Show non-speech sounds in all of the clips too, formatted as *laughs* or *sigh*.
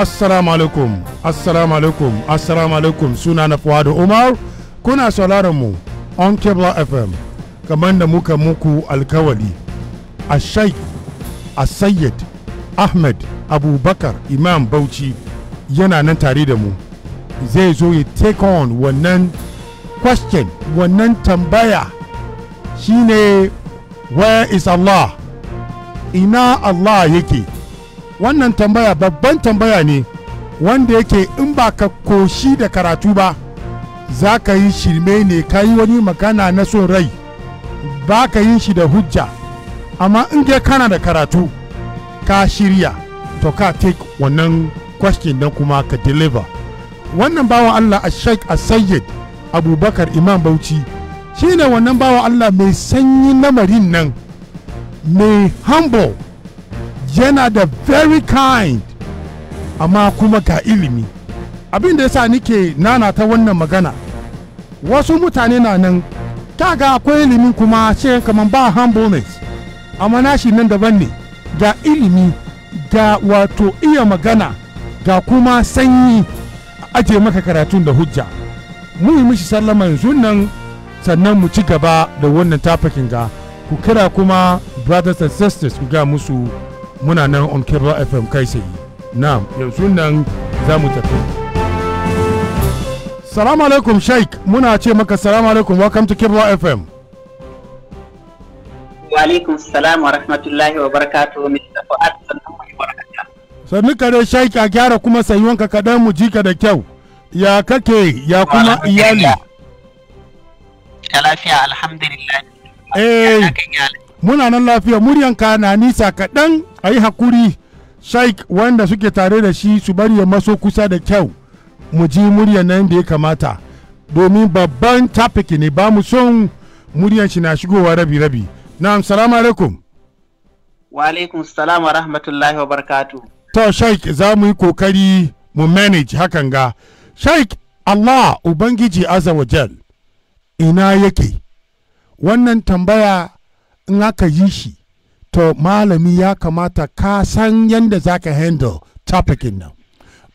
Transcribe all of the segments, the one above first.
Assalamu alaikum, Assalamu alaikum, Assalamu alaikum suna na Fuadu Umar kuna sauraron mu on Kebla FM kamar da muka muku alkawali a shai a Sayyid Ahmed Abubakar Imam Bauchi yana nan tare da mu zai zo ya take on wannan question wannan tambaya shine where is Allah ina Allah yake wannan tambaya babban tambaya ne wanda yake in ba ka koshi da karatu ba za ka yi shirme ne ka yi wani magana na son rai ba ka yin shi da hujja amma in ga kana da karatu ka shirya to ka take wannan question don kuma ka deliver wannan bawan allah a sheik a sayyid abubakar imam bauchi shine wannan bawan allah mai sanyi lamarin nan mai humble yana da very kind amma kuma ga ilimi abin da yasa nike nana ta wannan magana wasu mutane na nan kaga akwai ilimi kuma ce kamar ba humbleness amma nashi nan daban ne ga ilimi ga wato iya magana ga kuma sanyi aje maka karatun da hujja mu yi mishi sallama yanzu nan sannan mu ci gaba da wannan tafakin ga ku kira kuma brothers and sisters ku ga musu muna nan on Kebra FM kai sai na yanzu nan za mu tafi salamu alaikum sheik muna ce maka salamu alaikum welcome to kibwa fm salam wa rahmatullahi wa sannu ka dai sheik a gyara kuma sayuwanka kaɗan mu ji ka da kyau ya kake ya kuma iyali ya lafiya alhamdulillah eh muna nan lafiya muryanka na nisa kaɗan a yi hakuri shaik wanda suke tare da shi su bari ya maso kusa da kyau mu ji muryan nan da ya kamata domin babban tafiki ne ba mu son muryan shi na shigowa rabi-rabi na salamu alaikum wa alaikum salam wa rahmatullahi wa barakatu to za mu yi kokari mu manage hakan ga shaik allah ubangiji azawajal ina yake wannan tambaya in aka yi shi to malami ya kamata ka san yadda za ka handle tafikin nan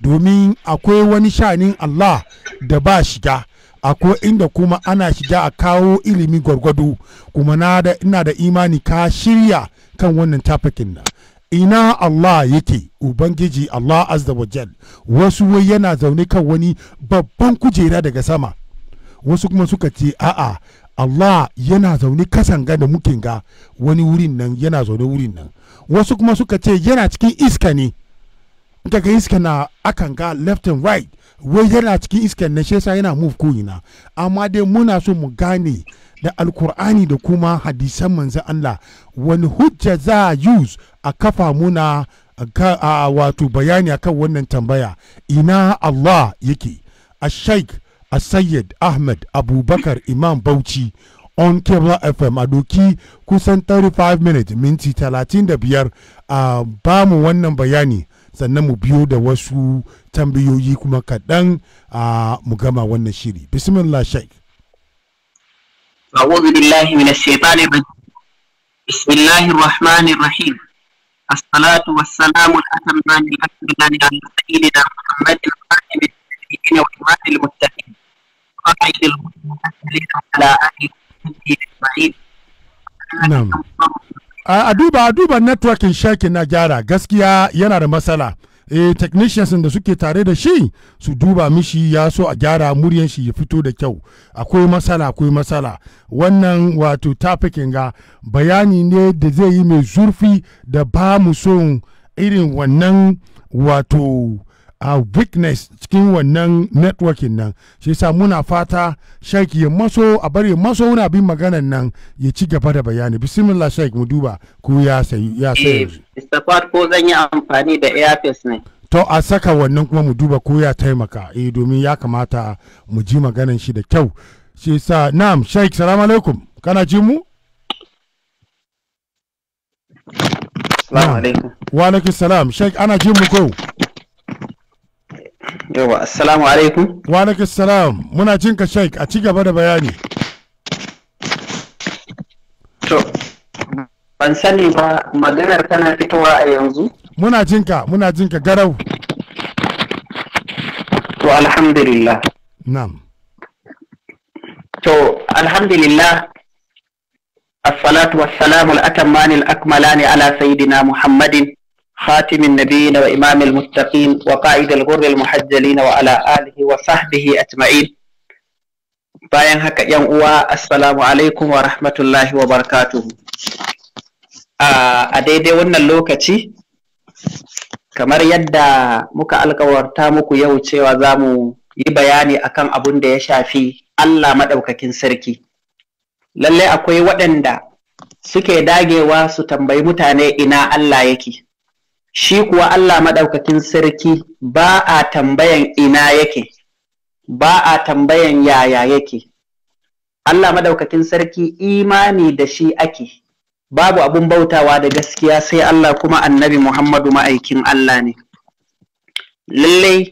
domin akwai wani shanin Allah da ba shiga akwai inda kuma ana shiga a kawo ilimin gwargwado kuma nada, ina da imani ka shirya kan wannan tafikin nan ina Allah yake ubangiji Allah azza wa jal wasu wai yana zaune kan wani babban kujera daga sama wasu kuma suka ce a'a Allah yana zaune kasanga da mukin ga wani wurin nan yana zaune wurin nan wasu kuma suka ce yana cikin iska ne daga iska na akan ga left and right wai yana cikin iska na shesa yana move ko amma dai muna so mu gane da alkur'ani da kuma hadisan manzan Allah wani hujja za a use a kafa muna a wato bayani akan wannan tambaya ina Allah yake a sheikh Asayed Ahmed Abubakar Imam Bauchi on Kebla FM a doki kusan 35 minutes minti 35 a uh, ba mu wannan bayani sannan mu biyo da wasu tambayoyi kuma kaɗan a uh, mu gama wannan shiri. Bismillah Sheikh. أعوذ بالله من الشيطان الرجيم بسم الله الرحمن الرحيم الصلاة والسلام الأتمان الأكملان على سيدنا محمد القائم المتقين والإمام المتقين a duba a duba networkin shakin na gyara gaskiya yana da matsala eh technicians da suke tare da shi su duba mishi ya so a gyara muryan shi ya fito da kyau akwai matsala akwai matsala wannan wato tafikin ga bayani ne da zai yi mai zurfi da ba mu son irin wannan wato a weakness cikin wannan networking nan shi yasa muna fata sheik ya maso a bari ya maso wani abin maganan nan ya ci gaba da bayani bismillah sheik mu duba ko ya sayi ya sayi istafat eh, ko zan yi amfani da airfest ne to a saka wannan kuma mu duba ko ya taimaka eh domin ya kamata mu ji maganan shi da kyau shi yasa na'am sheik salamu alaikum kana ji mu Salamu alaikum. Wa alaikum salam. Sheikh ana jin mu ko? yawa assalamu alaikum wa alaikum salam muna jin ka sheik a ci gaba da bayani to ban sani ba maganar tana fitowa a yanzu muna jin ka muna jin ka garau to alhamdulillah na'am to alhamdulillah الصلاة والسلام الأتمان الأكملان على سيدنا محمد خاتم النبيين وإمام المتقين وقائد الغر المحجلين وعلى آله وصحبه أجمعين bayan haka yan uwa assalamu alaikum wa rahmatullahi wa barakatuhu a daidai wannan lokaci kamar yadda muka alkawarta muku yau cewa za mu yi bayani akan abun da ya shafi Allah maɗaukakin sarki lallai akwai waɗanda suke dagewa su tambayi mutane ina Allah yake shi kuwa Allah maɗaukakin sarki ba a tambayan ina yake, ba a tambayan yaya yake. Allah maɗaukakin sarki imani da shi ake, babu abun bautawa da gaskiya sai Allah kuma annabi Muhammadu ma'aikin Allah ne. Lallai,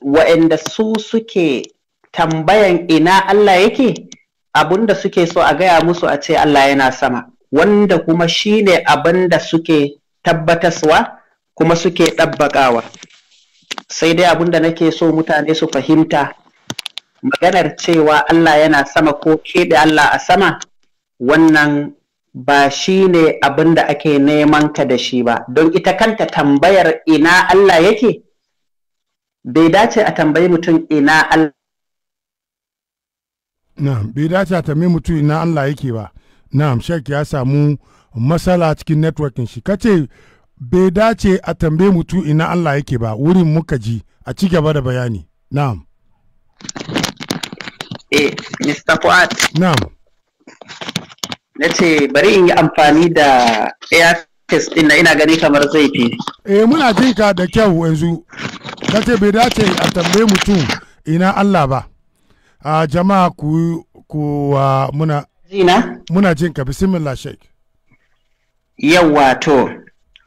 wa’inda su suke tambayan ina Allah yake, abun da suke so a gaya musu a ce Allah yana sama, wanda kuma shi ne abin da suke tabbataswa kuma suke ɗabbaƙawa sai dai abin da nake so mutane su fahimta maganar cewa Allah yana sama ko keɓe Allah a sama wannan ba shi ne abin da ake neman ka da shi ba don ita kanta tambayar ina Allah yake bai dace a tambayi mutum ina Allah na'am bai dace a tambayi mutum ina Allah yake ba na'am shek ya samu matsala cikin networking shi kace bai dace a tambaye mutu ina Allah yake ba wurin muka ji a ci gaba da bayani na'am eh Mr. Fuad na'am na ce bari in yi amfani da airfest ɗin ina gani kamar zai fi eh muna jin ka da kyau yanzu kace bai dace a tambaye mutu ina Allah ba a ah, jama'a ku ku muna jina muna jin ka bismillah sheikh Yau wato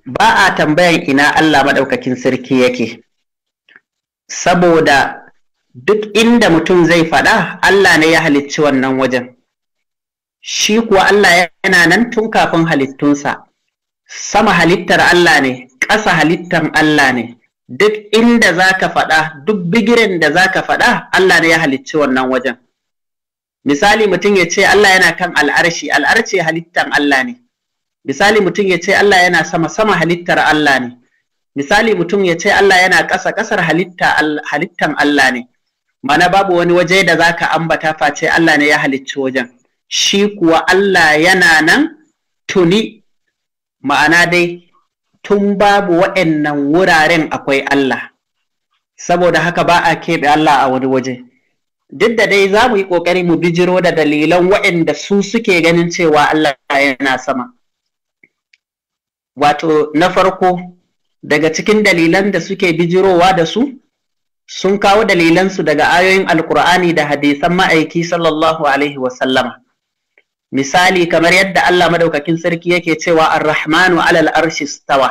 ba a tambayan ina Allah maɗaukakin sarki yake, saboda duk inda mutum zai faɗa Allah ne ya halicci wannan wajen. Shi kuwa Allah yana nan tun kafin halittunsa, sama halittar Allah ne, ƙasa halittar Allah ne, duk inda za ka faɗa, duk bigiren da za ka faɗa Allah ne ya halicci wannan wajen. Misali mutum ya ce Allah yana kan al'arshi, al'arshi halittar Allah ne. misali mutum ya ce Allah yana sama sama halittar Allah ne misali mutum ya ce Allah yana ƙasa ƙasar halittan Allah ne mana babu wani waje da za ka ambata face Allah ne ya halicci wajen shi kuwa Allah yana nan tuni ma'ana dai tun babu waɗannan wuraren akwai Allah saboda haka ba a keɓe Allah a wani waje duk da dai za mu yi ƙoƙari mu bijiro da dalilan waɗanda su suke ganin cewa Allah yana sama wato na farko daga cikin dalilan da suke bijirowa da su sun kawo dalilansu daga ayoyin alkur'ani da hadisan ma'aiki sallallahu alaihi wasallama misali kamar yadda Allah madaukakin sarki yake cewa arrahmanu rahmanu alal arshi stawa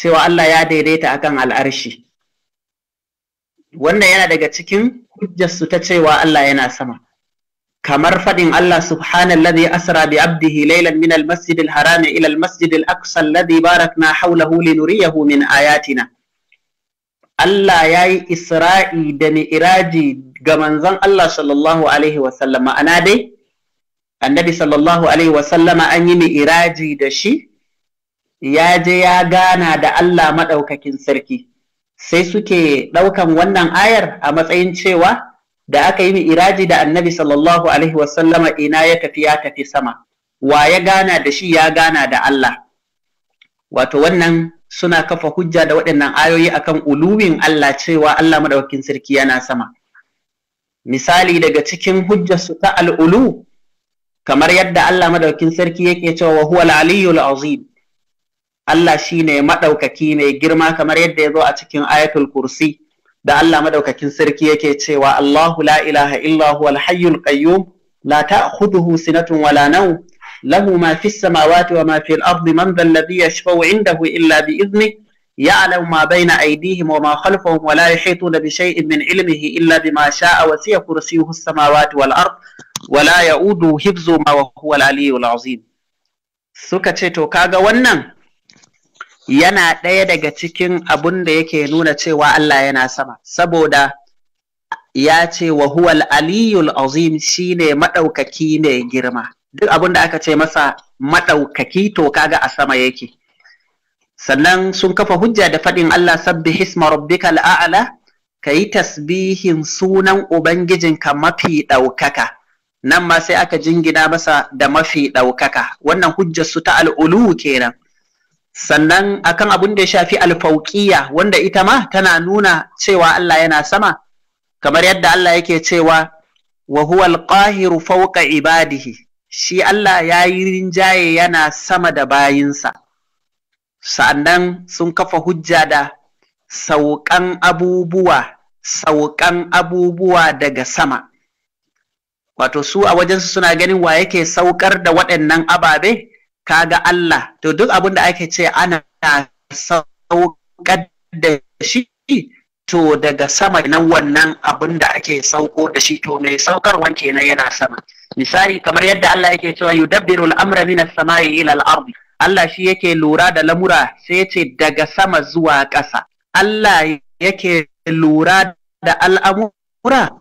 cewa Allah ya daidaita akan al'arshi wannan yana daga cikin hujjarsu ta cewa Allah yana sama kamar faɗin Allah subhanalladhi asra bi abdihi laylan min al-masjid al-haram ila al-masjid al-aqsa alladhi barakna hawlahu linuriyahu min ayatina Allah yayi Isra'i da Mi'raji ga manzon Allah sallallahu alaihi wa sallama ana dai Annabi sallallahu alaihi wa sallama an yi Mi'raji da shi ya je ya gana da Allah madaukakin sarki sai suke ɗaukan wannan ayar a matsayin cewa da aka yi iraji da annabi sallallahu alaihi wasallama ina ya tafi ya tafi sama wa ya gana da shi ya gana da Allah wato wannan suna kafa hujja da waɗannan ayoyi akan uluwin Allah cewa Allah madaukakin sarki yana sama misali daga cikin hujjarsu ta al'ulu kamar yadda Allah madaukakin sarki yake cewa wa huwa al-aliyyul azim Allah shine madaukaki mai girma kamar yadda ya zo a cikin ayatul kursi da Allah madaukakin sarki yake cewa Allahu la ilaha illa huwa al-hayyul qayyum la ta'khudhuhu wala nawm lahu ma fis samawati wa ma fil ardi man dhal ladhi yashfa'u 'indahu illa bi idhni ya'lamu ma bayna aydihim wa ma khalfahum wa la yuhituna bi shay'in min 'ilmihi illa bima sha'a wa siya kursiyyuhu as-samawati wal ard wala la ya'uduhu hifzuhu ma suka ce to ka ga wannan yana ɗaya daga cikin abun da yake nuna cewa Allah yana sama saboda ya ce wa huwal aliyul azim shine maɗaukaki ne girma duk abun da aka ce masa maɗaukaki to kaga a sama yake sannan sun kafa hujja da faɗin Allah sabbi hisma rabbikal Ka yi tasbihin sunan ubangijinka mafi ɗaukaka nan ma sai aka jingina masa da mafi ɗaukaka wannan hujjar su ta al'ulu kenan sannan akan abun da ya shafi alfauƙiya wanda ita ma tana nuna cewa Allah yana sama kamar yadda Allah yake cewa wa huwa alqahiru fawqa ibadihi shi Allah ya yi rinjaye yana sama da bayinsa Sannan sun kafa hujja da sauƙan abubuwa sauƙan abubuwa daga sama wato su a wajensu suna ganin wa yake saukar da waɗannan ababe kaga Allah to duk abin da ake ce ana saukar da shi to daga sama nan wannan abin da ake sauko da shi to mai wanke kenan yana sama misali kamar yadda Allah yake cewa yudabbiru al-amra min as-sama'i ila al-ardi Allah shi yake lura da lamura sai yace daga sama zuwa ƙasa Allah yake lura da al'amura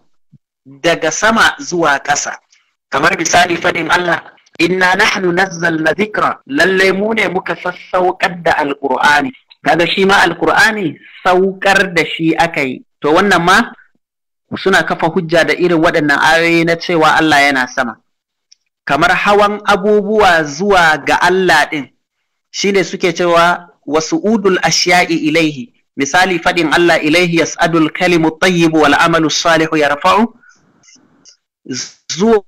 daga sama zuwa ƙasa kamar misali fadin Allah inna nahnu nazzalna dhikra lallai mu ne muka sassaukar da alqur'ani kaga shi ma alqur'ani saukar da shi aka yi. to wannan ma suna kafa hujja da irin waɗannan ayoyi na cewa Allah yana sama kamar hawan abubuwa zuwa ga Allah ɗin shine suke cewa wasu udul ashiya'i ilaihi misali faɗin Allah ilaihi yas'adul kalimu tayyibu wal amalu salihu yarfa'u zuwa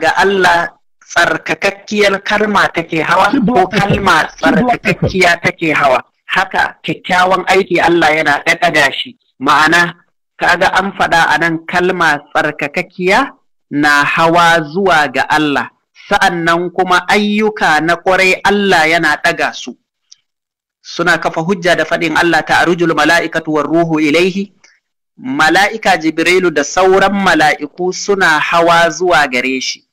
ga Allah tsarkakakkiyar kalma take hawa ko kalma tsarkakakkiya take hawa haka kyakkyawan aiki Allah yana ɗaga shi ma'ana kaga an faɗa a nan kalma tsarkakakkiya na hawa zuwa ga Allah sa'annan kuma ayyuka na ƙwarai Allah yana ɗaga su suna kafa hujja da faɗin Allah ta arujul mala'ikatu war ruhu ilaihi mala'ika jibrilu da sauran mala'iku suna hawa zuwa gare shi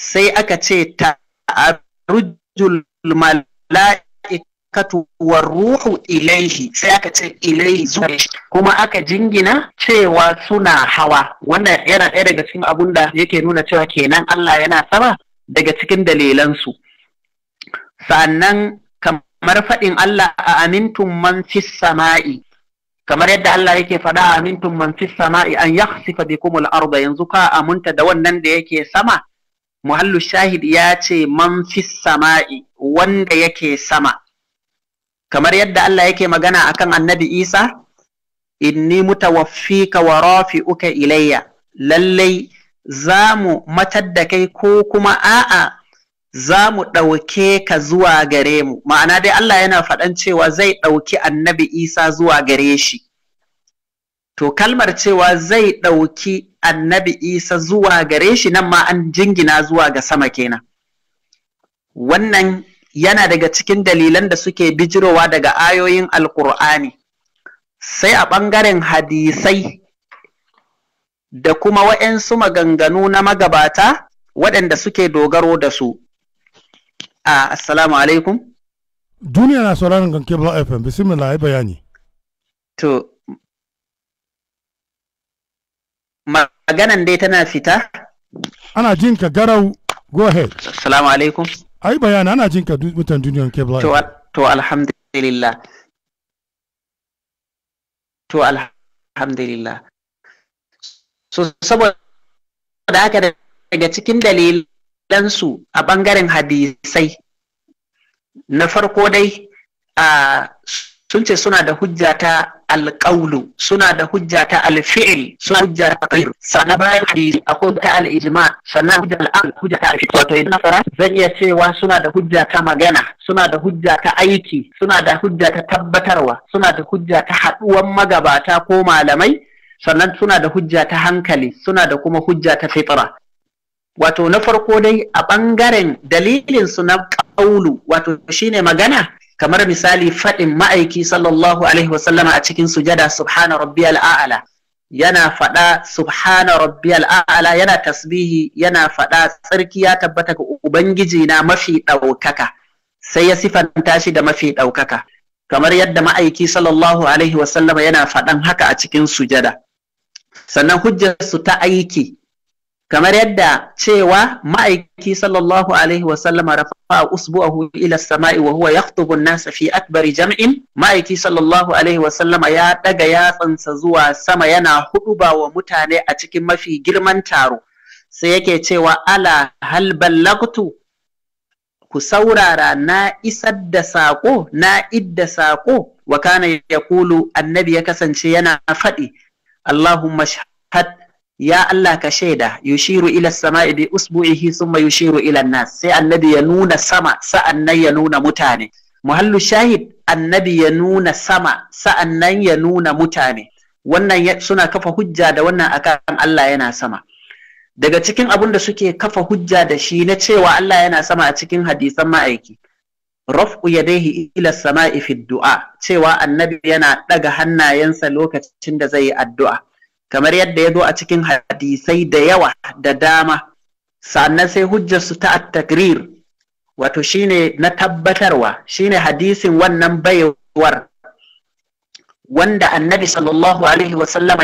sai aka ce ta'arujul mala'ikatu ruhu ilaihi sai aka ce ilaihi zuwa kuma aka jingina cewa suna hawa wannan yana ɗaya daga cikin abun da yake nuna cewa kenan Allah yana sama daga cikin dalilansu sannan kamar faɗin Allah a amintun man sama'i kamar yadda Allah yake faɗa a amintun man sama'i an yakhsifa bikumul arda yanzu ka amunta da wannan da yake sama muhallu shahid ya ce man fi sama'i wanda yake sama kamar yadda Allah yake magana akan annabi Isa inni mutawaffika wa rafi'uka ilayya lallai zamu matar da kai ko kuma a'a Za mu ɗauke ka zuwa gare mu ma'ana dai Allah yana faɗan cewa zai ɗauki annabi Isa zuwa gare shi to kalmar cewa zai ɗauki annabi isa zuwa gare shi nan ma an jingina zuwa ga sama kenan wannan yana daga cikin dalilan da suke bijirowa daga ayoyin alkur'ani sai a ɓangaren hadisai da kuma waɗansu maganganu na magabata waɗanda suke dogaro da su a assalamu alaikum duniya na sauraron ganke fm bismillah bayani to maganan dai tana fita ana jin ka garau go ahead assalamu alaikum ai bayana ana jin ka mutan duniyan ke to to alhamdulillah to alhamdulillah so saboda haka daga cikin dalilansu a bangaren hadisai na farko dai a sun ce suna da hujja ta alƙaulu suna da hujja ta alfi'il suna hujja ta qir sannan bayan hadisi akwai ta al-ijma sannan hujja al hujja ta alfi'il wato idan nasara zan iya cewa suna da hujja ta magana suna da hujja ta aiki suna da hujja ta tabbatarwa suna da hujja ta haɗuwan magabata ko malamai sannan suna da hujja ta hankali suna da kuma hujja ta fitra wato na farko dai a ɓangaren dalilin su na ƙaulu wato shine magana kamar misali faɗin ma'aiki sallallahu alaihi wasallama a cikin sujada subhana rabbiyal al'a'ala, yana faɗa subhana rabbiyal al'a'ala, yana tasbihi yana faɗa tsarki ya tabbata ga ubangiji na mafi ɗaukaka sai ya sifanta shi da mafi ɗaukaka kamar yadda ma'aiki sallallahu alaihi wasallama yana faɗan haka a cikin sujada sannan hujjarsu ta aiki kamar yadda cewa ma'aiki sallallahu alaihi wa sallama rafa usbu'ahu ila samai wa huwa yakhthubu an-nas fi akbari jam'in ma'aiki sallallahu alaihi wa sallama ya daga yatsansa zuwa sama yana huduba wa mutane a cikin mafi girman taro sai yake cewa ala hal ballagtu ku saurara na isar da sako na idda sako wa kana yaqulu annabi ya kasance yana faɗi Allahumma shahad ya Allah ka shaida yushiru ila sama'i bi usbu'ihi thumma yushiru ila nas sai annabi ya nuna sama sa'annan ya nuna mutane muhallu shahid annabi ya nuna sama sa'annan ya nuna mutane wannan suna kafa hujja da wannan akan Allah yana sama daga cikin abin da suke kafa hujja da shi na cewa Allah yana sama a cikin hadisan ma'aiki raf'u yadayhi ila sama'i fi du'a cewa annabi yana daga hannayensa lokacin da zai yi addu'a kamar yadda ya zo a cikin hadisai da yawa da dama sannan sai hujjarsu ta at-takrir wato shine na tabbatarwa shine hadisin wannan baiwar wanda annabi sallallahu alaihi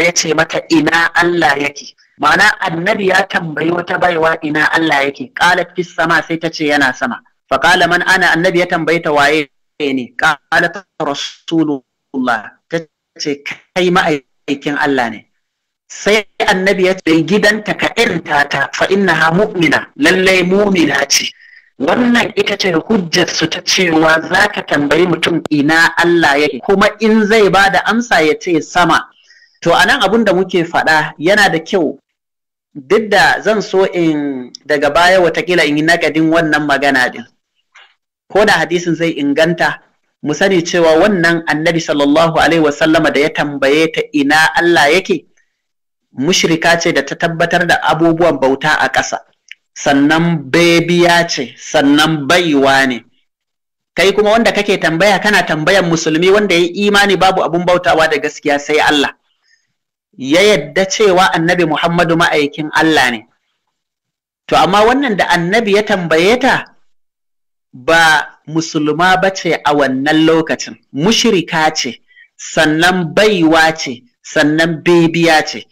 ya ce mata ina Allah yake ma'ana annabi ya tambayi wata baiwa ina Allah yake qalat fis sama sai ta ce yana sama fa qala man ana annabi ya tambayi ta waye ne qalat rasulullah ta ce kai ma'aikin Allah ne sai annabi ya ce gidanta ka irinta ta fa ha mu'mina lallai mu'mina ce wannan ita ce hujjar su ta cewa za ka tambayi mutum ina Allah yake kuma in zai ba da amsa ya ce sama to anan abun da muke faɗa yana da kyau duk da zan so in daga baya watakila in yi nagadin wannan magana din ko da hadisin zai inganta mu sani cewa wannan annabi sallallahu alaihi wasallama da ya tambaye ta ina Allah yake mushrika ce da ta tabbatar da abubuwan bauta a ƙasa sannan bebiya ce sannan baiwa ne kai kuma wanda kake tambaya kana tambayan musulmi wanda ya yi imani babu abun bautawa da gaskiya sai Allah ya yadda cewa annabi Muhammadu ma'aikin Allah ne to amma wannan da annabi ya tambaye ta ba musulma ba ce a wannan lokacin Mushirika ce sannan baiwa ce sannan bebiya ce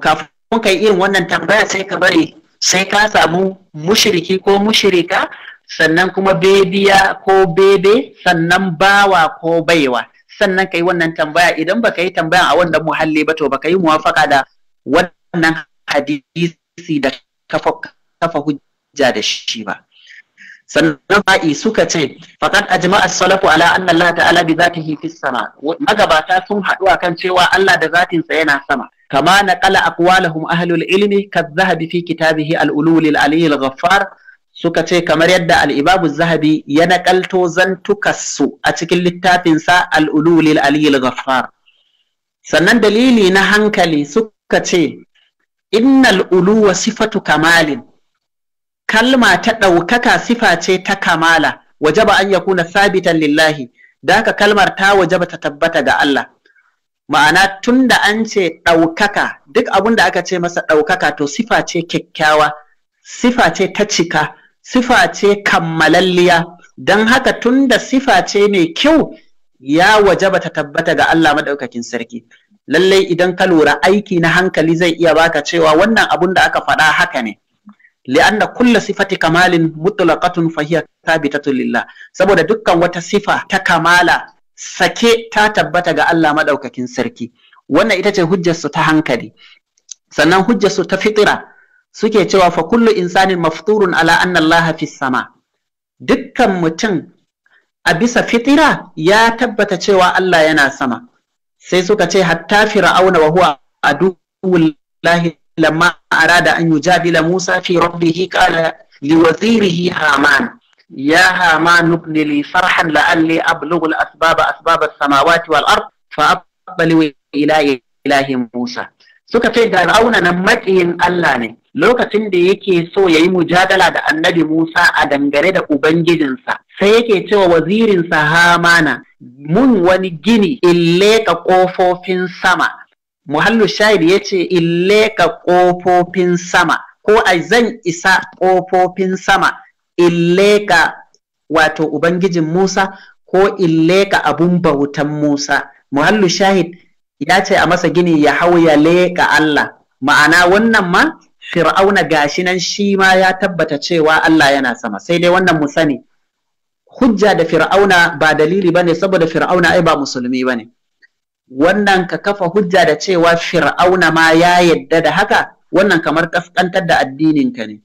kafin ka yi irin wannan tambaya sai ka bari sai ka samu mushiriki ko mushirika sannan kuma bebiya ko bebe sannan bawa ko baiwa sannan ka yi wannan tambaya idan ba ka yi tambaya a wannan muhalli ba to ba ka yi muwafaka da wannan hadisi da kafa hujja da shi ba sannan Ba'i suka ce faqad a as-salafu ala anna Allah ta'ala bi zatihi fis sama magabata sun haɗu akan cewa Allah da zatinsa yana sama kama نقل aqwalahum ahlul ilmi كالذهب في fi kitabihi al الغفار al suka ce kamar yadda Al'ibabu zahabi ya naƙalto zantukarsu a cikin littafinsa sa ulul al ghaffar sannan dalili na hankali suka ce innal uluwa sifatu kamalin kalma ta ɗaukaka sifa ce ta kamala wajaba an yakuna sabitan lillahi da haka kalmar ta wajaba ta tabbata ga Allah ma'ana tun da an ce ɗaukaka duk abin da aka ce masa ɗaukaka to sifa ce kyakkyawa sifa ce ta cika sifa ce kammalalliya don haka tun da sifa ce mai kyau ya wajaba ta tabbata ga Allah maɗaukakin sarki lallai idan ka lura aiki na hankali zai iya baka cewa wannan abun da aka faɗa haka ne li'anna kulla sifati kamalin mutlaqatun ta bi thabitatun lillah saboda dukkan wata sifa ta kamala sake ta tabbata ga Allah maɗaukakin sarki wannan ita ce hujjarsu ta hankali sannan hujjarsu ta fitira suke cewa fa kullu insanin mafturun ala anna Allah fi sama dukkan mutum a bisa fitira ya tabbata cewa Allah yana sama sai suka ce hatta fir'auna wa huwa aduwwullahi lamma arada an yujabila Musa fi rabbihi qala liwazirihi Haman يا هامان ابن لي صرحا لعلي أبلغ الأسباب أسباب السماوات والأرض فأطلع إلى إله موسى suka ce da rauna nan maƙiyin Allah ne lokacin da yake so ya yi mujadala da annabi Musa a dangare da Ubangijinsa sai yake cewa wazirinsa Hamana mun wani gini in leƙa ƙofofin sama muhallu shahid ya ce in leƙa ƙofofin sama ko a zan isa ƙofofin sama illeka wato ubangijin Musa ko illeka abun bautan Musa muhallu shahid ya ce a masa gini ya hau ya leƙa Allah ma'ana wannan ma fir'auna ga shi nan shi ma ya tabbata cewa Allah yana sama sai dai wannan mu sani hujja da fir'auna ba dalili ba ne saboda fir'auna ai ba musulmi ba ne. wannan ka kafa hujja da cewa fir'auna ma ya yadda da haka wannan kamar kaskantar da addinin ka ne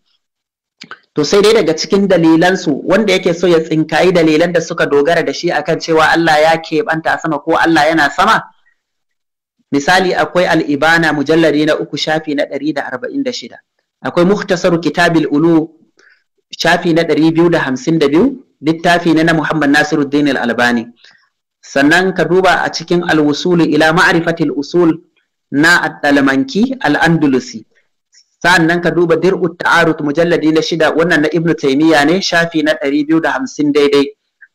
to sai dai daga cikin dalilansu wanda yake so ya tsinkayi dalilan da suka dogara da shi akan cewa Allah ya keɓanta sama ko Allah yana sama misali akwai al'ibana mujallari na uku shafi na ɗari akwai muhtasaru kitabil ulu shafi na ɗari littafi na na muhammad nasiruddin al-albani sannan ka duba a cikin alwusulu ila ma'arifatil usul na al-andalusi sa'annan ka duba dir'ut ta'arut mujalladi na shida wannan na ibnu taymiya ne shafi na 250 daidai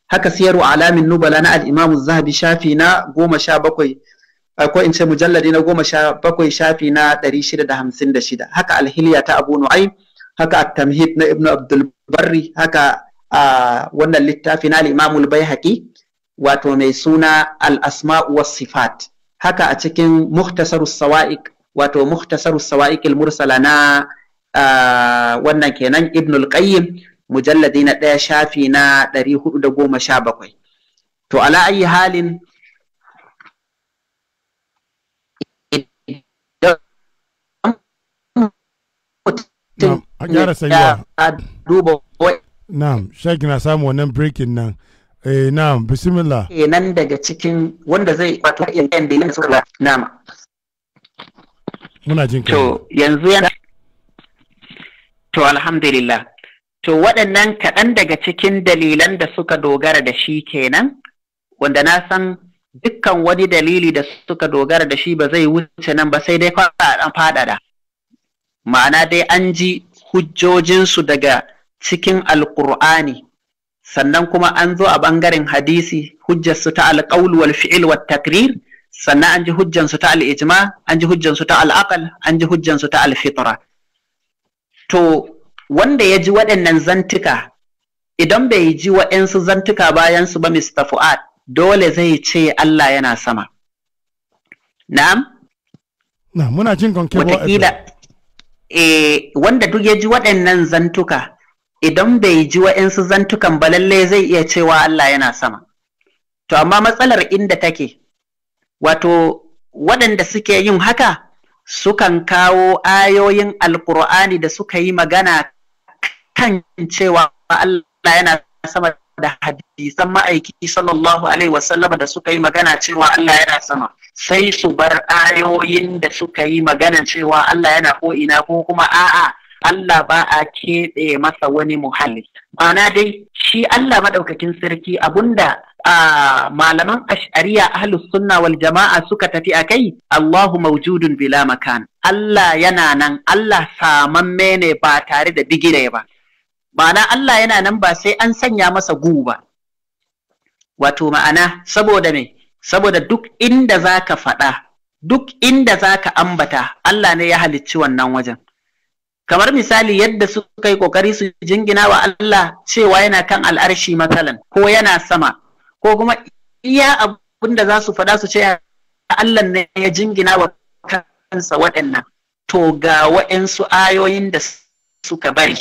haka siyaru alamin nubala na al-imam zahabi shafi na 17 ko in ce mujalladi na 17 shafi na 656 haka al-hilya ta abu nu'aym haka at-tamhid na ibnu abdul barri haka wannan littafi na al-imam al-baihaqi wato mai suna al-asma' was sifat haka a cikin muhtasarus sawa'iq wato muhtasaru sawa'iqil mursala na wannan kenan ibn al-qayyim mujalladi na ɗaya shafi na ɗari da goma sha bakwai to ala ayi halin na'am shaki na samu wannan breaking nan eh na'am bismillah nan daga cikin wanda zai wato yan da suka na'am muna jin to yanzu yana to alhamdulillah to waɗannan kaɗan daga cikin dalilan da suka dogara da shi kenan wanda na san dukkan wani dalili da suka dogara da shi ba zai wuce nan ba sai dai faɗaɗa ma'ana dai an ji hujjojinsu daga cikin alƙur'ani sannan kuma an zo a ɓangaren hadisi hujjarsu ta alƙaulu wal fi'il wat takrir sannan an ji hujjansu ta al'ijma an ji hujjansu ta al'aqal an ji hujjansu ta alfitra to wanda ya ji waɗannan zantuka idan bai ji waɗansu zantuka bayan su ba Mr. Fuad dole zai ce Allah yana sama na'am na muna jin wataƙila Eh wanda duk ya ji waɗannan zantuka idan bai ji waɗansu zantukan ba lallai zai iya cewa Allah yana sama to amma matsalar inda take wato waɗanda suke yin haka sukan kawo ayoyin alkur'ani da suka yi magana kan cewa Allah yana sama da hadisan ma'aiki sallallahu alaihi wasallama da suka yi magana cewa Allah yana sama sai su bar ayoyin da suka yi magana cewa Allah yana ko ina ko kuma a'a Allah ba a keɓe masa wani muhalli. Ma'ana dai shi Allah maɗaukakin sarki abunda a malaman ash'ariya ahlus sunna wal jama'a suka tafi a kai Allahu mawjudun bila makan Allah yana nan Allah samamme ne ba tare da bigire ba ma'ana Allah yana nan ba sai an sanya masa gu ba wato ma'ana saboda me saboda duk inda zaka faɗa duk inda zaka ambata Allah ne ya halicci wannan wajen kamar misali yadda suka yi kokari su jingina wa Allah cewa yana kan al'arshi matsalan ko yana sama ko kuma iya abin da za su faɗa su ce Allah ne ya jingina wa kansa waɗannan to ga waɗansu ayoyin da suka bari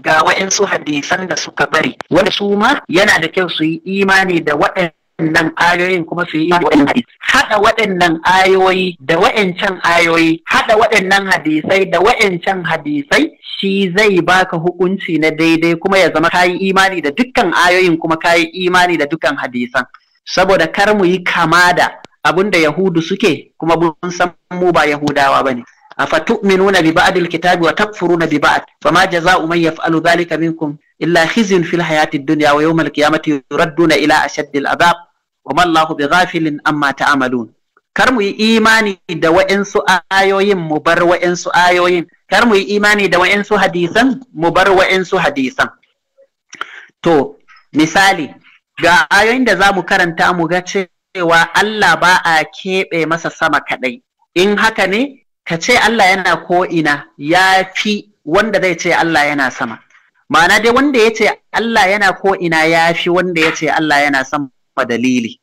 ga waɗansu hadisan da suka bari wanda su ma yana da kyau su yi imani da waɗannan ayoyin kuma su yi imani da waɗannan hadisi haɗa waɗannan ayoyi da wa'ancan ayoyi haɗa waɗannan hadisai da wa'ancan hadisai shi zai baka hukunci na daidai kuma ya zama kayi imani da dukkan ayoyin kuma kayi imani da dukkan hadisan saboda kar mu yi kama da abin da yahudu suke kuma mun san mu ba yahudawa bane أفتؤمنون ببعض الكتاب وتكفرون ببعض فما جزاء من يفعل ذلك منكم إلا خزي في الحياة الدنيا ويوم القيامة يردون ila ashaddil العذاب wa mallahu bi ghafilin amma amalu. kar mu yi imani da wa'insu ayoyin mu bar wa'insu ayoyin kar mu yi imani da wa'insu hadisan mu bar wa'insu hadisan to misali ga ayoyin da zamu karanta mu ga cewa Allah ba a keɓe masa sama kaɗai in haka ne ka ce Allah yana ko'ina ya fi wanda zai ce Allah yana sama ma'ana dai wanda ya ce Allah yana ko'ina ya fi wanda yace Allah yana sama kafa dalili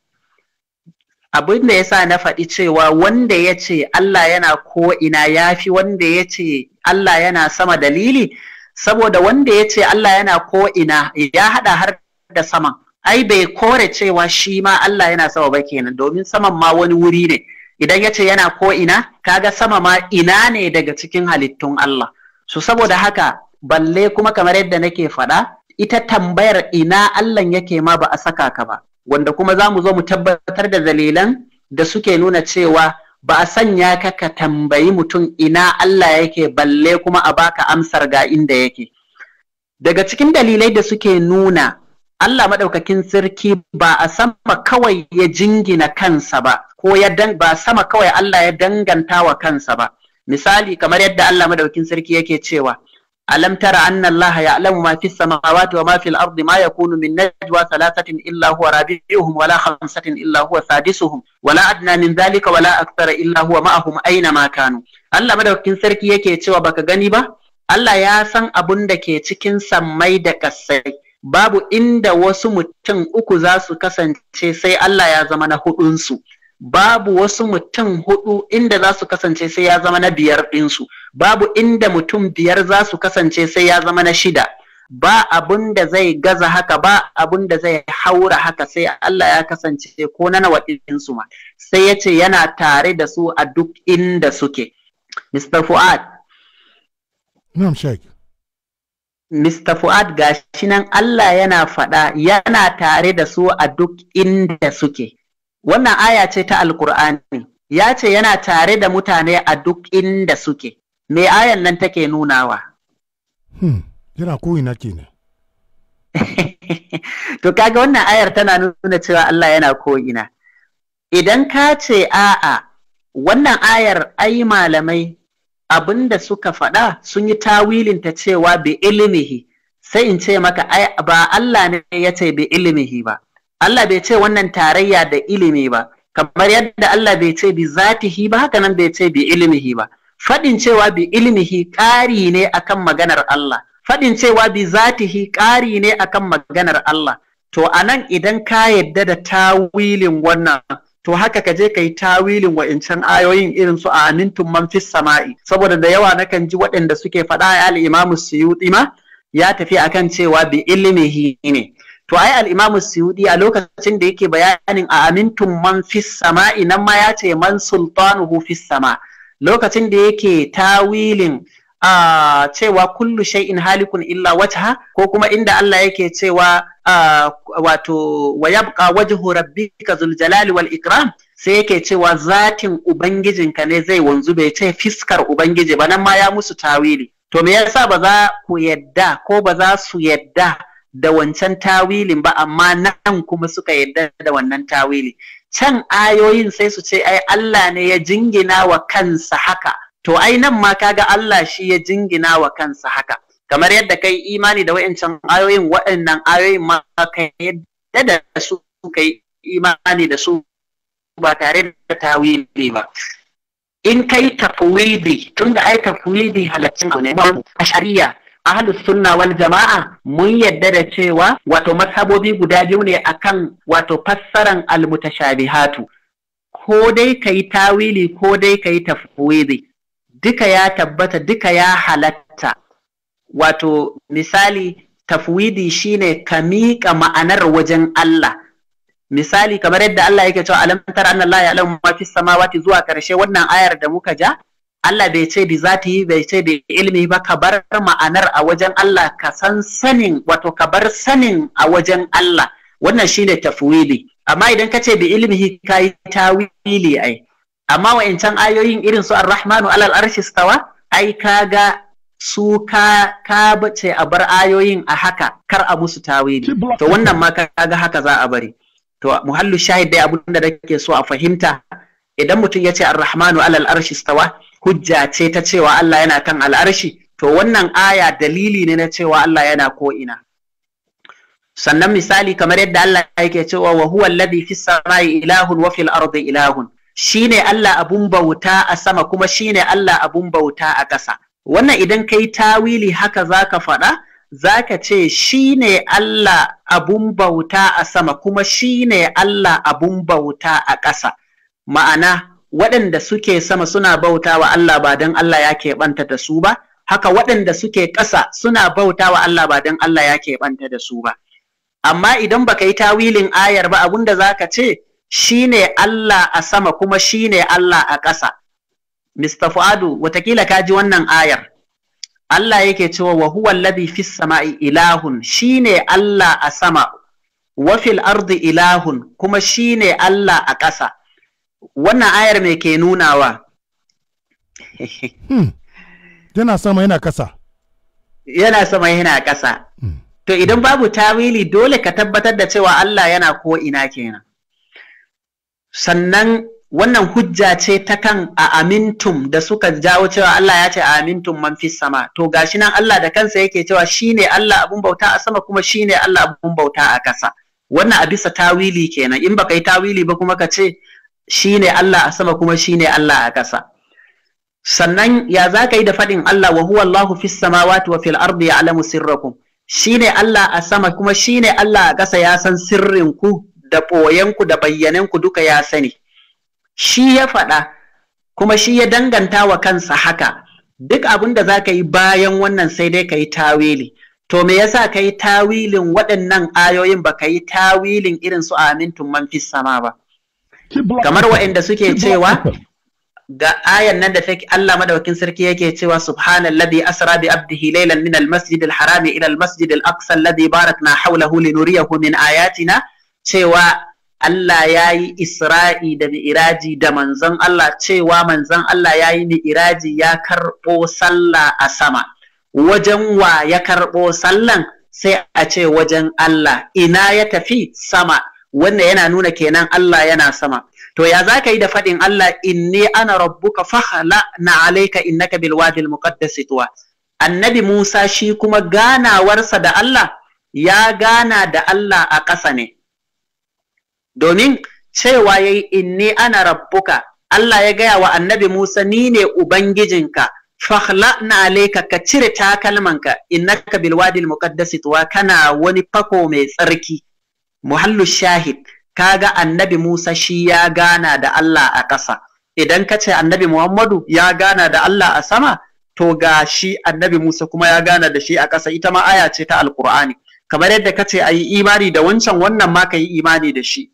abin da yasa na faɗi cewa wanda ya ce Allah yana ko ina ya fi wanda ya ce Allah yana sama dalili saboda wanda ya ce Allah yana ko ina ya haɗa har da saman ai bai kore cewa shi ma Allah yana sama ba kenan domin saman ma wani wuri ne idan ya ce yana ko ina kaga sama ma ina ne daga cikin halittun Allah so saboda haka balle kuma kamar yadda nake faɗa ita tambayar ina Allah yake ma ba a saka ka ba wanda kuma za mu zo mu tabbatar da dalilan da suke nuna cewa ba a sanya ka ka tambayi mutum ina Allah yake balle kuma a baka amsar ga inda yake daga cikin dalilai da suke nuna Allah maɗaukakin sarki ba a sama kawai ya jingina kansa ba ko ya ba sama kawai Allah ya danganta wa kansa ba misali kamar yadda Allah maɗaukakin sarki yake cewa ألم تر أن الله يعلم ما في السماوات وما في الأرض ما يكون من نجوى ثلاثة إلا هو رابعهم ولا خمسة إلا هو سادسهم ولا أدنى من ذلك ولا أكثر إلا هو معهم أينما كانوا الله مدوكين سركي yake cewa baka gani ba Allah ya san abun da ke cikin sammai da kasai babu inda wasu mutum uku za su kasance sai Allah ya zama na hudunsu babu wasu mutum hudu inda za su kasance sai ya zama na biyar ɗinsu, babu inda mutum biyar za su kasance sai ya zama na shida. Ba abun da zai gaza haka ba abun da zai haura haka sai Allah ya kasance ko na nawa ɗinsu ma, sai ya ce yana tare da su a duk inda suke. Mr. Fuad. Na'am Sheikh. Mr. Fuad gashi nan Allah yana faɗa yana tare da su a duk inda suke. wannan aya ce ta alkur'ani ya ce yana tare da mutane a duk inda suke me ayan nan take nunawa hmm. yana ko'ina kenan *laughs* to kaga wannan ayar tana nuna cewa Allah yana ko'ina idan ka ce a'a wannan ayar ai malamai abin da suka faɗa sun yi tawilin ta cewa bi ilimihi sai in ce maka ba Allah ne ya ce bi ilimihi ba Allah bai ce wannan tarayya da ilimi ba kamar yadda Allah bai ce bi zatihi ba haka nan bai ce bi ilimihi ba Faɗin cewa bi ilimihi ƙari ne akan maganar Allah Faɗin cewa bi zatihi ƙari ne akan maganar Allah to a nan idan ka yadda da tawilin wannan to haka ka je ka yi tawilin wa'incan ayoyin irin su a amintun man fis sama'i saboda da yawa na kan ji waɗanda suke faɗa al imamu ya tafi akan cewa bi ilimihi ne to ai al-Imam Suyudi a lokacin da yake bayanin a amintun man fis inan ma ya ce man sultanuhu sama lokacin da yake tawilin a cewa kullu shay'in halikun illa wata ko kuma inda Allah yake cewa wato wa yabqa wajhu rabbika zul jalali wal ikram sai yake cewa zatin ubangijin ka ne zai wanzu bai ce fiskar ubangiji ba nan ma ya musu tawili to me yasa ba za ku yadda ko ba za su yadda da wancan tawilin ba amma nan kuma suka yarda da wannan tawili can ayoyin sai su ce ai Allah ne ya jingina wa kansa haka to ai nan ma kaga Allah shi ya jingina wa kansa haka kamar yadda kai imani da wa'ancan ayoyin waɗannan ayoyin ma ka yadda da su kai imani da su ba tare da tawili ba in kai tafwidi tunda ai tafwidi halaccin ne ba shari'a. ahlus sunna wal jama'a mun yadda da cewa wato mashabobi guda biyu ne akan wato fassaran almutashabihatu ko dai kai tawili ko dai kai tafwidi duka ya tabbata duka ya halatta wato misali tafwidi shine ka miƙa ma'anar wajen Allah misali kamar yadda Allah yake cewa alam tara anna Allah ya'lamu ma fi samawati zuwa karshe wannan ayar da muka ja Allah bai ce bi zati bai ce bi ilmi ba ka bar ma'anar a wajen Allah ka san sanin wato ka bar sanin a wajen Allah wannan shine tafwili amma idan ka ce bi ilmihi ka tawili ai amma wa'incan ayoyin irin su ar-rahmanu alal arshi stawa ai kaga su ka ka bace a bar ayoyin a haka kar a musu tawili to wannan ma kaga haka za a bari to muhallu shahid dai abin da nake so a fahimta idan mutum yace ce ar-rahmanu alal arshi stawa hujja ce ta cewa Allah yana kan al'arshi to wannan aya dalili ne na cewa Allah yana ko'ina. sannan misali kamar yadda Allah yake cewa wa huwa alladhi fis samai ilahun wa fil ardi ilahun shine Allah abun bauta a sama kuma shine Allah abun bauta a ƙasa wannan idan kai tawili haka zaka faɗa zaka ce shine Allah abun bauta a sama kuma shine Allah abun bauta a ƙasa ma'ana waɗanda suke sama suna bauta wa Allah ba don Allah ya keɓanta da su ba, haka waɗanda suke ƙasa suna bauta wa Allah ba don Allah ya keɓanta da su ba. Amma idan baka yi tawilin ayar ba abinda za ka ce shi ne Allah a sama kuma shi ne Allah a ƙasa. Mr. Fuadu, watakila ka ji wannan ayar. Allah yake cewa wa huwa alladhi fis sama'i ilahun shine Allah a sama wa fil ardi ilahun kuma shine Allah a ƙasa. wannan ayar me ke nunawa hmm. yana sama yana kasa yana sama yana kasa hmm. to idan babu tawili dole ka tabbatar da cewa Allah yana ko ina kenan sannan wannan hujja ce ta kan a amintum da suka jawo cewa Allah ya ce a amintum man fi sama to gashi nan Allah da kansa yake cewa shi ne Allah abun bauta a sama kuma shi ne Allah abun bauta a kasa wannan a bisa tawili kenan in baka yi tawili ba kuma ka ce Shi ne Allah a sama kuma shi ne Allah a ƙasa sannan ya za ka yi da faɗin Allah wa huwa Allahu fis samawati wa fil ardi ya'lamu sirrakum ne Allah a sama kuma shi ne Allah a ƙasa ya san sirrin ku da ɓoyen da bayyanen ku duka ya sani shi ya faɗa kuma shi ya danganta wa kansa haka duk abin da za ka yi bayan wannan sai dai ka yi tawili to me yasa ka yi tawilin waɗannan ayoyin ba ka yi tawilin irin su amintun man fi sama ba kamar waɗanda suke cewa ga ayan nan da take Allah madaukakin sarki yake cewa subhanalladhi asra bi abdihi laylan min almasjid alharam ila almasjid alaqsa alladhi barakna hawlahu linuriyahu min ayatina cewa Allah ya yi Isra'i da mi'iraji da manzon Allah cewa manzon Allah ya yayi mi'iraji ya karɓo sallah a sama wajen wa ya karɓo sallan sai a ce wajen Allah ina ya tafi sama wannan yana nuna kenan Allah yana sama to ya za ka yi da faɗin Allah inni ana rabbuka fahala na alaika innaka bil wadil muqaddas tuwa annabi Musa shi kuma ganawarsa da Allah ya gana da Allah a ƙasa ne domin cewa ya yayi inni ana rabbuka Allah ya gaya wa annabi Musa ni ne ubangijinka Fahla na alaika ka cire takalmanka innaka bil wadil muqaddas tuwa kana wani fako mai tsarki muhallu shahid kaga annabi Musa shi ya gana da Allah a ƙasa idan ka ce annabi Muhammadu ya gana da Allah a sama to ga shi annabi Musa kuma ya gana da shi a ƙasa ita ma aya ce ta alkur'ani kamar yadda ka ce a yi imani da wancan wannan ma ka yi imani da shi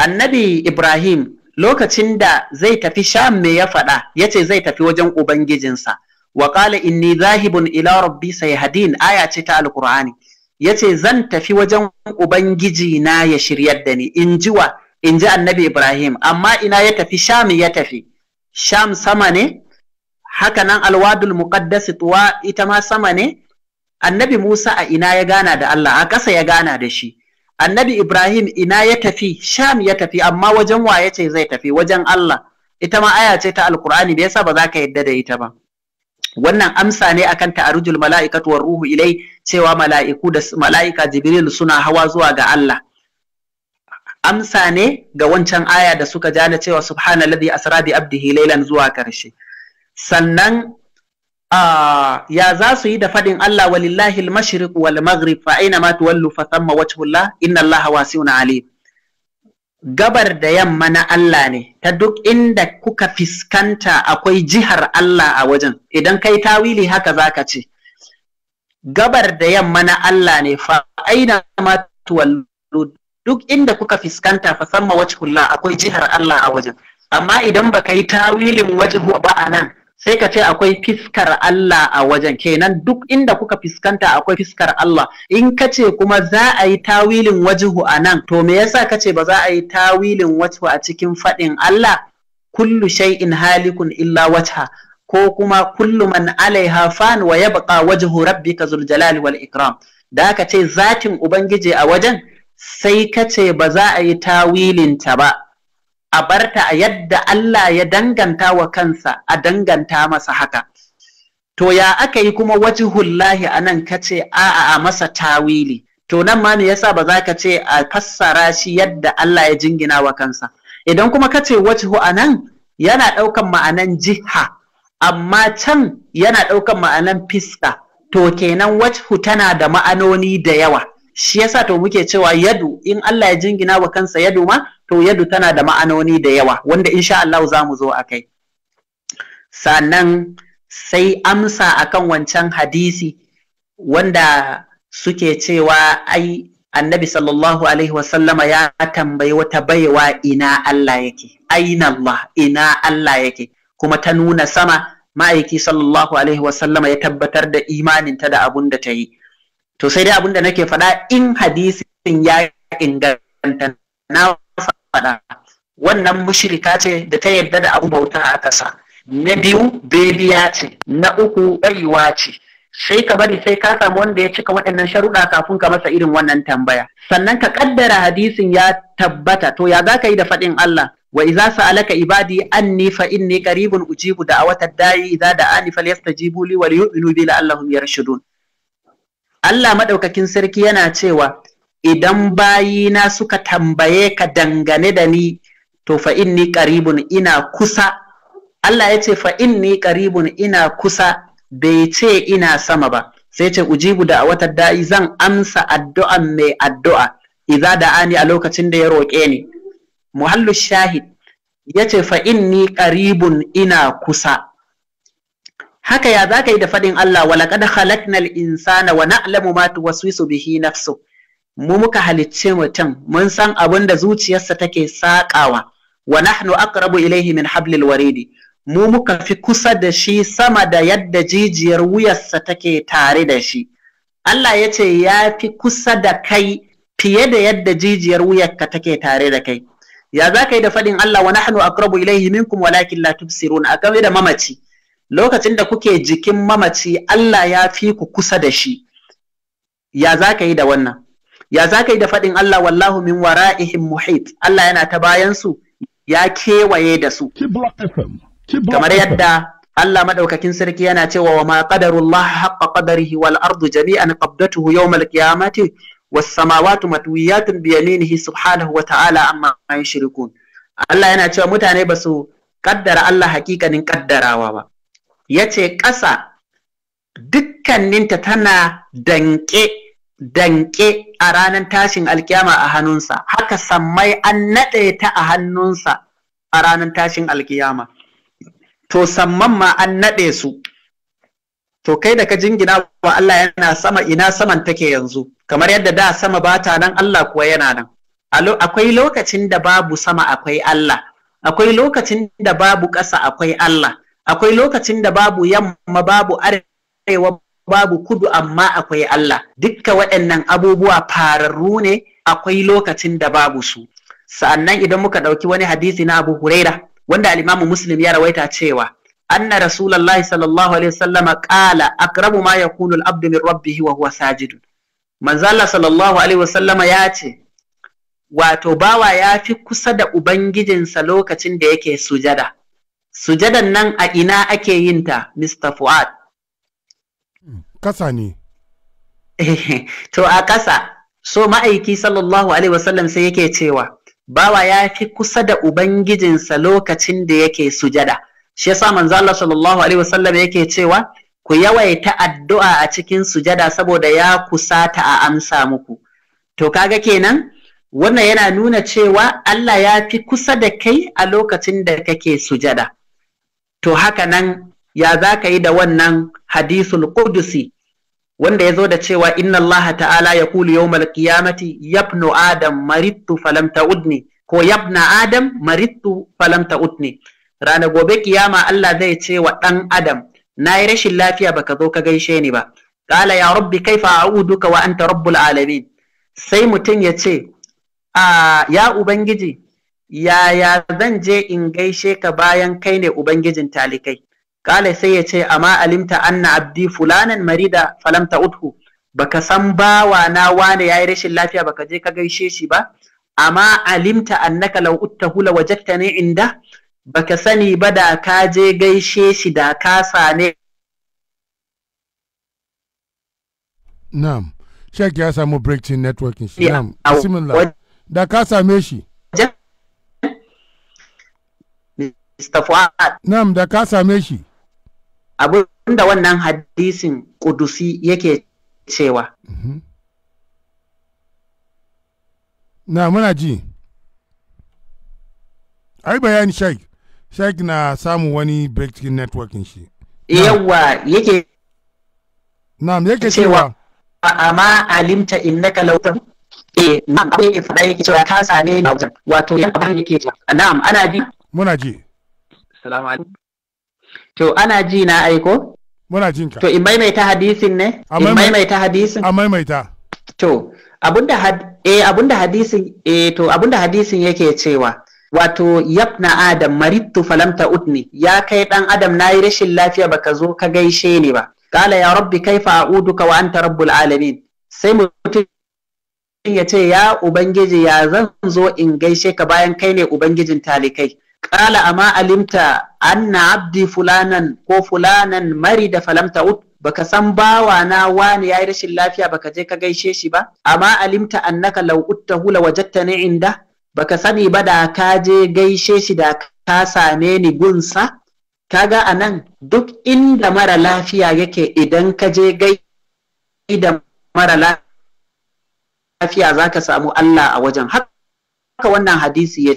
annabi Ibrahim lokacin da zai tafi sham me ya faɗa ya ce zai tafi wajen ubangijinsa wa qala inni zahibun ila rabbi sayhadin aya ce ta alkur'ani ya ce zan tafi wajen ubangiji na ya shiryar da ni in ji wa in ji annabi ibrahim amma ina ya tafi sham ya tafi sham sama ne haka nan alwadul muqaddas tuwa ita ma sama ne annabi musa a ina ya gana da allah a ƙasa ya gana da shi annabi ibrahim ina ya tafi sham ya tafi amma wajen wa ya ce zai tafi wajen allah ita ma aya ce ta alkur'ani me yasa ba za ka yadda da ita ba wannan amsa ne akan ta'arujul mala'ikat war ruhu ilai cewa mala'iku da mala'ika jibril suna hawa zuwa ga Allah amsa ne ga wancan aya da suka jana cewa subhanalladhi asra bi abdihi laylan zuwa karshe sannan ya za su yi da fadin Allah walillahi al-mashriq wal maghrib fa aina ma tuwallu fa thamma wajhullah inna Allah wasi'un alim gabar da yamma na Allah ne, ta duk inda kuka fiskanta akwai jihar Allah a wajen, idan kai tawili haka za ka ce, gabar da yamma na Allah ne fa aina ma tuwallu duk inda kuka fiskanta fa samma wajhullah akwai jihar Allah a wajen. Amma idan baka yi tawilin wajhu ba a nan, sai ka ce akwai fiskar Allah a wajen kenan duk inda kuka fiskanta akwai fiskar Allah in ka ce kuma za a yi tawilin wajihu a nan to me yasa ka ce ba za a yi tawilin wajhu a cikin faɗin Allah kullu shay'in halikun illa wajha ko kuma kullu man alaiha fan wa yabqa wajhu rabbika zul jalal wal ikram da ka ce zatin ubangiji a wajen sai ka ce ba za a yi tawilin ta ba a barta a yadda Allah ya danganta wa kansa a danganta masa haka to ya aka yi kuma a nan kace a'a a masa tawili to nan ma me yasa ba za ka ce a fassara shi yadda Allah ya jingina wa kansa idan kuma kace wajhu anan yana ɗaukan ma'anan jiha amma can yana ɗaukan ma'anan fiska to kenan wajhu tana da ma'anoni da yawa shi yasa to muke cewa yadu in Allah ya jingina wa kansa yadu ma to yadu tana da ma'anoni da yawa wanda insha Allah za mu zo a kai sannan sai amsa akan wancan hadisi wanda suke cewa ai annabi sallallahu alaihi wasallama ya tambayi wata baiwa ina Allah yake aina Allah ina Allah yake kuma ta nuna sama ma'aiki sallallahu alaihi wasallama ya tabbatar da imaninta da abun da ta yi to sai dai abin da nake faɗa in hadisin ya inganta na faɗa wannan mushrika ce da ta yadda da abu bauta a ƙasa na biyu bebiya ce na uku ƙarewa ce sai ka bari sai ka samu wanda ya cika waɗannan sharuɗa kafin ka masa irin wannan tambaya sannan ka ƙaddara hadisin ya tabbata to ya za ka yi da faɗin Allah wa iza sa'alaka ibadi anni fa inni qaribun ujibu da'awata da'i idza da'ani falyastajibu li wa liyu'minu bi la'allahum yarshudun Allah maɗaukakin sarki yana cewa idan bayina suka tambaye ka dangane da ni to fa inni ƙaribun ina kusa Allah ya ce fa inni ƙaribun ina kusa bai ce ina sama ba sai ce ujibu da a wata da'i zan amsa addu'an mai addu'a idza ani a lokacin da ya roƙe ni muhallu shahid ya ce fa inni ƙaribun ina kusa haka ya za ka yi da faɗin Allah wa laqad khalaqnal insana wa na'lamu ma tuwaswisu bihi nafsu mu muka halicce mutum mun san abin da zuciyarsa take saƙawa wa nahnu aqrabu ilayhi min hablil waridi mu muka fi kusa da shi sama da yadda jijiyar wuyarsa take tare da shi Allah ya ce ya fi kusa da kai fiye da yadda jijiyar wuyarka take tare da kai ya za ka yi da faɗin Allah wa nahnu aqrabu ilayhi minkum walakin la tubsirun a game da mamaci lokacin da kuke jikin mamaci Allah ya fi ku kusa da shi ya za ka yi da wannan ya za ka yi da faɗin Allah wallahu min wara'ihim muhit Allah yana ta bayan su ya kewaye da su kamar yadda Allah madaukakin sarki yana cewa wa ma qadarullah haqqa qadarihi wal ardu jami'an qabdatuhu yawmal qiyamati was samawati matwiyatun bi yaminihi subhanahu wa ta'ala amma yushrikun Allah yana cewa mutane ba su kaddara Allah hakikanin kaddarawa ba ya ce ƙasa dukkaninta tana danƙe danƙe a ranar tashin alkiyama a hannunsa haka sammai an naɗe ta a hannunsa a ranar tashin alkiyama to samman ma an naɗe su to kai da ka jingina wa Allah yana sama ina saman take yanzu kamar yadda da sama bata nan Allah kuwa yana nan akwai lokacin da babu sama akwai Allah akwai lokacin da babu ƙasa akwai Allah akwai lokacin da babu yamma babu arewa babu kudu amma akwai Allah dukka waɗannan abubuwa fararru ne akwai lokacin da babu su sa'annan idan muka ɗauki wani hadisi na Abu Huraira wanda al-Imam Muslim ya rawaita cewa anna rasulullahi sallallahu alaihi wasallam qala akramu ma yakunu al-abdu min rabbih wa huwa sajid manzo Allah sallallahu alaihi wasallam ya ce wato bawa ya fi kusa da ubangijinsa lokacin da yake sujada sujadan nan a ina ake yin ta Mr. Fuad? Kasa hmm, ne. *laughs* to a kasa, so ma'aiki sallallahu Alaihi wasallam sai yake cewa, bawa ya fi kusa da Ubangijinsa lokacin da yake sujada. Shi yasa manzo Allah sallallahu Alaihi wasallam yake cewa, ku yawaita addu'a a cikin sujada saboda ya kusata a amsa muku. To kaga kenan? wannan yana nuna cewa Allah ya fi kusa da kai a lokacin da kake sujada. to haka nan ya za ka yi da wannan hadisul qudusi wanda ya zo da cewa inna Allah ta'ala ya kulu yawmal qiyamati yabnu adam marittu falam ta'udni ko yabna adam marittu falam ta'udni ranar gobe kiyama Allah zai ce wa ɗan adam na yi rashin lafiya baka zo ka gaishe ni ba qala ya rabbi kaifa a'uduka wa anta rabbul alamin sai mutum ya ce a ya ubangiji yaya zan je in gaishe ka bayan kai ne ubangijin talikai kale sai ya ce amma alimta anna abdi fulanan marida falam uthu baka san bawa na wane yayi rashin lafiya baka je ka gaishe shi ba amma alimta annaka law uttahu la wajadtani inda baka sani ba da ka je gaishe shi da ka sane na'am shek samu breaking networking na'am da ka same shi Mr. Fuad. Na'am da ka same shi. Abin da wannan hadisin kudusi yake cewa. Mhm. Na muna ji. Ai bayani Sheikh. Sheikh na samun wani breakthrough networking shi. Yawwa yake. Nam yake cewa. Amma alimta innaka lautan eh na'am akwai ifada yake cewa ka same ni wato yan abin yake cewa na'am ana ji. Muna ji. Salamu alaikum. To ana ji na aiko? Muna jin ka. To in maimaita hadisin ne? In maimaita hadisin? A maimaita. To abunda had eh, hadisin eh to abunda hadisin yake cewa wato yabna adam marittu falam ta'udni ya kai dan adam nayi rashin lafiya baka zo ka gaishe ni ba. Kala ya rabbi kaifa a'uduka wa anta rabbul alamin. Sai mutum ya ce ya ubangiji ya zan zo in gaishe ka bayan kai ne ubangijin talikai. Kala amma alimta anna abdi fulanan ko fulanan mari da falamta ut baka san bawa na wani yayi rashin lafiya baka je ka gaishe shi ba amma alimta annaka law uttahu ni inda baka sani ba da ka je gaishe shi da ka same ni gunsa kaga anan duk inda mara lafiya yake idan ka je gai da mara lafiya zaka samu Allah a wajen haka wannan hadisi ya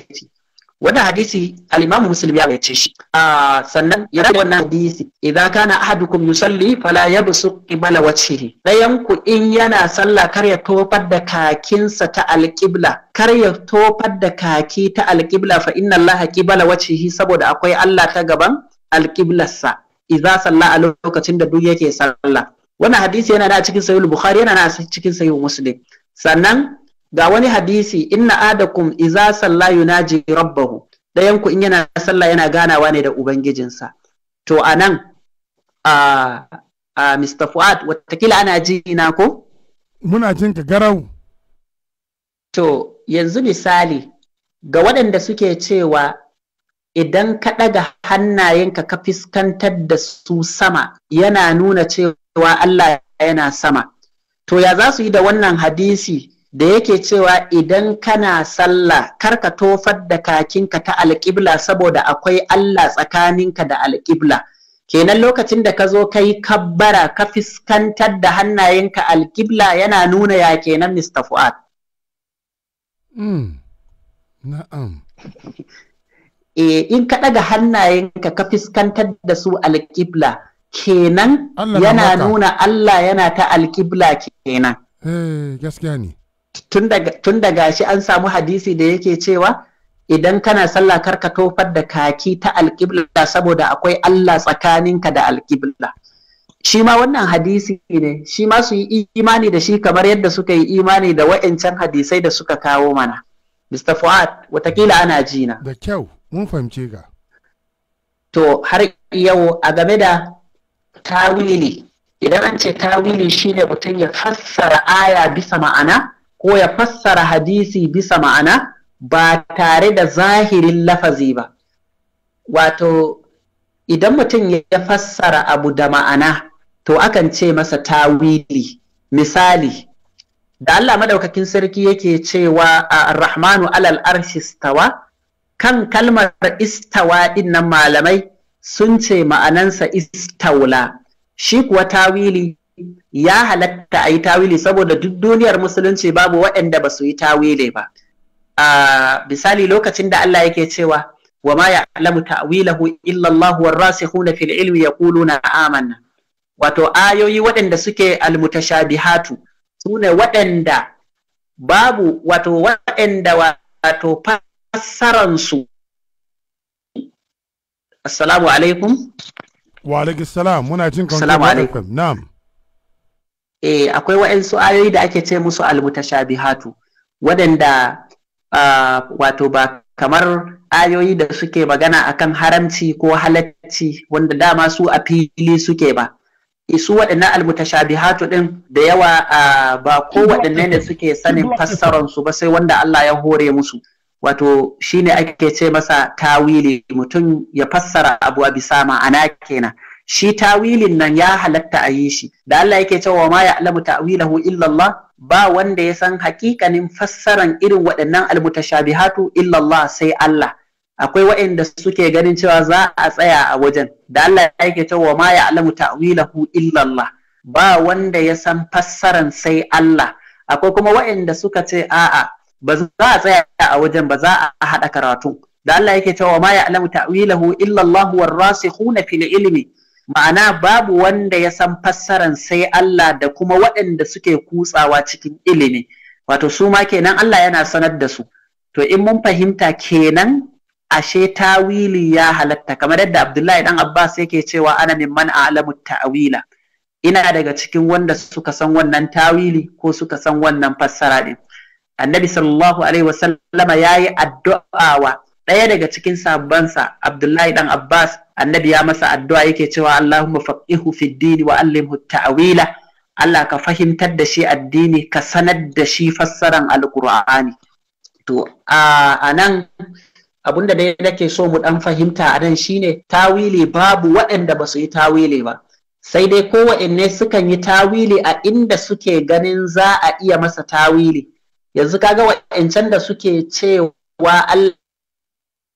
wannan hadisi al-Imam Muslim ya bayyace shi ah sannan ya rabu wannan hadisi idza kana ahadukum yusalli fala yabsuq qibla wajhihi dayan ku in yana sallah kar ya tofar da kakinsa ta al-qibla kar ya tofar da kaki ta al-qibla fa inna Allah qibla wajhihi saboda akwai Allah ta gaban al-qiblarsa idza salla a lokacin da duk yake sallah wannan hadisi yana da cikin sahih Bukhari yana da cikin sahih Muslim sannan ga wani hadisi inna adakum iza salla yunaji rabbahu dayan ku in yana sallah yana ganawa ne da ubangijinsa to anan a a Mr. Fuad watakila ana ji na ko muna jin ka garau to yanzu misali ga waɗanda suke cewa idan ka ɗaga hannayenka ka fiskantar da su sama yana nuna cewa Allah yana sama to ya za su yi da wannan hadisi da yake cewa idan kana sallah kar ka tofar da kakinka ta alƙibla saboda akwai Allah tsakaninka da alƙibla kenan lokacin da ka zo ka yi kabbara ka fiskantar da hannayenka alƙibla yana nuna ya kenan Mr. Fuad. Mm. Na'am. *laughs* E, in ka ɗaga hannayenka ka fiskantar da su alƙibla kenan yana nuna Allah yana ta alƙibla kenan. Eh, gaskiya ne. tun da gashi an samu hadisi da yake cewa idan kana sallah kar ka tofar da kaki ta alƙibla saboda akwai Allah tsakaninka da alƙibla shi ma wannan hadisi ne shi ma su yi imani da shi kamar yadda suka yi imani da wa'ancan hadisai da suka kawo mana Mr. Fuad watakila ana jina da kyau mun fahimce ga to har yau a game da tawili idan an ce tawili shine mutum ya fassara aya bisa ma'ana ko ya fassara hadisi bisa ma'ana ba tare da zahirin lafazi ba wato idan mutum ya fassara abu da ma'ana to akan ce masa tawili misali da Allah madaukakin sarki yake cewa a rahmanu alal arshi kan kalmar istawa dinnan malamai sun ce ma'anansa istaula shi kuwa tawili ya halatta a yi tawili saboda duk duniyar musulunci babu waɗanda ba su yi tawili ba a misali lokacin da Allah yake cewa wa ma ya'lamu ta'wilahu illa Allah su rasikhuna fil ilmi yaquluna amanna wato ayoyi waɗanda suke almutashabihatu sune waɗanda babu wato waɗanda wato fassaransu assalamu alaikum wa alaikum salam muna jin kan assalamu alaikum na'am eh akwai waɗansu ayoyi da ake ce musu almutashabihatu waɗanda ah, wato ba kamar ayoyi da suke magana akan haramci ko halacci wanda dama su a fili suke ba eh, su waɗannan almutashabihatu ɗin da yawa ah, ba ko waɗanne ne suke sanin fassararsu ba sai wanda Allah ya hore musu wato shine ake ce masa tawili mutum ya fassara abu a bisa ma'ana kenan shi tawilin nan ya halatta a yi shi da Allah yake cewa ma ya alamu ta'wilahu illallah ba wanda ya san hakikanin fassaran irin waɗannan almutashabihatu illallah sai Allah akwai waɗanda suke ganin cewa za a tsaya a wajen da Allah yake cewa ma ya alamu ta'wilahu illallah ba wanda ya san fassaran sai Allah akwai kuma waɗanda suka ce a'a ba za a tsaya a wajen ba za a haɗa karatu da Allah yake cewa ma ya alamu ta'wilahu illallah war rasikhuna fil ilmi ma'ana babu wanda ya san fassaran sai Allah da kuma waɗanda suke kutsawa cikin ilimi wato su ma kenan Allah yana sanar da su to in mun fahimta kenan ashe tawili ya halatta kamar yadda Abdullahi dan Abbas yake cewa ana mimman a'lamu ta'wila ina daga cikin wanda suka san wannan tawili ko suka san wannan fassara din annabi sallallahu alaihi wasallama yayi addu'a wa ɗaya daga cikin sabbansa Abdullahi Ɗan Abbas annabi ya masa addu'a yake cewa Allahumma faqihu fid dini wa allimhu ta'wila Allah ka fahimtar da shi addini ka sanar da shi fassaran alqur'ani to a nan abinda dai nake so mu dan fahimta a nan shine tawili babu waɗanda ba su yi tawili ba sai dai kowanne sukan yi tawili a inda suke ganin za a iya masa tawili yanzu kaga waɗancan da suke cewa Allah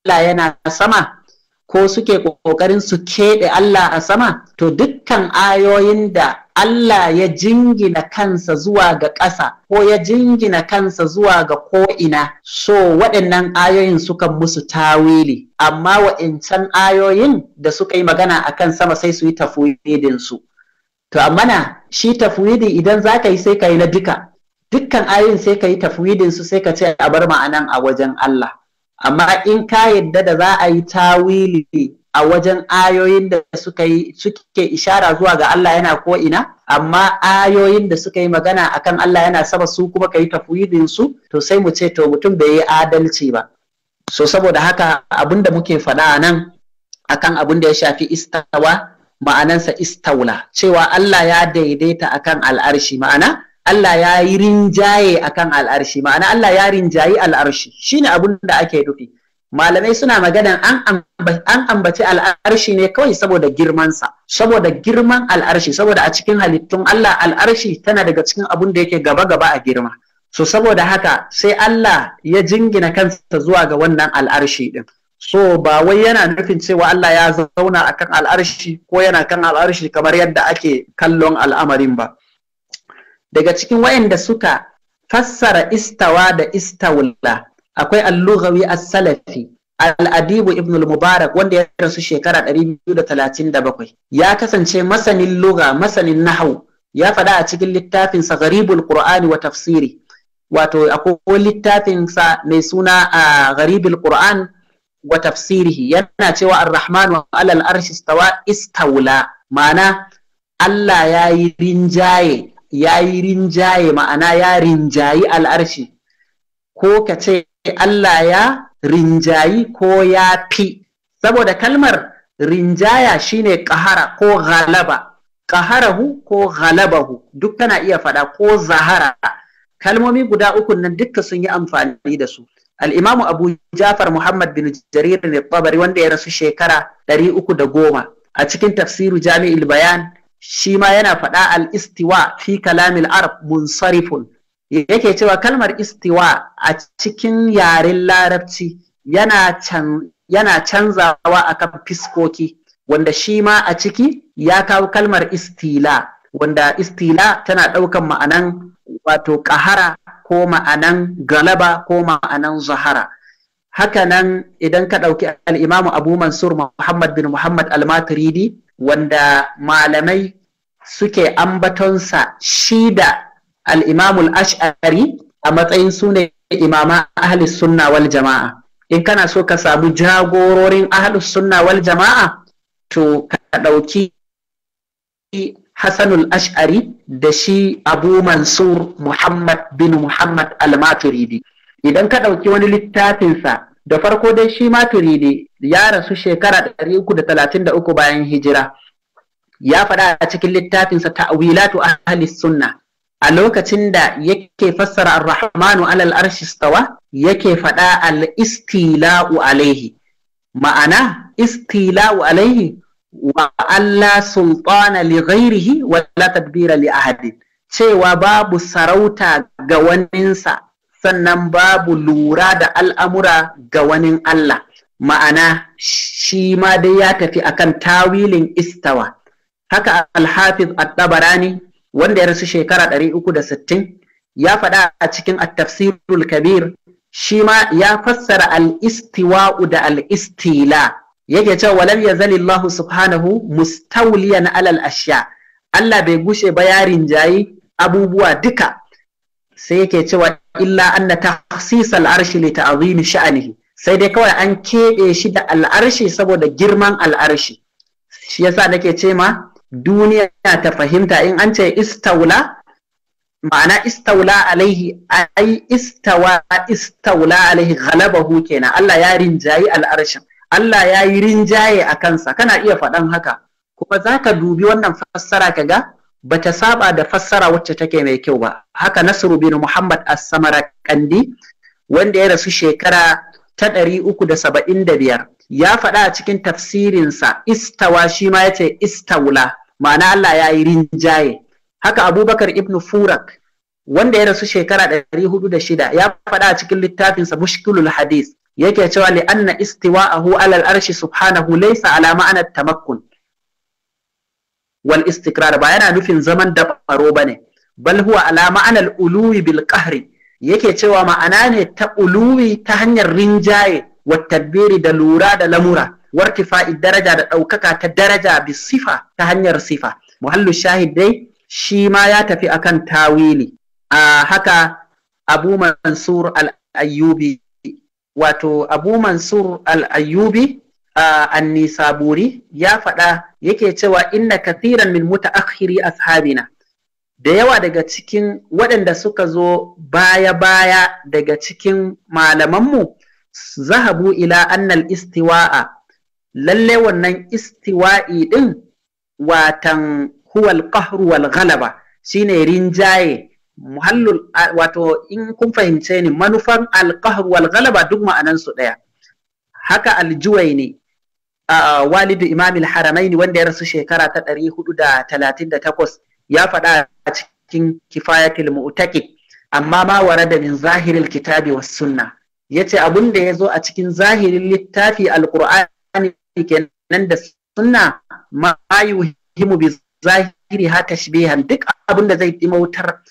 Allah yana sama ko suke ƙoƙarin su keɗe Allah a sama to dukkan ayoyin da Allah ya jingina kansa zuwa ga ƙasa ko ya jingina kansa zuwa ga ko'ina so waɗannan ayoyin suka musu tawili amma wa'incan ayoyin da suka yi magana a kan sama sai su yi tafwidinsu to amma na shi tafwidi idan za ka yi sai ka yi na duka dukkan ayoyin sai ka yi su sai ka ce a bar ma'anan a wajen Allah amma in ka yadda da za a yi tawili a wajen ayoyin da suka suke ishara zuwa ga Allah yana ko ina amma ayoyin da suka yi magana akan Allah yana saba su kuma ka yi tafwidin su to sai mu ce to mutum bai yi adalci ba so saboda haka abin da muke faɗa nan akan abin da ya shafi istawa ma'anansa istaula cewa Allah ya daidaita akan al'arshi ma'ana Allah ya yi rinjaye kan al'arshi ma'ana Allah ya rinjayi al'arshi Shi ne abin da ake nufi malamai suna magana an ambaci al'arshi ne kawai saboda girmansa saboda girman al'arshi saboda a cikin halittun Allah al'arshi tana daga cikin abin da yake gaba gaba a girma so saboda haka sai Allah ya jingina kansa zuwa ga wannan al'arshi ɗin so ba wai yana nufin cewa Allah ya zauna a kan al'arshi ko yana kan al'arshi kamar yadda ake kallon al'amarin ba daga cikin wayanda suka fassara istawa da istawla akwai allugawi a as-salafi al-adibu ibn al-mubarak wanda ya rasu shekara 237 ya kasance masanin lugha masanin nahau ya faɗa a cikin littafin sa gharibul qur'ani wa tafsiri wato akwai littafin sa mai suna a gharibul qur'an wa tafsirihi yana cewa ar-rahmanu alal arshi istawa istawla ma'ana Allah ya yi rinjaye ya yi rinjaye ma'ana ya rinjayi al'arshi ko ka ce Allah ya rinjayi ko ya fi saboda kalmar rinjaya shine kahara ko galaba kaharahu ko galabahu duk kana iya faɗa ko zahara kalmomi guda uku nan duka sun yi amfani da su al'imamu abu jafar muhammad bin jarir ne tabari wanda ya rasu shekara ɗari uku da goma a cikin tafsiru jami'il bayan shi ma yana faɗa al-istiwa fi kalamil arab munsarifun yake cewa kalmar istiwa a cikin yaren larabci yana can yana canzawa akan fiskoki wanda shi ma a ciki ya kawo kalmar istila wanda istila tana ɗaukan ma'anan wato ƙahara ko ma'anan galaba ko ma'anan zahara haka nan idan ka ɗauki al'imamu abu mansur muhammad bin muhammad al-maturidi wanda malamai suke ambatonsa shi da al'imamul ash'ari a matsayin su ne imama ahalis sunna wal jama'a in kana so ka samu jagororin ahalis sunna wal jama'a to ka ɗauki Hassanul Ash'ari da shi Abu Mansur Muhammad bin Muhammad al-Maturidi. Idan ka ɗauki wani littafinsa da farko dai shi ma maturidi ya rasu shekara 333 bayan hijira ya faɗa a cikin littafinsa ta'wilatu ahli sunna a lokacin da yake fassara ar-rahmanu alal arshi stawa yake faɗa al-istila'u alaihi ma'ana istila'u alaihi wa Allah sultana li ghairihi wa la tadbira li ahadin cewa babu sarauta ga waninsa sannan babu lura da al'amura ga wani Allah ma'ana shi ma dai ya tafi akan tawilin istawa haka alhafiz at-tabarani wanda ya rasu shekara da sittin, ya faɗa a cikin at-tafsirul kabir shi ma ya fassara al-istiwa'u da al'istila. istila yake cewa walam yazali Allah subhanahu mustawliyan alal ashya Allah bai gushe ba yarin jayi abubuwa duka sai yake cewa illa anna takhsis al'arshi li ta'zimi sha'anihi sai dai kawai an keɓe shi da al'arshi saboda girman al'arshi shi yasa nake ce ma duniya ta fahimta in an ce istaula ma'ana istaula alaihi ai istawa istaula alaihi ghalabahu kenan Allah ya rinjayi al'arshin Allah ya yi rinjaye a kansa kana iya faɗan haka kuma zaka dubi wannan fassara ka ga bata saba da fassara wacce take mai kyau ba haka Nasiru bin Muhammad as Kandi, wanda ya rasu shekara ta ɗari uku da saba'in da biyar ya faɗa a cikin tafsirinsa istawa shi ma ya ce istawula ma'ana Allah ya yi rinjaye haka Abubakar ibn Furak wanda ya rasu shekara ɗari hudu da shida ya faɗa a cikin littafinsa mushkilul hadis yake cewa li anna istiwa'ahu alal arshi subhanahu laysa ala ma'anar tamakkun wal istikrar ba yana nufin zaman da baro bane bal huwa ala ma'anar uluwi bil qahri yake cewa ma'ana ne ta uluwi ta hanyar rinjaye wa tadbiri da lura da lamura wartifa'i daraja da ɗaukaka ta daraja bi sifa ta hanyar sifa muhallu shahid dai shi ma ya tafi akan tawili a haka abu mansur al-ayyubi wato abu mansur al-ayyubi annisaburi ya faɗa yake cewa inna kathiran min mutaakhiri ashabina da yawa daga cikin waɗanda suka zo baya-baya daga cikin malamanmu zahabu ila annal istiwa'a lalle wannan istiwa'i ɗin watan huwal qahru wal ghalaba shine rinjaye muhallul wato in kun fahimce ni manufan alqahru wal ghalaba duk ma'anan su ɗaya haka Al-juwaini. walidu imam al-haramain wanda ya rasu shekara ta 438 ya faɗa a cikin kifayatul mu'taqid amma ma warada min zahiril kitabi was sunna yace abun da yazo a cikin zahirin littafi alqur'ani kenan da sunna ma yuhimu bi zahiri ha tashbihan duk abun da zai dimautar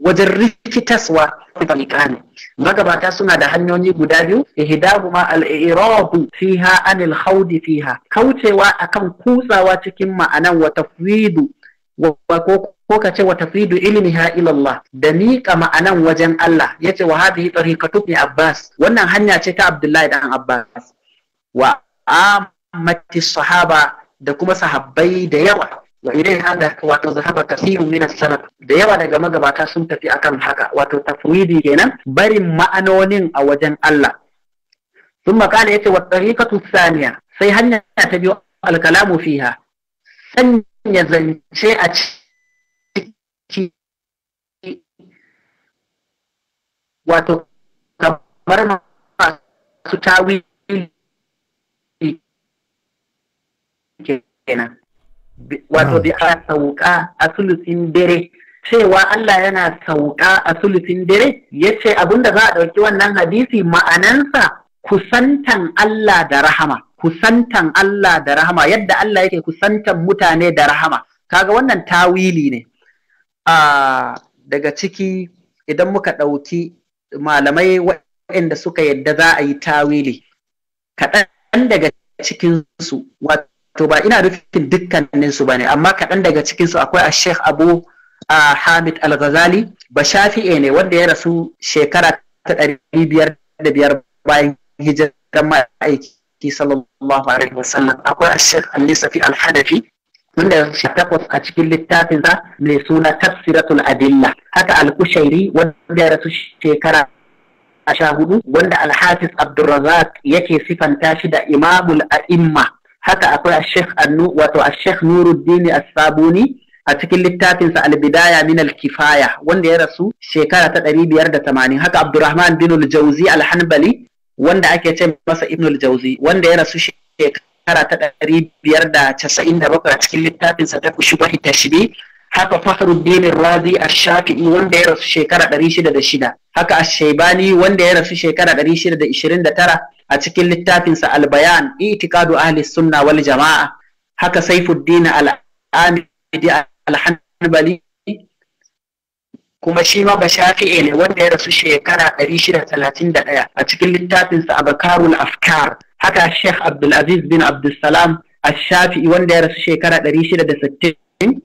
wajen rikitaswa falikan magabata suna da hanyoyi guda biyu ihdahuma al-i'rabu fiha anil khawdi fiha kaucewa akan kutsawa cikin ma'anan wa tafwidu ko ka ce wa tafridu ilmiha ila Allah da miƙa ma'anan wajen Allah yace wa hadhihi tariqatu ibn Abbas wannan hanya ce ta Abdullahi dan Abbas wa ammati sahaba da kuma sahabbai da yawa wa ilayhi hada wato zahaba kasirun min da yawa daga magabata sun tafi akan haka wato tafwidi kenan barin ma'anonin a wajen Allah ثم قال يتي والطريقة الثانية sai hanyar hanya ta biyo alkalamu fiha sanya zance a ciki wato kamar masu tawili kenan wato da ah. a sauka a sulusin dare cewa Allah yana sauka a sulusin dare ya ce abinda za a ɗauki wannan hadisi ma'anansa kusantan Allah da rahama kusantan Allah da rahama yadda Allah yake kusantan mutane da rahama kaga wannan tawili ne a ah, daga ciki idan muka ɗauki malamai waɗanda suka yadda za a yi tawili kaɗan daga cikinsu wato to ba ina nufin dukkanin su bane amma kaɗan daga cikin su akwai a Sheikh Abu a Hamid Al-Ghazali ba Shafi'e ne wanda ya rasu shekara ta ɗari biyar da biyar bayan hijiran ma'aiki sallallahu alaihi wasallam akwai a Sheikh Al-Nisafi Al-Hanafi wanda ya rasu takwas a cikin littafinsa mai suna Tafsiratul Adilla haka Al-Kushairi wanda ya rasu shekara a sha hudu wanda Al-Hafiz Abdulrazak yake sifanta shi da Imamul A'imma haka akwai Sheikh Annu wato Sheikh Nuruddin As-Sabuni a cikin littafinsa Al-Bidaya min Al-Kifaya wanda ya rasu shekara ta 580 haka Abdurrahman bin Al-Jauzi Al-Hanbali wanda ake ce masa Ibn Al-Jauzi wanda ya rasu shekara ta 597 a cikin littafinsa ta Shubahi Tashbi haka Fakhruddin Razi Ash-Shafi'i wanda ya rasu shekara 606 haka Ash-Shaybani wanda ya rasu shekara 629 a cikin littafinsa albayan itikadu ahli sunna wal jama'a haka saifuddin al'amidi alhanbali kuma shi ma bashafi'e ne wanda ya rasu shekara 631 a cikin littafinsa abakarul afkar haka sheikh abdulaziz bin abdulsalam a shafii wanda ya rasu shekara 660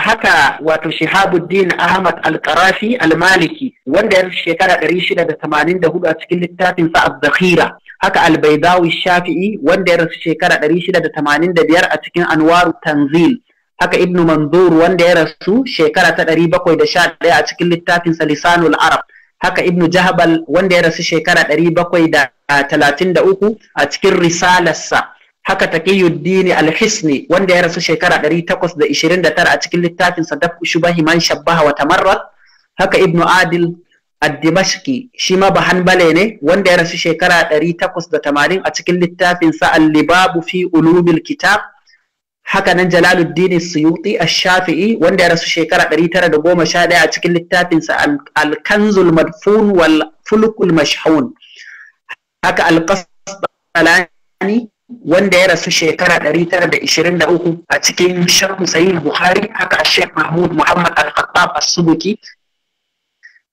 haka wato shihabuddin ahmad al-qarafi al-maliki wanda ya shekara ɗari shida da tamanin da hudu a cikin littafinsa az-zakhira haka al-baydawi shafi'i wanda ya rasu shekara ɗari shida da tamanin da biyar a cikin anwaru tanzil haka ibn manzur wanda ya rasu shekara ta ɗari bakwai da sha a cikin littafin lisanul arab haka ibn jahbal wanda ya rasu shekara ɗari bakwai da talatin da uku a cikin risalarsa haka taqiyuddin al-hisni wanda ya rasu shekara ɗari takwas da ishirin da tara a cikin littafin sa daf shubahi man shabbaha wa tamarrat haka ibnu adil ad shi ma ba hanbale ne wanda ya rasu shekara 880 a cikin littafin sa al-libabu fi ulumil kitab haka nan jalaluddin suyuti ash-shafi'i wanda ya rasu shekara 911 a cikin littafin sa al-kanzul madfun wal fulkul mashhun haka al-qasdalani wanda ya rasu shekara 923 a cikin sharh sahih bukhari haka al mahmud muhammad al-khattab as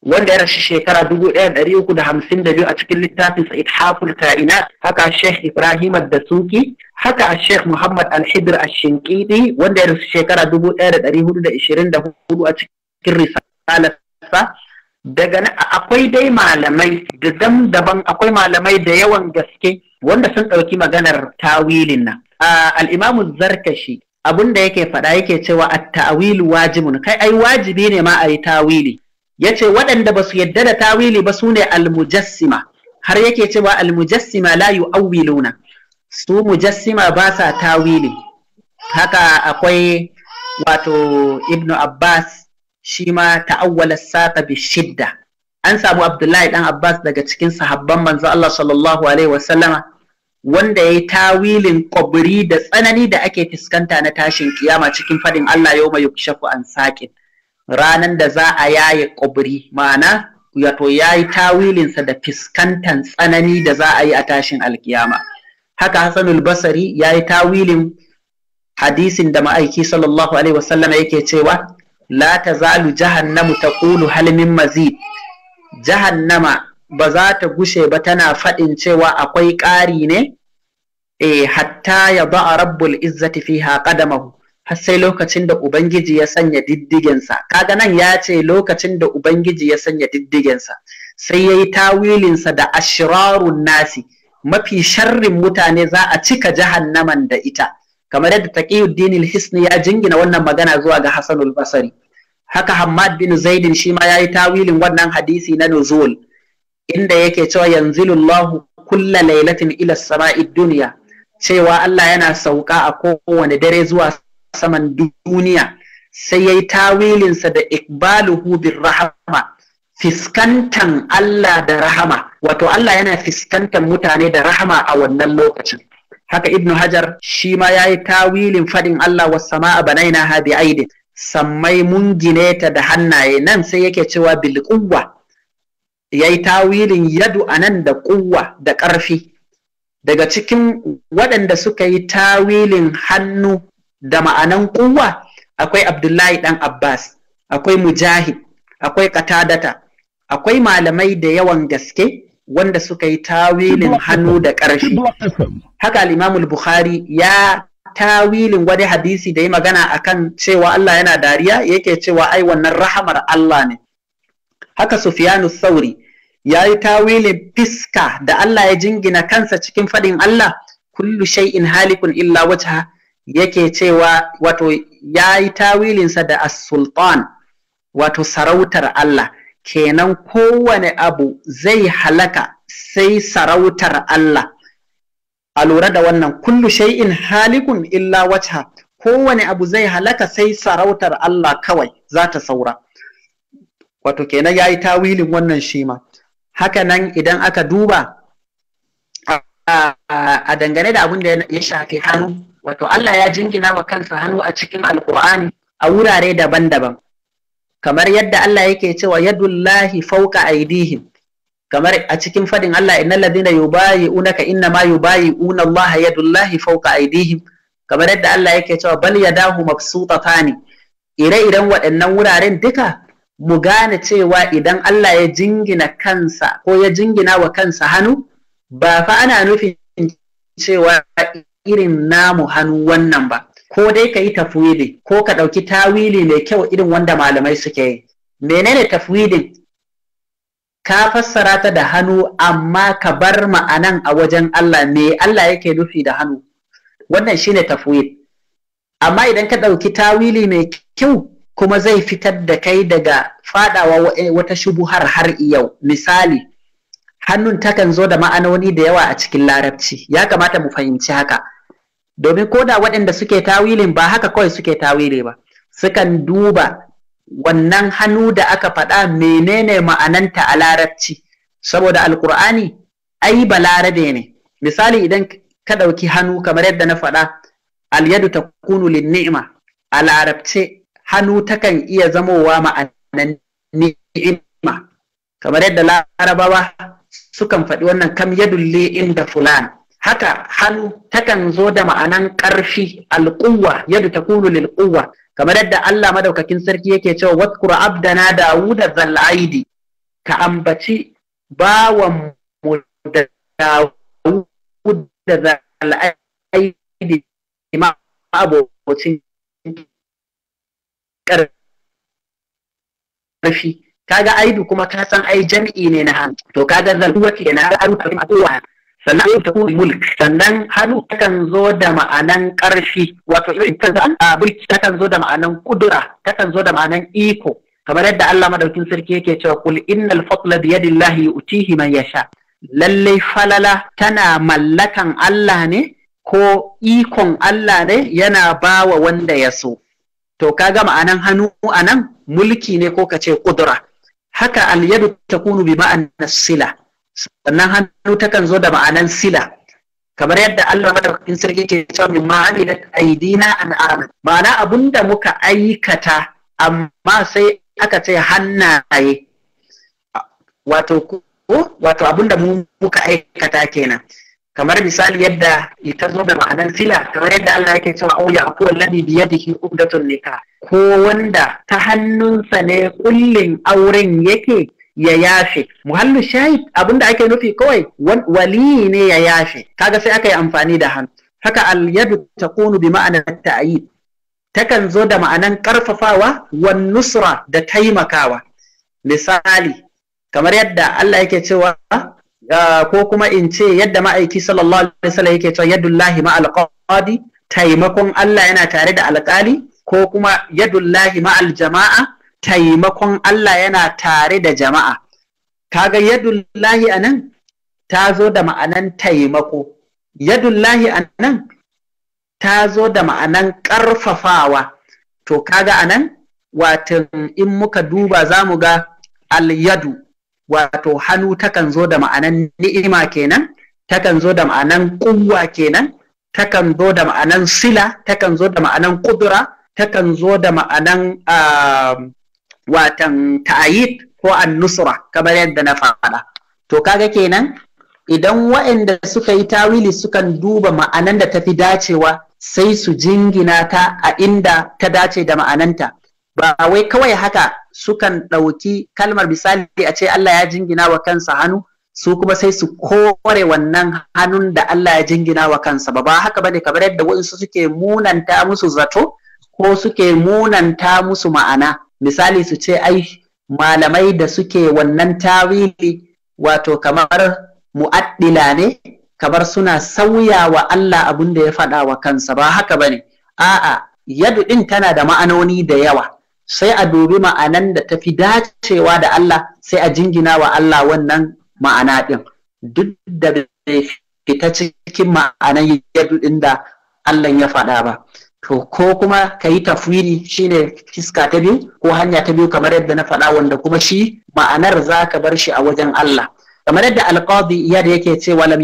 wanda ya rashi shekara dubu ɗaya ɗari uku da hamsin da biyu a cikin littafin sa ithaful ka'inat haka sheikh ibrahim ad-dasuki haka sheikh muhammad al-hidr shinkidi wanda ya rashi shekara dubu ɗaya da ɗari hudu da ishirin da hudu a cikin risalarsa daga akwai dai malamai da daban akwai malamai da yawan gaske wanda sun ɗauki maganar tawilin nan alimamu zarkashi abin da yake faɗa yake cewa at-ta'wil wajibun kai ai wajibi ne ma a yi tawili Ya ce waɗanda ba su yadda da tawili ba sune almujassima har yake cewa almujassima la yu'awwiluna su mujassima ba sa tawili haka akwai wato ibnu abbas shi ma ta'awwala sata bi shidda an samu abdullahi dan abbas daga cikin sahabban manzo Allah sallallahu alaihi wasallama wanda ya yi tawilin kwabiri da tsanani da ake fuskanta na tashin kiyama cikin fadin Allah yau mai yukshafu an saƙin ranan da za a yaye ƙubri ma'ana wato ya yi tawilinsa da fiskantan tsanani da za a yi a tashin alkiyama haka hassanul basari ya yi tawilin hadisin da ma'aiki sallallahu alaihi wasallam yake cewa la tazalu jahannamu ta ƙulu halimin mazid jahannama ba za ta gushe ba tana faɗin cewa akwai ƙari ne eh hatta ya ba'a rabbul izzati fiha qadamahu har sai lokacin da Ubangiji ya sanya diddigensa. Kaga nan ya ce lokacin da Ubangiji ya sanya diddigensa, sai ya yi tawilinsa da ashirarun nasi, mafi sharrin mutane za a cika jahannaman da ita. Kamar yadda Taqiyuddin Hisni ya jingina wannan magana zuwa ga Hassanul Basri. Haka Hammad bin Zaidin shi ma ya yi tawilin wannan hadisi na nuzul, inda yake cewa lullahu kulla lailatin ila sama'id duniya cewa Allah yana sauka a kowane dare zuwa saman duniya sai ya yi tawilinsa da ikbaluhu bin rahama fiskantan Allah da rahama wato Allah yana fiskantan mutane da rahama a wannan lokacin haka ibnu hajar shi ma ya yi tawilin fadin Allah was sama'a banaina ha bi aidin sammai mun gine ta da hannaye nan sai yake cewa bil quwwa yayi tawilin yadu anan da quwwa da ƙarfi daga cikin waɗanda suka yi tawilin hannu da ma'anan kuwa akwai Abdullahi ɗan Abbas, akwai Mujahid, akwai Katadata, akwai malamai da yawan gaske wanda suka yi tawilin hannu da ƙarshe. Haka limamul Bukhari ya tawilin wani hadisi da ya magana akan cewa Allah yana dariya yake cewa ai wannan rahamar Allah ne. Haka Sufiyanu Sauri ya yi tawilin fiska da Allah ya jingina kansa cikin faɗin Allah kullu shay'in halikun illa wajha yake cewa wato ya yi tawilinsa da as-sultan wato sarautar Allah kenan kowane abu zai halaka sai sarautar Allah a lura da wannan kullu shay'in halikun illa wajha kowane abu zai halaka sai sarautar Allah kawai za ta saura wato kenan ya yi tawilin wannan shi ma. haka nan idan aka duba a dangane da abin da ya shafi hannu wato Allah ya jingina wa kansa hannu a cikin alkur'ani a wurare daban-daban kamar yadda Allah yake cewa yadullahi fauka aidihim kamar a cikin fadin Allah innal ladina yubayi'unaka inna ma yubayi'una Allah yadullahi fauka aidihim kamar yadda Allah yake cewa bal yadahu mabsutatani ire-iren waɗannan wuraren duka mu gane cewa idan Allah ya jingina kansa ko ya jingina wa kansa hannu ba fa ana nufin cewa irin namu hannu wannan ba ko dai ka yi tafwidi ko ka ɗauki tawili mai kyau irin wanda malamai suke yi menene tafwidin ka fassara ta da hannu amma ka bar ma'anan a wajen Allah me Allah yake nufi da hannu wannan shine tafwid amma idan ka ɗauki tawili mai kyau kuma zai fitar da kai daga faɗawa eh, wata shubuhar har yau misali hannun takan zo da ma'anoni da yawa a cikin larabci ya kamata mu fahimci haka domin koda waɗanda suke tawilin ba haka kawai suke tawili ba sukan duba wannan hannu da aka faɗa menene ma'ananta a larabci saboda alkur'ani ai balarabe ne misali idan ka ɗauki hannu kamar yadda na faɗa alyadu ta kunu ni'ima a larabce hannu takan iya zamowa ma'anan ni'ima kamar yadda larabawa sukan faɗi wannan kam yadulli inda fulan haka ta takan zo da ma'anan ƙarfi alƙuwa yadda ta kulu lilƙuwa kamar yadda Allah madaukakin sarki yake cewa wadkura abdana dawuda zal'aidi ka ambaci bawan mu da dawuda zal'aidi ma abocin ƙarfi kaga aidu kuma ka san ai jami'i ne na hannu to kaga zal'uwa kenan na aru ta kowa sannan ta kuri mulk sannan hannu takan zo da ma'anan ƙarfi wato birki takan zo da ma'anan kudura takan zo da ma'anan iko kamar yadda Allah madaukin sarki yake cewa kul innal fadla bi yadillahi yu'tihi man yasha lallai falala tana mallakan Allah ne ko ikon Allah ne yana bawa wanda ya so to kaga ma'anan hannu anan mulki ne ko kace kudura haka al yadu takunu bi ma'an sila sannan hannu takan zo da ma'anan sila kamar yadda Allah madaukakin sarki ke cewa min ma'amilat aidina an amin ma'ana abunda muka aikata amma sai aka ce hannaye wato ko wato abunda mu muka aikata kenan kamar misali yadda ita zo da ma'anan sila kamar yadda Allah yake cewa au ya aku alladhi bi yadihi uqdatun nikah ko wanda ta hannunsa ne kullin auren yake ya yafe muhallu shahid abinda ake nufi kawai wali ne ya yafe kaga sai aka yi amfani da hannu haka al yadu bi ma'ana tayid takan zo da ma'anan karfafawa wan nusra da taimakawa misali kamar yadda Allah yake cewa ko kuma in ce yadda ma'aiki sallallahu alaihi wasallam yake cewa yadullahi ma'al qadi taimakon Allah yana tare da alƙali ko kuma yadullahi ma'al jama'a taimakon Allah yana tare da jama'a kaga yadullahi nan ta zo da ma'anan taimako yadullahi nan ta zo da ma'anan ƙarfafawa to kaga anan watan in muka duba za mu ga alyadu wato hannu takan zo da ma'anan ni'ima kenan takan zo da ma'anan kuwa kenan takan zo da ma'anan sila takan zo da ma'anan ƙudura, takan zo da ma'anan ah, watan ta'ayid ko annusra kamar yadda na faɗa to kaga kenan idan waɗanda suka yi tawili sukan duba ma'anan da ta fi dacewa sai su jingina ta a inda ta dace da ma'ananta ba wai kawai haka sukan ɗauki kalmar misali a ce Allah ya jingina wa kansa hannu su kuma sai su kore wannan hannun da Allah ya jingina wa kansa ba ba haka bane kamar yadda waɗansu suke munanta musu zato ko suke munanta musu ma'ana misali su ce ai malamai da suke wannan tawili wato kamar mu'addila ne kamar suna sauya wa Allah abin da ya faɗa wa kansa ba haka ba ne a'a yadu ɗin tana da ma'anoni da yawa sai a dubi ma'anan da ta fi dacewa da Allah sai a jingina wa Allah wannan ma'ana ɗin duk da bai fita cikin ma'anan yadu ɗin da Allah ya faɗa ba to ko kuma ka yi tafwiri shine fiska ta biyu ko hanya ta biyu kamar yadda na faɗa wanda kuma shi ma'anar za ka bar shi a wajen Allah kamar yadda alqadi yadda yake cewa lam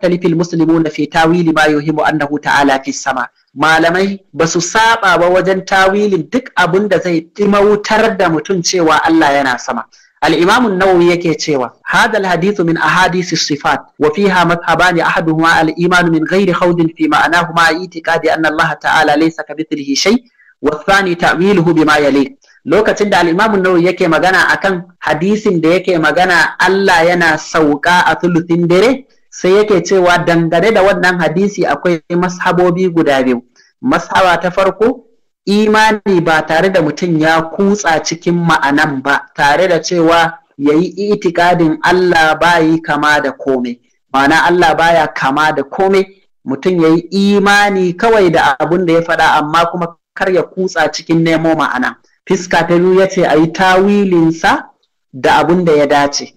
musulmi almuslimuna fi tawili ma yuhimu annahu ta'ala fi sama malamai ba su saba ba wajen tawilin duk abin da zai ɗimautar da mutum cewa Allah yana sama الإمام النووي يكيتشيوا هذا الحديث من أحاديث الصفات وفيها مذهبان أحدهما الإيمان من غير خوض في معناه مع اعتقاد أن الله تعالى ليس كمثله شيء والثاني تأويله بما يليق lokacin da al'imamu nawawi yake magana akan hadisin da yake magana Allah yana sauka a thuluthin dare sai yake cewa dangane da wannan hadisi akwai mashabobi guda biyu mashaba ta farko imani ba tare da mutum ya kutsa cikin ma'anan ba tare da cewa ya yi itikadin Allah bayi kama da komai ma'ana Allah baya kama da komai mutum ya yi imani kawai da abin da ya faɗa amma kuma kar ya kutsa cikin nemo ma'ana fiska ta biyu ya ce a yi tawilinsa da abin da ya dace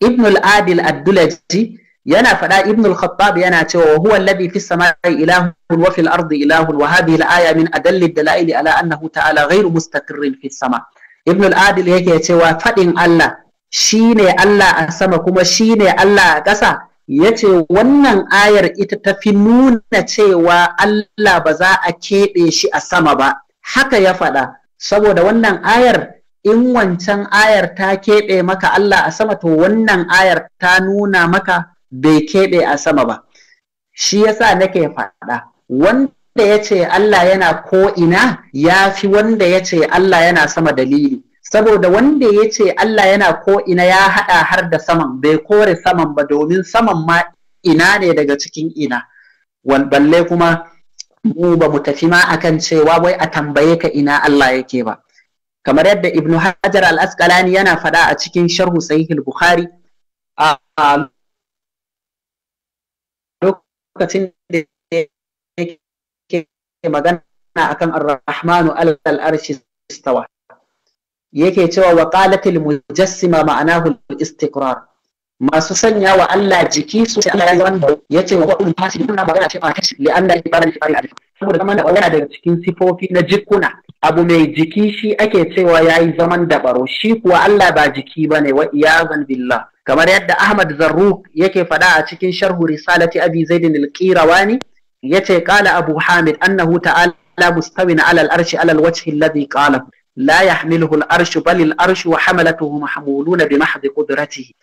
ibnul adil addulaji yana faɗa ibn al-khattab yana cewa huwa alladhi fis samai ilahun wa fil ardi ilahun wa hadhihi al-aya min adalli dalail ala annahu ta'ala ghairu mustaqirrin fis sama ibn al-adil yake cewa faɗin Allah shine Allah a sama kuma shine Allah a ƙasa yace wannan ayar ita ta fi nuna cewa Allah ba za a keɓe shi a sama ba haka ya faɗa saboda wannan ayar in wancan ayar ta keɓe maka Allah a sama to wannan ayar ta nuna maka bai keɓe a sama ba shi yasa nake faɗa wanda ya ce Allah yana ko ina ya fi wanda ya ce Allah yana sama dalili saboda wanda ya ce Allah yana ko'ina ya haɗa har da saman bai kore saman ba domin saman ma ina ne daga cikin ina balle kuma mu ba mu tafi ma akan cewa wai a tambaye ka ina Allah yake ba kamar yadda ibnu hajar al-asqalani yana faɗa a cikin sharhu sahih al-bukhari a lokacin da yake magana akan ar-rahmanu alal arshi istawa yake cewa wa qalatil mujassima ma'anahu al-istiqrar masu sanya wa Allah jiki su sai Allah ya yi wanda ya ce wa wa'ul fasil kuna magana ce ma kashi li anna ibadal fari alif saboda zaman da yana daga cikin sifofi na jikuna abu mai jiki shi ake cewa yayi zaman da baro shi kuwa Allah ba jiki bane wa iyazan billah kamar yadda Ahmad Zarruq yake faɗa a cikin sharhu risalati Abi Zaid al-Qirawani yace qala Abu Hamid annahu ta'ala mustawin 'ala al-arshi 'ala al-wajhi alladhi qala la yahmiluhu al-arshu bal al-arshu wa hamalatuhu mahmuluna bi mahdi qudratihi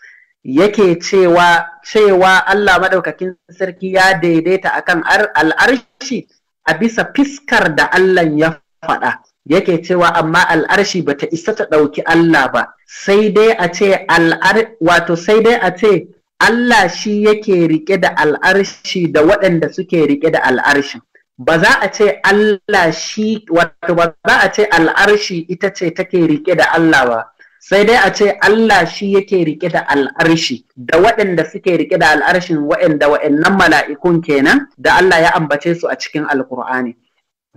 yake cewa cewa Allah madaukakin sarki ya daidaita akan al-arshi a bisa fiskar da Allah ya faɗa yake cewa amma al'arshi bata isa ta ɗauki Allah ba sai dai a ce al'ar wato sai dai a ce Allah shi yake rike da al'arshi da waɗanda suke rike da al'arshi. ba za a ce Allah shi wato ba za a ce al'arshi ita ce take rike da Allah ba sai dai a ce Allah shi yake rike da al'arshi da waɗanda suke rike da al'arshin waɗanda waɗannan mala'ikun kenan da Allah ya ambace su a cikin alkur'ani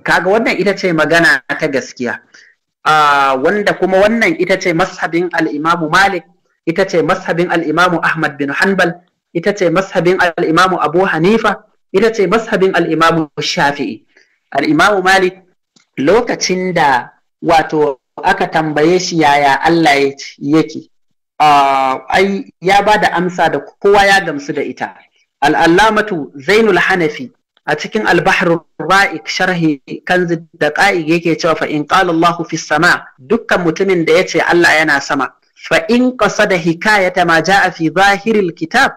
kaga wannan ita ce magana ta gaskiya wanda kuma wannan ita ce mashabin al'imamu malik ita ce mashabin al'imamu ahmad bin hanbal ita ce mashabin al'imamu abu hanifa ita ce mashabin al'imamu shafi'i al'imamu malik lokacin da wato aka tambaye shi yaya allah yake ai ya ba da amsa da kowa ya gamsu da ita al'allamatu zainul hanafi a cikin albahrul ra'ik sharhi kanzi da ƙa'ig yake cewa fa in qala sama dukkan mutumin da yace Allah yana sama fa in qasada hikayata ma ja'a fi zahiril kitab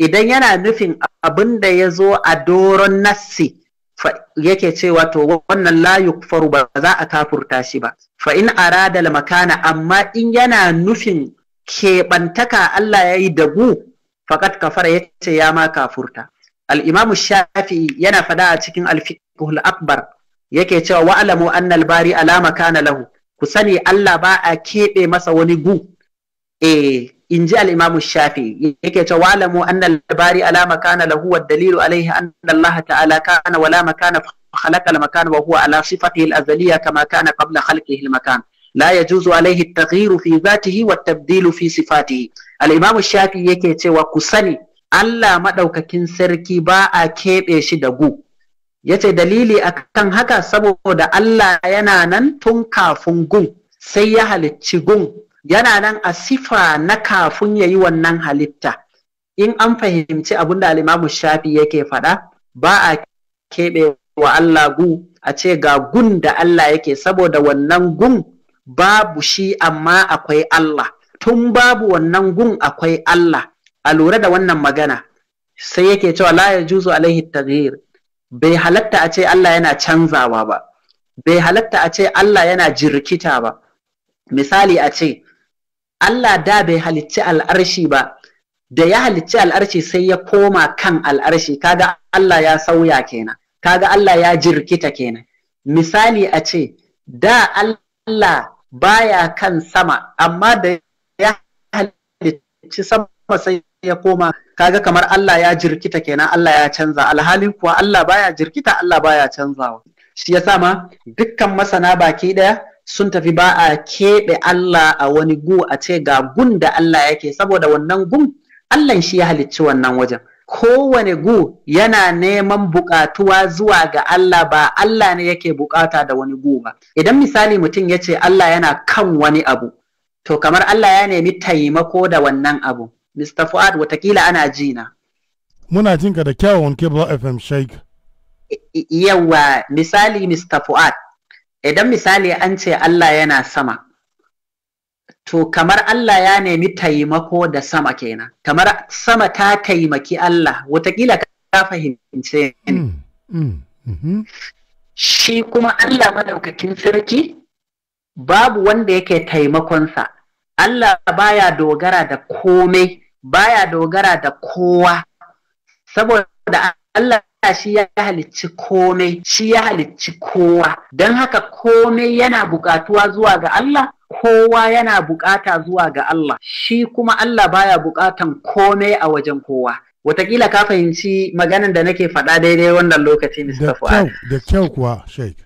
idan yana nufin abin da ya zo a doron nassi yake cewa to wannan la yukfaru ba za a kafurta shi ba fa in arada makana amma in yana nufin keɓantaka Allah ya yi dagu fakat kafara ya ya ma kafurta الإمام الشافعي ينفدا تكن الفقه الأكبر yake cewa wa'alamu anna al alama kana lahu ku sani Allah ba a kebe masa wani gu eh inji al-Imam Shafi yake cewa wa'alamu anna alama kana lahu wa dalilu alayhi anna Allah ta'ala kana wala makana fa makan wa huwa ala sifatihi azaliya azaliyya kama kana qabla khalqihi al-makan la yajuzu alayhi at-taghyiru fi dhatihi wa at fi sifatihi al-Imam Shafi yake cewa ku sani Allah maɗaukakin sarki ba a keɓe shi da gu. Ya ce dalili akan haka saboda Allah yana nan tun kafin gun sai ya halicci gun yana nan a sifa na kafin ya yi wannan halitta. In an fahimci abin da alimamu shafi yake faɗa ba a keɓe wa Allah gu a ce ga gun da Allah yake saboda wannan gun babu shi amma akwai Allah. Tun babu wannan gun akwai Allah. a lura da wannan magana sai yake cewa la ya juzu alaihi taghyir bai halatta a ce Allah yana canzawa ba bai halatta a ce Allah yana jirkita ba misali a ce Allah da bai halicci al'arshi ba da ya halicci al'arshi sai ya koma kan al'arshi kaga Allah ya sauya kenan kaga Allah ya jirkita kenan misali a ce da Allah baya kan sama amma da ya halicci sama sai ya koma kaga kamar Allah ya jirkita kenan Allah ya canza alhalin kuwa Allah baya jirkita Allah baya canzawa shi yasa ma dukkan masana baki daya sun tafi ba a keɓe Allah a wani gu a ce ga gun da Allah yake saboda wannan gun Allah shi ya halicci wannan wajen kowane gu yana neman buƙatuwa zuwa ga Allah ba Allah ne yake buƙata da wani gu ba idan misali mutum ya ce Allah yana kan wani abu to kamar Allah ya nemi taimako da wannan abu Mr. Fuad watakila ana jina. Muna jin ka da kyawun Kibla FM Sheikh. Yawa misali Mr. Fuad idan misali an ce Allah yana sama to kamar Allah ya nemi taimako da sama kenan kamar sama ta taimaki Allah watakila ka fahimce ni. Mm, mm, mm-hmm. Shi kuma Allah madaukakin sarki babu wanda yake taimakonsa Allah baya dogara da komai baya dogara da kowa saboda Allah shi ya halicci komai shi ya halicci kowa don haka komai yana buƙatuwa zuwa ga Allah kowa yana bukata zuwa ga Allah shi kuma Allah baya bukatan komai a wajen kowa watakila ka fahimci maganan da nake faɗa daidai wannan lokaci Mr. Fuad. Da kyau kuwa, Sheikh.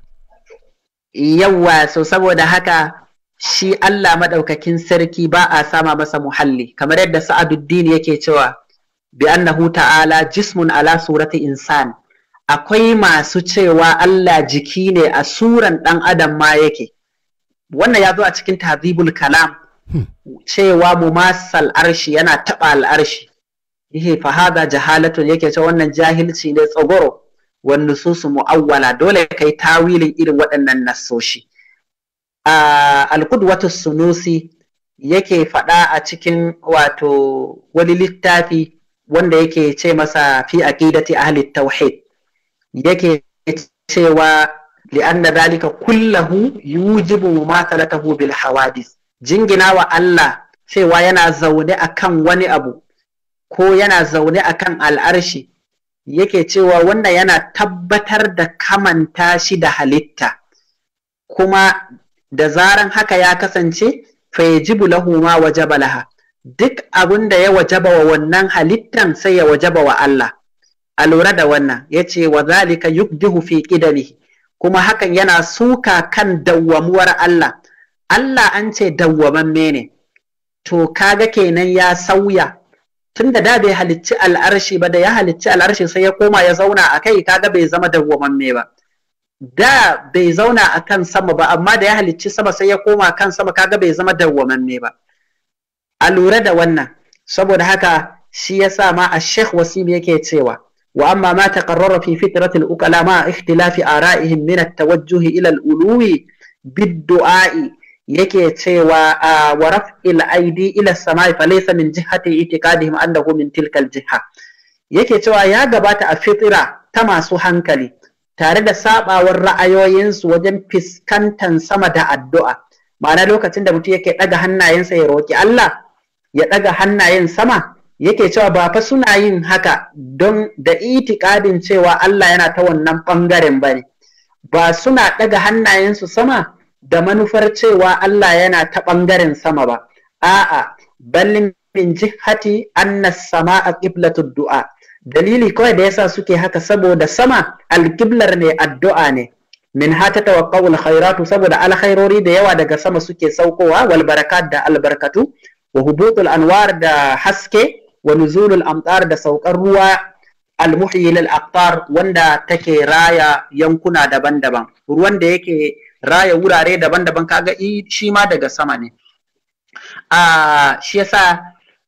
Yawwa, so saboda haka shi Allah maɗaukakin sarki ba a sama masa muhalli kamar yadda Sa'aduddin yake cewa bi annahu ta'ala jismun ala surati insan akwai masu cewa Allah jiki ne a suran ɗan adam ma yake wannan ya zo a cikin tazibul kalam hmm. cewa mumassal arshi yana taɓa al'arshi fa hada jahalatun yake cewa wannan jahilci ne tsogoro wannan nususu mu'awwala dole kai tawilin irin waɗannan nasoshi. al-qudwatu sunusi yake faɗa a cikin wato wani littafi wanda yake ce masa fi aqidati ahli tauhid yake cewa li'anna dhalika kullahu yujibu mumathalatahu bil hawadis jingina wa Allah cewa yana zaune akan wani abu ko yana zaune akan al'arshi yake cewa wannan yana tabbatar da kamanta shi da halitta kuma da zaran haka ya kasance fa ji lahu ma wajaba laha duk abin da ya wajaba wa wannan halittan sai ya wajaba wa Allah a lura da wannan ya ce wa zalika yukdihu fi qidamihi kuma hakan yana suka kan dawwamuwar Allah Allah an ce dawwamamme ne to kaga kenan ya sauya Tunda da da bai halicci al'arshi ba da ya halicci al'arshi sai ya koma ya zauna a kai kaga bai zama dawwamamme ba da bai zauna a kan sama ba amma da ya halicci sama sai ya koma kan sama kaga bai zama dawwamanne ba a lura da wannan saboda haka shi ya sa ma a sheikh wasim yake cewa wa amma ma taqarrara fi fitrat al-uqala ma ikhtilafi ara'ihim min at-tawajjuh ila al-uluwi bid-du'a'i yake cewa a wa raf'il aidi ila samai fa laysa min jihati itiqadihim annahu min tilka al-jiha yake cewa ya gabata a fitira ta masu hankali tare da sabawar ra'ayoyinsu wajen fiskantan sama da addu'a ma'ana lokacin da mutum yake ɗaga hannayensa ya roƙi Allah ya ɗaga hannayen sama yake cewa ba fa suna yin haka don da itikadin cewa Allah yana ta wannan ɓangaren ba ne ba suna ɗaga hannayensu sama da manufar cewa Allah yana ta ɓangaren sama ba a'a ballin min jihati sama a qiblatu du'a dalili kawai da yasa suke haka saboda sama alkiblar ne addu'a ne min hata tawaqqa'u alkhairatu saboda alkhairori da yawa daga sama suke saukowa wal barakat da albarkatu wa hubutul anwar da haske wa nuzulul amtar da saukar ruwa almuhyi lil aqtar wanda take raya yankuna daban-daban ruwan da yake raya wurare daban-daban kaga shi ma daga sama ne a ah, shi yasa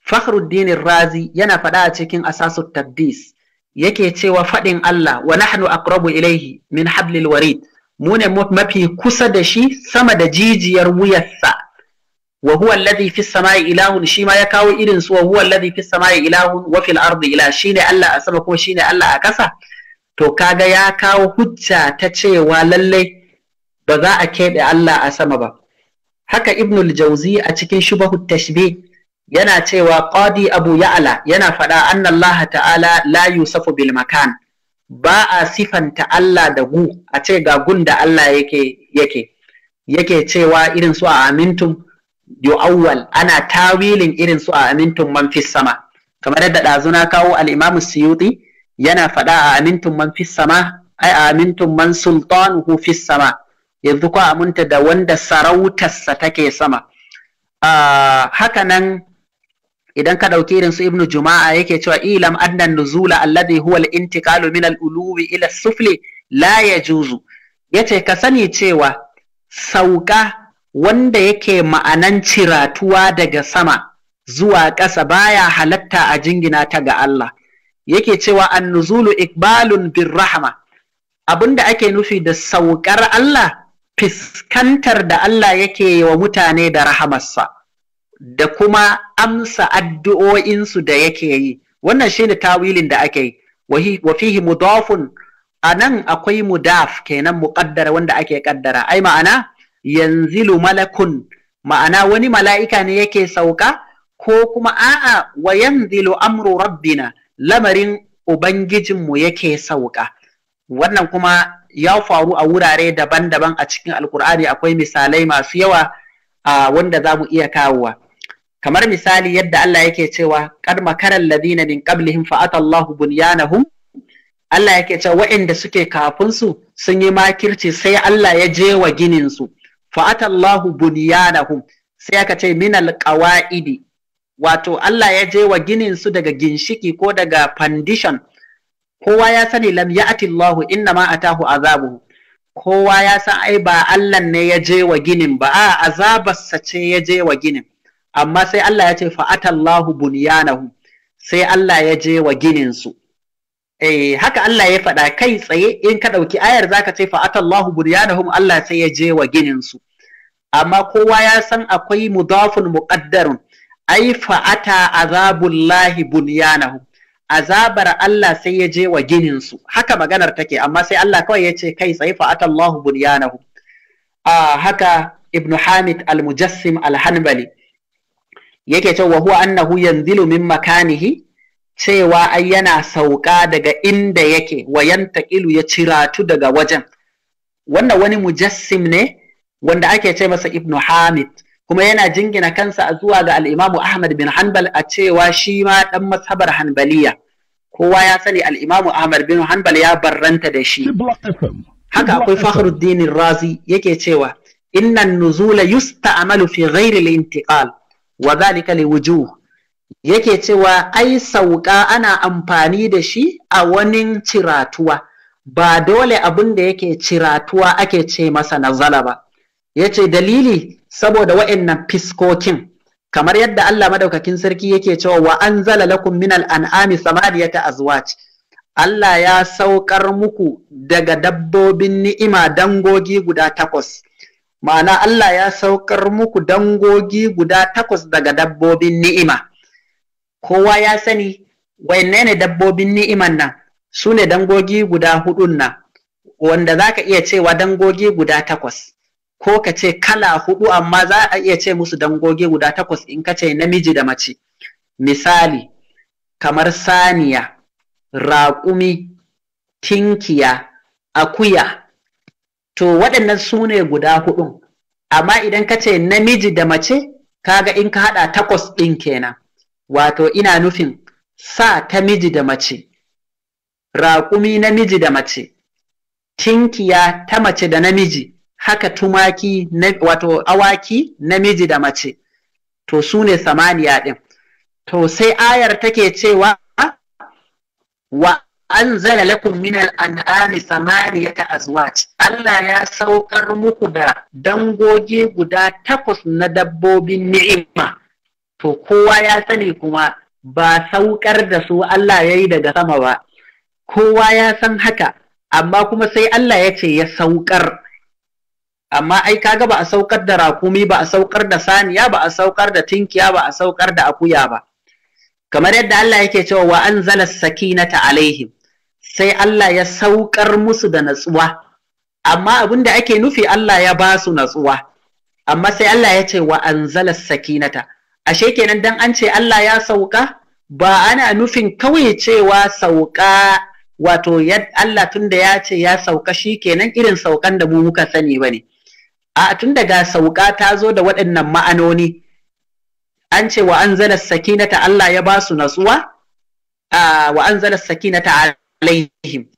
Fakhruddin Razi yana faɗa a cikin Asasu Tabdis yake cewa faɗin Allah wa nahnu aqrabu ilaihi min hablil warid mu ne mafi kusa da shi sama da jijiyar wuyarsa wa huwa alladhi fis samai ilahun shi ma ya kawo irin su wa huwa alladhi fis samai ilahun wa fil ardi ila shine Allah a sama kuma shine Allah a ƙasa to kaga ya kawo hujja ta cewa lalle ba za a keɓe Allah a sama ba haka ibnul jauzi a cikin shubahu tashbih yana cewa qadi abu ya'la yana faɗa anna ta'ala la yusafu bil makan ba a sifanta Allah da gu a ce ga gun da Allah yake yake yake cewa irin su a amintum yu'awwal ana tawilin irin su a amintum man fis sama kamar yadda ɗazuna kawo al-Imam Suyuti yana faɗa a amintun man fis sama ai a amintun man sultanuhu fis sama yanzu ko aminta da wanda sarautarsa take sama ah, haka nan idan ka ɗauki irin su ibnu juma'a yake cewa ilam annan nuzula alladhi huwa al-intiqalu min al-uluwi ila sufli la yajuzu yace ka sani cewa sauka wanda yake ma'anan ciratuwa daga sama zuwa ƙasa baya halatta a jingina ta ga Allah yake cewa annuzulu ikbalun bir rahma abinda ake nufi da saukar Allah fiskantar da Allah yake yi wa mutane da rahamarsa da kuma amsa addu'o'insu da yake yi wannan shi ne tawilin da ake yi wa fihi mudafun nan akwai mudaf kenan muƙaddara wanda ake ƙaddara ai ma'ana yanzilu malakun ma'ana wani mala'ika ne yake sauka ko kuma a'a wa yanzilu amru rabbina lamarin ubangijinmu yake sauka wannan kuma ya faru a wurare daban-daban a cikin alƙur'ani akwai misalai masu yawa a wanda za mu iya kawowa kamar misali yadda Allah yake cewa kad makaral ladina min qablihim fa atallahu bunyanahum Allah yake cewa waɗanda suke kafin su sun yi makirci sai Allah ya je wa ginin su fa atallahu bunyanahum sai aka ce min alqawaidi wato Allah ya je wa ginin su daga ginshiki ko daga foundation kowa ya sani lam ya'ti Allahu inna ma atahu azabuhu kowa ya san ai ba Allah ne ya je wa ginin ba a azabarsa ce ya je wa ginin amma sai Allah ya ce fa'atallahu buniyanahu, sai Allah ya je wa ginin eh, haka Allah ya faɗa kai tsaye in ka ɗauki ayar zaka ce fa'atallahu buniyanahu, Allah sai ya je wa ginin su amma kowa ya san akwai mudafun muƙaddarun ai fa'ata azabullahi buniyanahu, azabar Allah sai ya je wa gininsu haka maganar take amma sai Allah kawai ya ce kai tsaye fa'atallahu buniyanahu. A ah, haka Ibn Hamid al-Mujassim al-Hanbali yake cewa huwa annahu yanzilu min makanihi cewa ai yana sauka daga inda yake wa yantaqilu ya ciratu daga wajen wannan wani mujassim ne wanda ake ce masa ibnu hamid kuma yana jingina kansa a zuwa ga al'imamu ahmad bin hanbal a cewa shi ma dan mazhabar hanbaliya kowa ya sani al'imamu ahmad bin hanbal ya barranta da shi haka akwai fakhruddin razi yake cewa innan nuzula yusta'malu fi ghairi al-intiqal wa zalika li wujuh yake cewa ai sauka ana amfani da shi a wani ciratuwa ba dole abin da yake ciratuwa ake ce masa nazala ba yace dalili saboda wa'annan fiskokin kamar yadda Allah madaukakin sarki yake cewa wa anzala lakum minal an'ami samadiyata azwaj Allah ya saukar muku daga dabbobin ni'ima dangogi guda takwas ma'ana Allah ya saukar muku dangogi guda takwas daga dabbobin ni'ima kowa ya sani wanne ne dabbobin ni'iman nan su ne dangogi guda hudun nan wanda za ka iya cewa dangogi guda takwas ko ka ce kala hudu amma za a iya ce musu dangogi guda takwas in ka ce namiji da mace misali kamar saniya raƙumi tinkiya akuya to waɗannan su ne guda huɗun amma idan ka ce namiji da mace kaga in ka haɗa takwas ɗin kenan wato ina nufin sa ta miji da mace raƙumi namiji da mace tinkiya ta mace da namiji haka tumaki wato awaki namiji da mace to su ne samaniya ɗin to sai ayar take cewa wa anzala lakum min al-an'ami samaniyata azwaj Allah ya saukar muku da dangoge guda takwas na dabbobin ni'ima to kowa ya sani kuma ba saukar da su Allah ya yi daga sama ba kowa ya san haka amma kuma sai Allah ya ce ya saukar amma ai kaga ba a saukar da rakumi ba a saukar da saniya ba a saukar da tinkiya ba a saukar da akuya ba kamar yadda Allah yake cewa wa anzala sakinata alaihim sai Allah ya saukar musu da natsuwa amma abin da ake nufi Allah ya ba su natsuwa amma sai Allah ya ce wa anzala sakinata ashe kenan dan an ce Allah ya sauka ba ana nufin kawai cewa sauka wato Allah tunda ya ce ya sauka shi kenan irin saukan da mu muka sani bane a tun daga sauka ta zo da waɗannan ma'anoni an ce wa an anzala sakinata Allah ya ba su natsuwa wa an anzala sakinata alaihim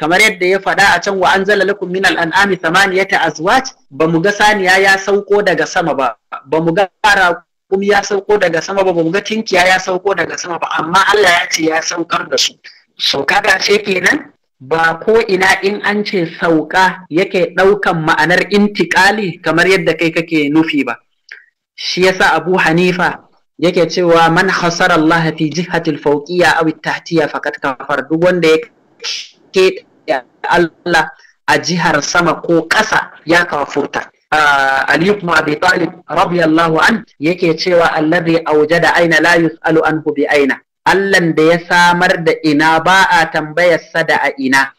kamar yadda ya faɗa a can wa an zala lakum min al'an'ami thamaniyata azwaj ba mu ga saniya ya sauko daga sama ba ba mu ga kum ya sauko daga sama ba ba mu ga tinkiya ya sauko daga sama ba amma Allah ya ce ya saukar da su sauka ga ce kenan ba ko ina in an ce sauka yake ɗaukan ma'anar intikali kamar yadda kai kake nufi ba shi yasa Abu Hanifa yake cewa man hasara Allah fi jihatil fawqiyya aw tahtiya faqad kafar duk wanda ya ke Allah a jihar sama ko ƙasa ya kafurta Ali ibn Abi Talib radiyallahu an yake cewa alladhi awjada aina la yus'alu anhu bi aina allah da ya samar da ina ba a tambayarsa da a ina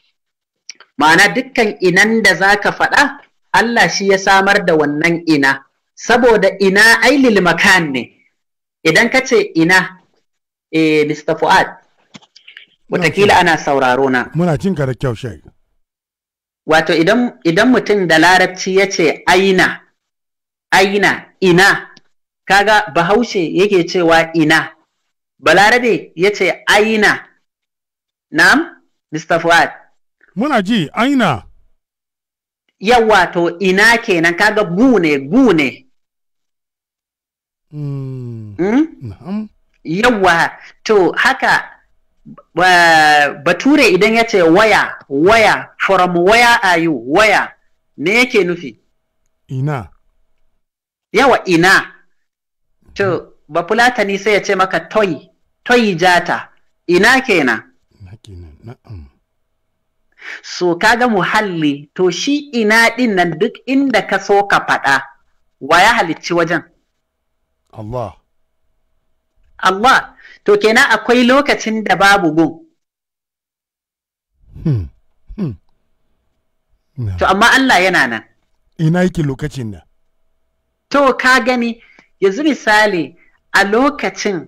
ma'ana dukkan inan da zaka faɗa Allah shi ya samar da wannan ina saboda ina ailil makan ne idan ka ce ina e eh, mr fuad watakila ana sauraro na muna jin ka da kyau shai wato idan idan mutum da larabci ya ce aina aina ina kaga bahaushe yake cewa ina balarabe ya ce aina nam mr fuad muna ji aina yawa to ina kenan kaga gu ne gu ne Hmm. Hmm? Yawwa, to haka bature idan ya ce waya, waya, from waya are you, waya, me yake nufi? Ina. Yawa ina. To, hmm. ni sai ya ce maka toy, toy jata, ina kenan. Ina kenan, na'am. So, kaga muhalli, to shi ina din nan duk inda ka so ka faɗa, wa ya halicci wajen? Allah Allah to kenan akwai lokacin da babu gun hmm. Hmm. to amma Allah yana nan ina yake lokacin nan to ka gani yanzu misali a lokacin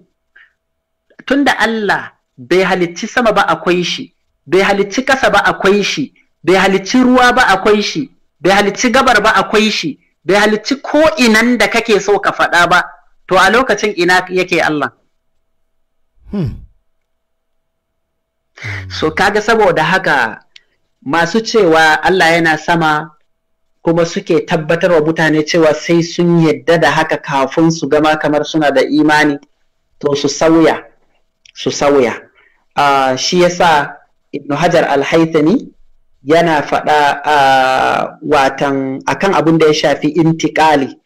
tunda Allah bai halicci sama ba akwai shi bai halicci kasa ba akwai shi bai halicci ruwa ba akwai shi bai halicci gabar ba akwai shi bai halicci ko inan da kake so ka faɗa ba to a lokacin ina yake Allah hmm. so kaga saboda haka masu cewa Allah yana sama kuma suke tabbatar wa mutane cewa sai sun yadda da haka kafin su gama kamar suna da imani to su sauya su sauya uh, shi yasa Ibn hajar alhaithani yana faɗa uh, watan akan abin da ya shafi intikali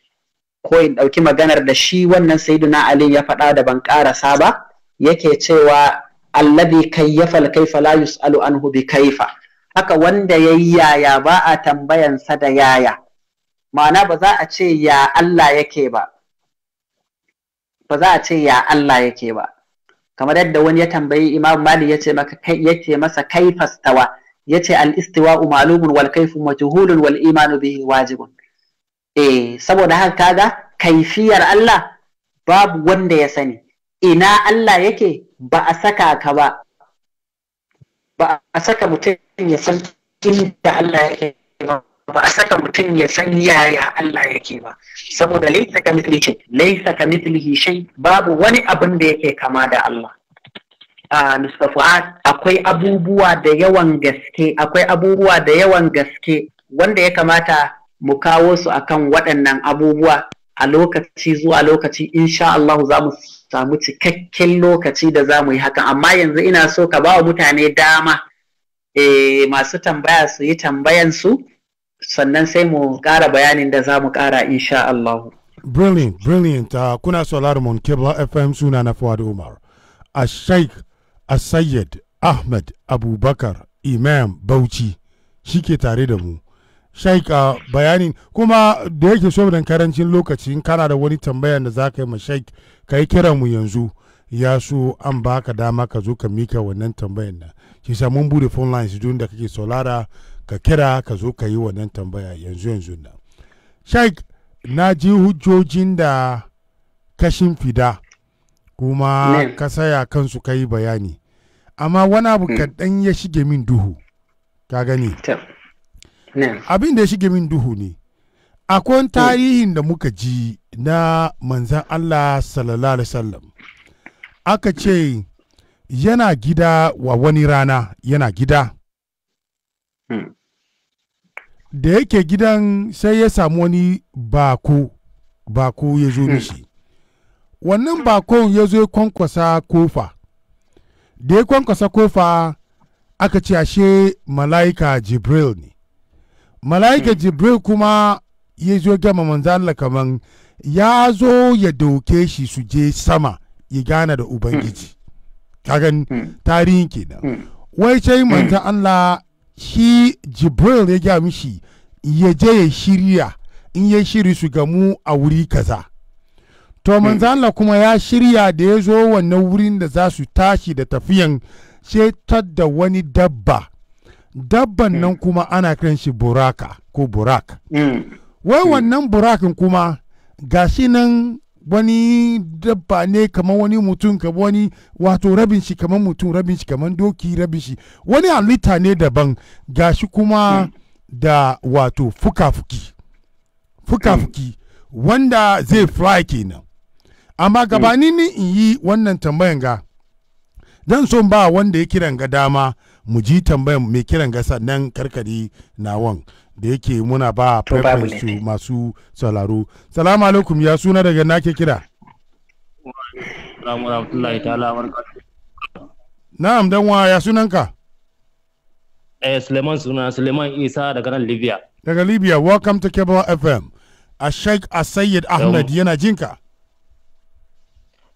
ko in ɗauki maganar da shi wannan sayyiduna Ali ya faɗa da ban ƙarasa ba yake cewa alladhi kayyafa al-kayfa la yus'alu anhu bi kaifa haka wanda yayi yaya ba a tambayan sa da yaya ma'ana ba za a ce ya Allah yake ba ba za a ce ya Allah yake ba kamar yadda wani ya tambayi Imam Malik yace maka yace masa kaifastawa yace al-istiwa'u ma'lumun wal kayfu majhulun wal imanu bihi wajibun eh saboda haka kaga kaifiyar Allah babu wanda ya sani ina Allah yake ba a saka ka ba ba a saka mutum ya san inda Allah yake ba ba a saka mutum ya san yaya Allah yake ba saboda laisa ka mislihi laisa ka mislihi shay babu wani abin da yake kama da Allah a Mr. Fuad akwai abubuwa da yawan gaske akwai abubuwa da yawan gaske wanda ya kamata mu kawo su akan waɗannan abubuwa a lokaci zuwa lokaci insha Allah za mu samu cikakken lokaci da za mu yi hakan amma yanzu ina so ka ba wa mutane dama e, masu tambaya su yi tambayansu sannan sai mu ƙara bayanin da za mu ƙara insha Allah. Brilliant, brilliant. Uh, kuna solar mun kebla FM suna na Fuad Umar. A Sheikh Asayed Ahmed Abubakar Imam Bauchi shike tare da mu. shaik bayanin kuma da yake so da karancin lokaci in kana da wani tambaya da za ka yi ma shaik ka yi kira mu yanzu ya so an baka dama ka zo ka mika wannan tambayan nan ki samu mun bude phone lines don da kake saurara ka kira ka zo ka yi wannan tambaya yanzu yanzu nan na ji hujjojin da kashin fida kuma ka saya kansu ka bayani amma wani abu mm. kaɗan ya shige min duhu ka gani abin da ya shige min duhu ne akwai eh. tarihin da muka ji na manzan Allah sallallahu alaihi wasallam aka ce yana gida wa wani rana yana gida hmm. da yake gidan sai ya samu wani bako bako ya zo hmm. mishi wannan bakon ya zo ya kwankwasa kofa da ya kwankwasa kofa aka ce ashe mala'ika jibril ne mala'ika hmm. jibril kuma ya zo gama manzala kaman ya zo ya dauke shi su je sama ya gana da ubangiji hmm. kagan hmm. tarihin kenan wai sai manzan Allah shi jibril ya gaya mishi ya je ya shirya in ya shiri su gamu a wuri kaza to manzan Allah kuma ya shirya da ya zo wannan wurin da za su tashi da tafiyan sai da wani dabba dabban hmm. nan kuma ana kiran shi buraka ko burak hmm. wai hmm. wannan burakin kuma ga shi nan wani dabba ne kamar wani mutum kamar wani wato rabin shi kamar mutum rabin shi kamar doki rabin shi wani halitta ne daban ga shi kuma da wato fuka-fuki fuka-fuki wanda zai fly kenan amma gabanin in yi wannan tambayan ga zan son ba wanda ya kiran ga dama mu ji tambayan mai kiran gasa nan karkari na wan da yake muna ba preference to masu sauraro salamu alaikum ya suna daga nake kira na'am dan wa ya sunanka eh suleiman suna suleiman isa daga nan libya daga libya welcome to kebawa fm a sheikh asayid ahmed yana jinka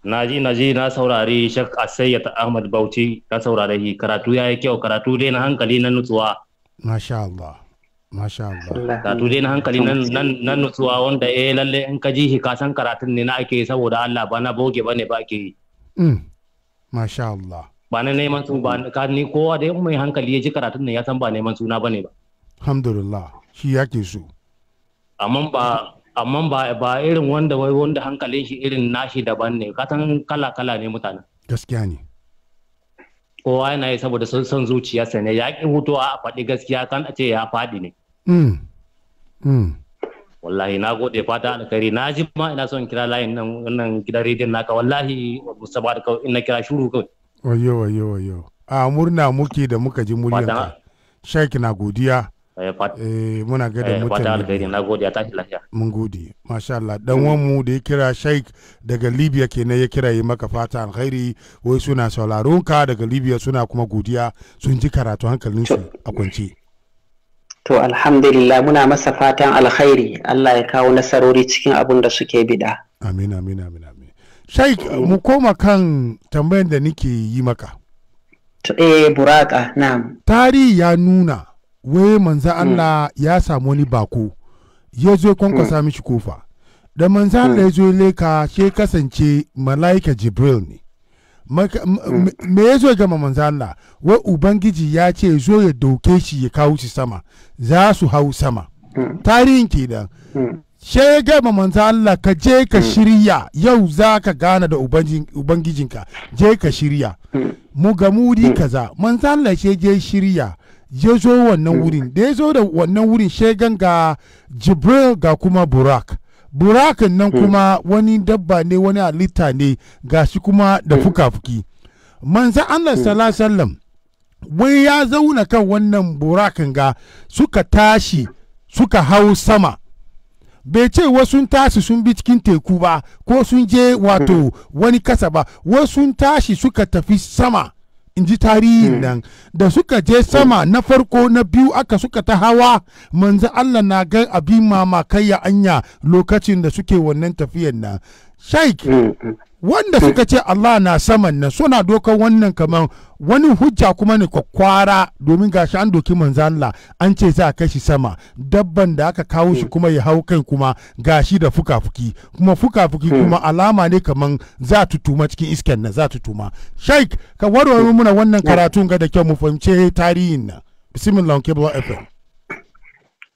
na ji na ji na saurari shak asayyat ahmad bauchi na saurari karatu ya yi kyau karatu dai na hankali na nutsuwa masha Allah masha Allah karatu dai na hankali na nutsuwa wanda eh lalle in ka ji shi ka san karatun ne na ake saboda Allah ba na boge bane ba ke yi mm. masha Allah ba na neman su ba ka ni kowa dai mai hankali ya ji karatun ne ya san ba neman suna bane ba alhamdulillah shi yake amma ba amma ba ba irin wanda wai wanda hankalin shi irin nashi daban ne katan kala kala ne mutanen gaskiya ne kowa yana yi saboda son zuciya zuciyarsa ne ya ki hutuwa a faɗi gaskiya kan a ce ya faɗi ne mm. Mm. wallahi na gode fata alkhairi na ji ma ina son kira layin nan wannan gidan rediyon naka wallahi musamman da kawai ina kira shuru kawai wayo wayo wayo a murna muke da muka ji muryanka shaki na godiya Eh, eh, muna gada eh, mutane na mun gode masha Allah dan wanmu da ya kira Sheikh daga Libya kenan ya kira yi maka fata alkhairi wai suna sauraron ka daga Libya suna kuma godiya sun ji karatu hankalin su a kwance to alhamdulillah muna masa fatan alkhairi Allah ya kawo nasarori cikin abun da suke bida amin amin amin amin Sheikh mu koma kan tambayar da nake yi maka eh buraka na'am tarihi ya nuna wai manzan hmm. Allah ya samu wani bako ya zo kwankwasa hmm. mishi kofa da manzan Allah ya hmm. zo leka she kasance mala'ika jibril ne me ya zo gama manzan Allah wai ubangiji ya ce zo ya doke shi ya kawo shi sama za su hau sama tarihin kenan she gama manzan Allah ka je ka shirya yau za ka gana da ubangijinka je ka shirya mu ga mudi kaza manzan Allah she je shirya ya zo wannan wurin da ya zo da wannan wurin shegan ga jibril ga kuma burak burak nan hmm. kuma wani dabba ne wani halitta ne ga shi kuma da hmm. fuka-fuki manzan allah hmm. sallallahu wai ya zauna kan wannan burakan ga suka tashi suka hau sama bai ce wasu tashi sun bi cikin teku ba ko sun je wato wani kasa ba wasu tashi suka tafi sama in ji tarihin hmm. nan da suka je sama hmm. na farko na biyu aka suka ta hawa manzo Allah na ga abin ya anya lokacin da suke wannan tafiyan nan shaik hmm, wanda suka ce Allah na saman nan suna dokar wannan kamar wani hujja kuma ne kwakwara domin gashi an doki manzo an ce za a kai shi sama dabban da aka kawo shi hmm. kuma ya hau kai kuma gashi da fukafuki kuma fukafuki hmm. kuma alama ne kaman za tuma cikin iskan nan za tuma sheik ka warware hmm. muna wannan karatun ga da kyau mu fahimce tarihin nan bismillah kebla fm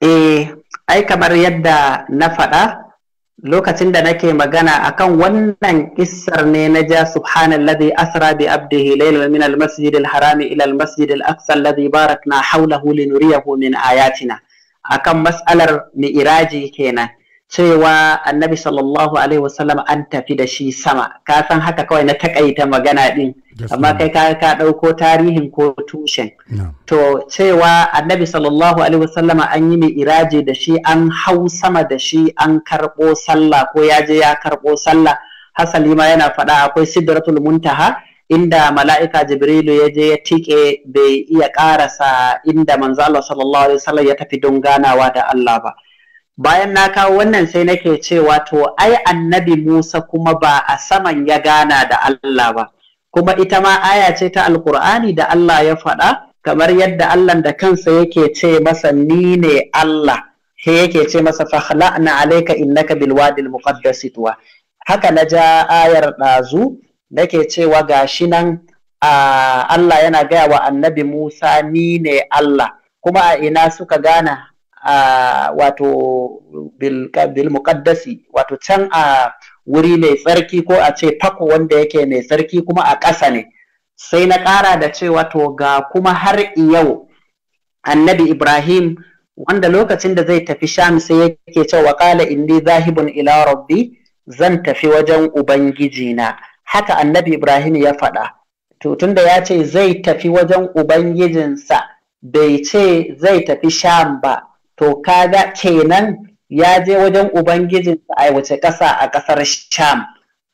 eh ai kamar yadda na faɗa lokacin da nake magana akan wannan kissar ne na ja subhanalladhi asra bi abdihi laylan min almasjid alharam ila almasjid alaqsa alladhi barakna hawlahu linuriyahu min ayatina akan mas'alar mi'raji kenan cewa annabi sallallahu alaihi wasallam an tafi da shi sama ka san haka kawai na takaita magana din amma kai ka ka dauko tarihin ko tushen to cewa annabi sallallahu alaihi wasallam an yi mai iraje da shi an hau sama da shi an karbo sallah ko ya je ya karbo sallah hasali ma yana faɗa akwai sidratul muntaha inda mala'ika jibrilu ya je ya tike bai iya ƙarasa inda manzo Allah sallallahu alaihi wasallam ya tafi don ganawa da Allah ba bayan na kawo wannan sai nake cewa to ai annabi Musa kuma ba a saman ya gana da Allah ba kuma ita ma aya ce ta alkur'ani da Allah ya faɗa kamar yadda Allah da kansa yake ce masa ni ne Allah sai yake ce masa fakhla'na alayka innaka bil wadil tuwa haka na ja ayar ɗazu nake cewa gashi nan Allah yana gaya wa annabi Musa ni ne Allah kuma a ina suka gana a wato bil wato can a wuri mai tsarki ko a ce fako wanda yake mai tsarki kuma a ƙasa ne sai na ƙara da cewa to ga kuma har yau annabi ibrahim wanda lokacin da zai tafi sham sai yake cewa kala inni zahibun ila rabbi zan tafi wajen ubangiji na haka annabi ibrahim ya faɗa to da ya ce zai tafi wajen ubangijinsa bai ce zai tafi sham ba to kaga kenan ya je wajen ubangijinsa a wuce ƙasa a ƙasar sham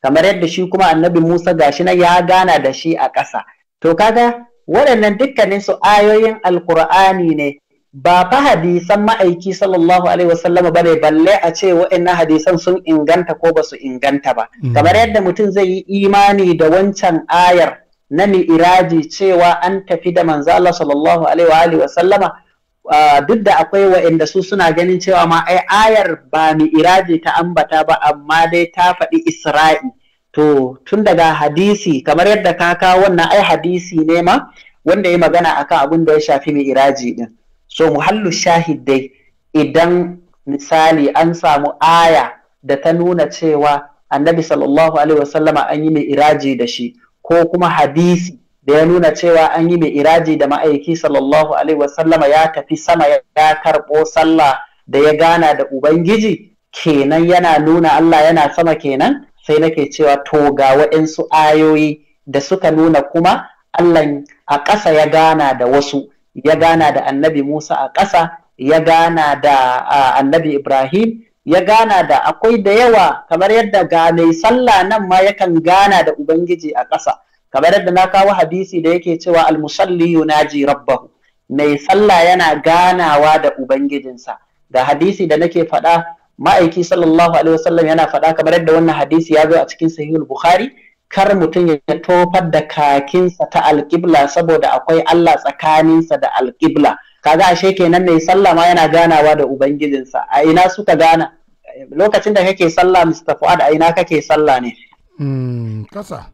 kamar yadda shi kuma annabi musa gashi na ya gana da shi a ƙasa to kaga waɗannan dukkanin su ayoyin alkur'ani ne ba fa hadisan ma'aiki sallallahu alaihi wasallam ba ne balle a ce waɗannan hadisan sun inganta ko ba su inganta ba mm. kamar yadda mutum zai yi imani da wancan ayar na ni'iraji cewa an tafi da manzo Allah sallallahu alaihi wa sallama duk da akwai wa'inda su suna ganin cewa ma ai ayar ba mi iraji ta ambata ba amma dai ta faɗi isra'i to tun daga hadisi kamar yadda ka kawo wannan ai hadisi ne ma wanda ya magana akan abin da ya shafi mi iraji din so muhallu shahid dai idan misali an samu aya da ta nuna cewa annabi sallallahu alaihi wasallama an yi mai iraji da shi ko kuma hadisi da ya nuna cewa an yi mai iraji da ma'aiki sallallahu alaihi wasallama ya tafi sama ya karɓo sallah da ya gana da ubangiji kenan yana nuna Allah yana sama kenan sai nake cewa to ga waɗansu ayoyi da suka nuna kuma Allah a ƙasa ya gana da wasu ya gana da annabi Musa a ƙasa ya gana da annabi Ibrahim ya gana da akwai da yawa kamar yadda ga mai sallah nan ma yakan gana da Ubangiji a ƙasa kamar yadda na kawo hadisi da yake cewa almusalli yunaji rabbahu mai sallah yana ganawa da ubangijinsa ga hadisi da nake faɗa ma'aiki sallallahu alaihi wasallam yana faɗa kamar yadda wannan hadisi ya zo a cikin sahihul bukhari kar mutum ya tofar da kakinsa ta alƙibla saboda akwai Allah tsakaninsa da alƙibla kaga ashe kenan mai sallah ma yana ganawa da ubangijinsa a ina suka gana lokacin da kake sallah Mr. Fuad a ina kake sallah ne hmm, kasa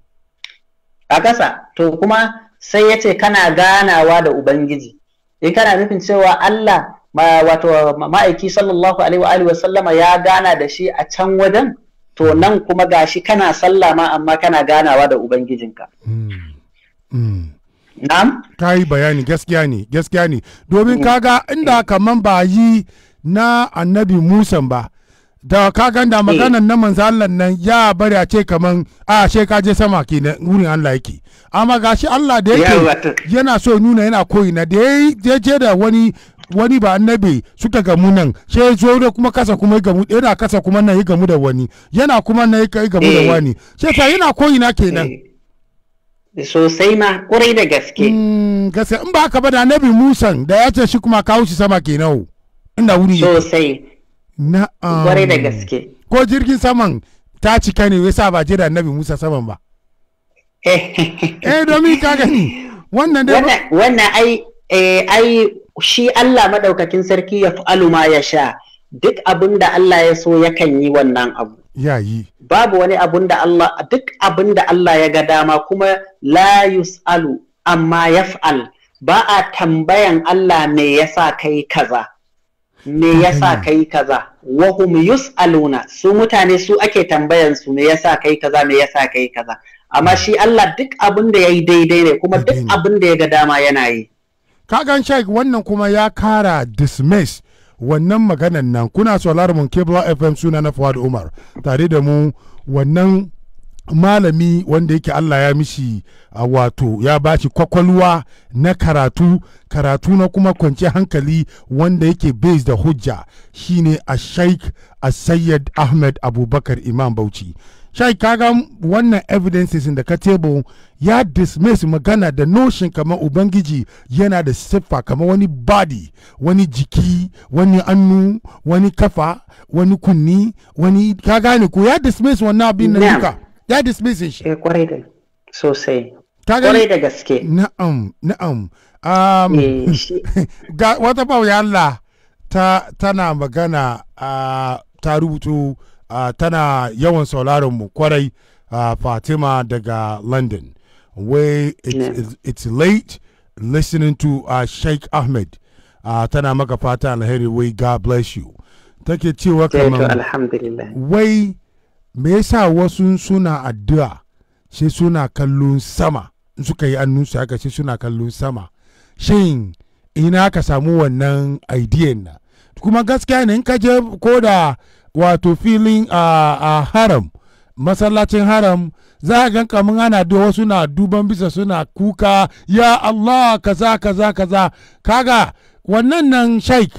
a ƙasa to kuma sai ya ce kana ganawa da ubangiji in kana nufin cewa Allah wato ma'aiki sallallahu alaihi wa sallama ya gana da shi a can wajen to nan kuma gashi kana sallah ma amma kana ganawa da ubangijinka hmm. Hmm. na'am ka yi bayani gaskiya ne gaskiya ne domin hmm. kaga inda kaman ba yi na annabi Musa ba da ka ganda eh. maganan na manzo Allah nan ya bari a ce kaman a she ka je sama kenan wurin Allah yake amma gashi Allah da yake yana so nuna yana koyi na da je je da wani wani ba annabi suka gamu nan she zo da kuma kasa kuma gamu yana kasa kuma nan yi gamu da wani yana kuma nan yi gamu da eh. wani she ta yana koyi na kenan eh. sosai ma kurai da gaske hmm, gaske in ba haka ba da annabi Musa da ya ce shi kuma kawo shi sama kenan inda wuri sosai na'am kwarai da gaske ko jirgin saman ta cika ne sa ba jira annabi musa saman ba *laughs* eh domin ka gani wannan dai wannan ai eh ai shi Allah madaukakin sarki ya fa'alu ma ya sha duk abin da Allah ya so yakan yi wannan abu ya yi babu wani abun da Allah duk abin da Allah ya ga dama kuma la yus'alu amma yaf'al ba a tambayan Allah me yasa kai kaza me yasa kai kaza wa hum yus'aluna su mutane su ake tambayan su me yasa kai kaza me yasa kai kaza amma shi Allah duk abin da yayi daidai ne kuma duk abin da ya ga dama yana yi kagan sheik wannan kuma ya kara dismiss wannan maganan nan kuna sauraron mun Kebla FM suna na Fuad Umar tare da mu wannan malami wanda yake Allah ya mishi a wato ya bashi kwakwalwa na karatu karatu na kuma kwanci hankali wanda yake base da hujja shine a sheikh a Sayyad ahmed abubakar imam bauchi sheikh kaga wannan evidences da ka table ya dismiss magana da notion kamar ubangiji yana da siffa kamar wani body wani jiki wani annu wani kafa wani kunni wani ka gane ko ya dismiss wannan abin na duka ya dismissing shi eh, kwarai da sosai kwarai da gaske na'am na'am um, *laughs* ga wata bauya Allah ta tana magana uh, ta rubutu uh, tana yawan sauraron mu kwarai uh, Fatima daga London wai it's, yeah. it's, it's late listening to uh, Sheikh Ahmed uh, tana maka fata alheri wai God bless you take work. Eh, alhamdulillah. wai me yasa wasu suna addu'a sai suna kallon sama in suka yi annunsu haka sai suna kallon sama shin ina ka samu wannan idea na kuma gaskiya ne in ka je ko da wato filin a haram masallacin haram za a ganka mun ana da wasu na duban bisa suna kuka ya Allah kaza kaza kaza kaga wannan nan sheik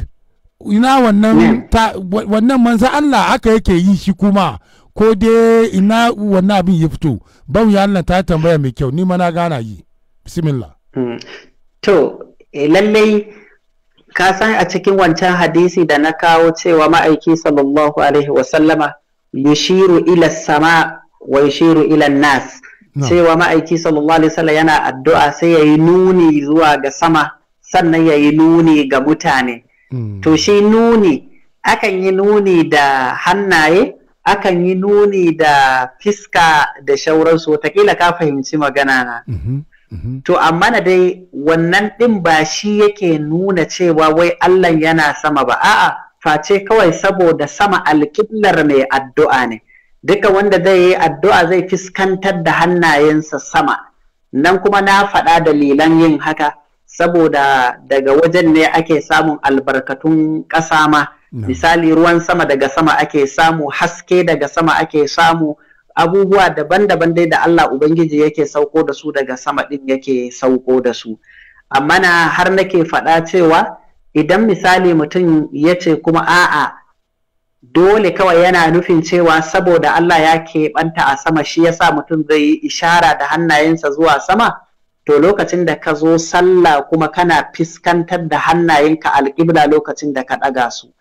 ina wannan hmm. wannan manzo Allah aka yake yi shi kuma ko dai ina wannan abin ya fito ban ya Allah ta tambaya mai kyau ni ma na gana yi bismillah hmm. to eh, lallai ka san a cikin wancan hadisi da na kawo cewa ma'aiki sallallahu alaihi wa sallama, yushiru ila sama wa yushiru ila nas cewa ma'aiki sallallahu alaihi wasallam yana addu'a sai yayi nuni zuwa ga sama sannan yayi nuni ga mutane hmm. to shi nuni akan yi nuni da hannaye akan yi nuni da fiska da shauransu watakila ka fahimci magana na. Mm-hmm, mm-hmm. To amma na dai wannan ɗin ba shi yake nuna cewa wai Allah yana sama ba, a'a face kawai saboda sama alƙiblar mai addu'a ne. Duka wanda zai yi addu'a zai fiskantar da hannayensa sama, nan kuma na faɗa dalilan yin haka, saboda daga wajen ne ake samun albarkatun ƙasa ma. misali ruwan sama daga sama ake samu haske daga sama ake samu abubuwa daban-daban dai da Allah Ubangiji yake sauko da su daga sama ɗin yake sauko da su amma na har nake faɗa cewa idan misali mutum ya ce kuma a'a dole kawai yana nufin cewa saboda Allah ya keɓanta a sama shi ya sa mutum zai yi ishara da hannayensa zuwa sama to lokacin da ka zo sallah kuma kana fiskantar da hannayenka alƙibla lokacin da ka ɗaga su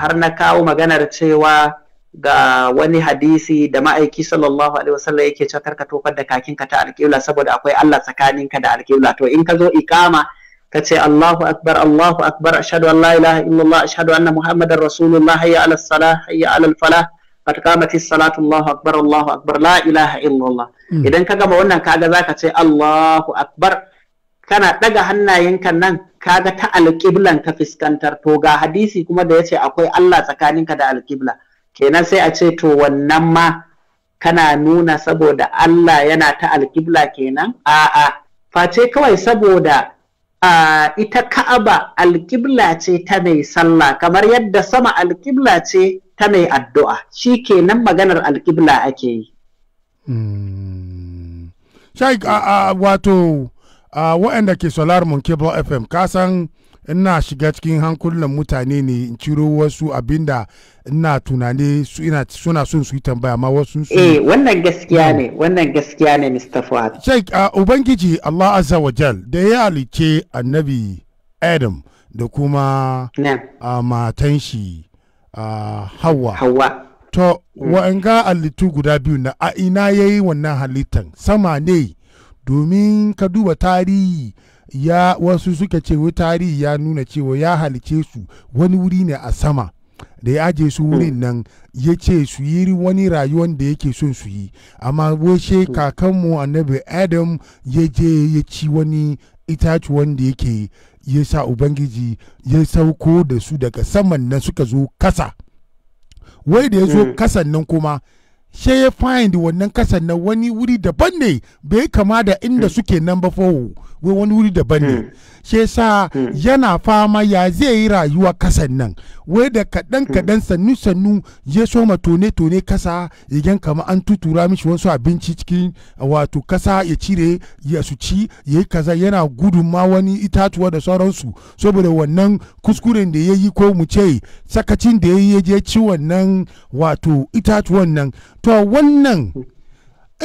har na kawo maganar cewa ga wani hadisi da ma'aiki sallallahu alaihi wasallam yake cewa karka tofar da kakin ka ta alƙibla saboda akwai Allah tsakaninka da alƙibla to in ka zo iqama ka ce Allahu akbar Allahu akbar ashhadu an la ilaha illallah ashhadu anna muhammadar rasulullah hayya ala salah hayya ala falah qad qamatis salatu Allahu akbar Allahu akbar la ilaha illallah hmm. idan ka gama wannan kaga zaka ce Allahu akbar kana ɗaga hannayenka nan ka ga ta alƙiblan ka fuskantar to ga hadisi kuma da ya ce akwai Allah tsakaninka da alƙibla kenan sai a ce to wannan ma kana nuna saboda Allah yana ta alƙibla kenan a'a face kawai saboda a ita ka'aba alƙibla ce ta mai sallah kamar yadda sama alƙibla ce ta mai addu'a shi kenan maganar alƙibla ake yi. Hmm. wato uh, waɗanda ke solar mun cable fm kasan ina shiga cikin hankulan mutane ne in ciro wasu abinda ina tunani su ina suna son su yi tambaya amma wasu su eh wannan gaskiya hmm. ne wannan gaskiya ne Mr. Fuad Sheikh a ubangiji Allah azza wa jal da ya halice annabi Adam da kuma a matan shi Hawa Hawa to wa'anga halittu guda biyu na a ina yayi wannan halittan sama ne domin ka duba tarihi ya wasu suka ce tarihi ya nuna cewa ya halice su wani wuri ne a sama da ya aje su wurin hmm. nan ya ce su yi wani rayuwan da yake son su yi amma washe hmm. kakanmu annabi adam ya je ya ci wani itatuwan da yake ya sa ubangiji ya sauko da su daga saman nan suka zo kasa wai da ya zo hmm. kasan nan kuma sai ya find wannan kasan na wani wuri daban ne bai kama da inda hmm. suke nan ba fawo wai wani wuri daban ne hmm. shi sa hmm. yana fama ya zai yi rayuwa kasan nan wai da kaɗan hmm. kaɗan sannu sannu ya soma tone tone kasa ya kama an tutura mishi wasu abinci cikin wato kasa ya cire ya su ci ya yi kaza yana gudun ma wani itatuwa da sauransu saboda wannan kuskuren da ya yi ko mu ce sakacin da ya yi ya je ci wannan wato itatuwan nan to wannan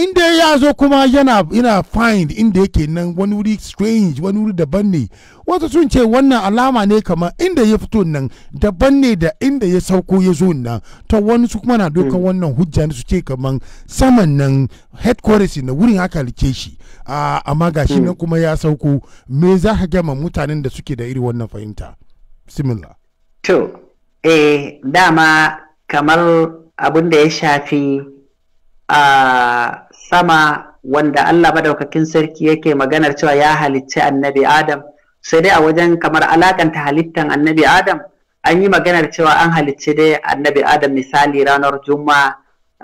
inda ya zo kuma yana ina find inda yake nan wani wuri strange wani wuri daban ne wasu sun ce wannan alama ne kamar inda ya fito nan daban ne da inda ya sauko ya zo nan to wani su kuma na dokan hmm. wannan hujja su ce kamar saman nan headquarters na wurin haka like shi amma gashi hmm. nan kuma ya sauko me za ka gama mutanen da suke da iri wannan fahimta similar to eh dama kamar abin da ya shafi a ah, sama wanda Allah madaukakin sarki yake maganar cewa ya halicci annabi Adam sai dai a wajen kamar alakanta halittan annabi Adam an yi maganar cewa an halicci dai annabi Adam misali ranar Juma'a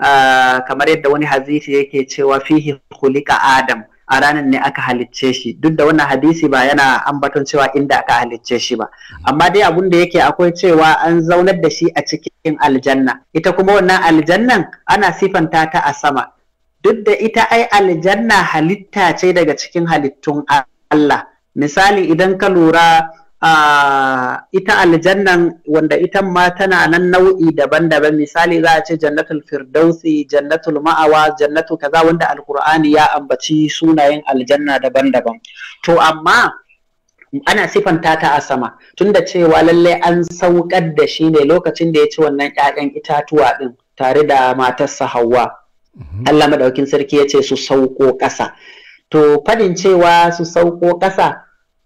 ah, kamar yadda wani hadisi yake cewa fihi khuliqa Adam a ranar ne aka halicce shi duk da wannan hadisi ba yana ambaton cewa inda aka halicce shi ba amma dai abun da yake akwai cewa an zaunar da shi a cikin aljanna ita kuma wannan aljannan ana sifanta ta a sama duk da ita ai aljanna halitta ce daga cikin halittun Allah misali idan ka lura a ita aljannan wanda ita ma tana nan nau'i daban-daban misali za a ce jannatul firdausi jannatul ma'awa jannatu kaza wanda alkur'ani ya ambaci sunayen aljanna daban-daban to amma ana sifanta ta a sama tunda cewa lallai an saukar da shi ne lokacin da ya ci wannan 'ya'yan itatuwa din tare da matarsa Hauwa. Allah maɗaukin sarki ya ce su sauko ƙasa to fadin cewa su sauko ƙasa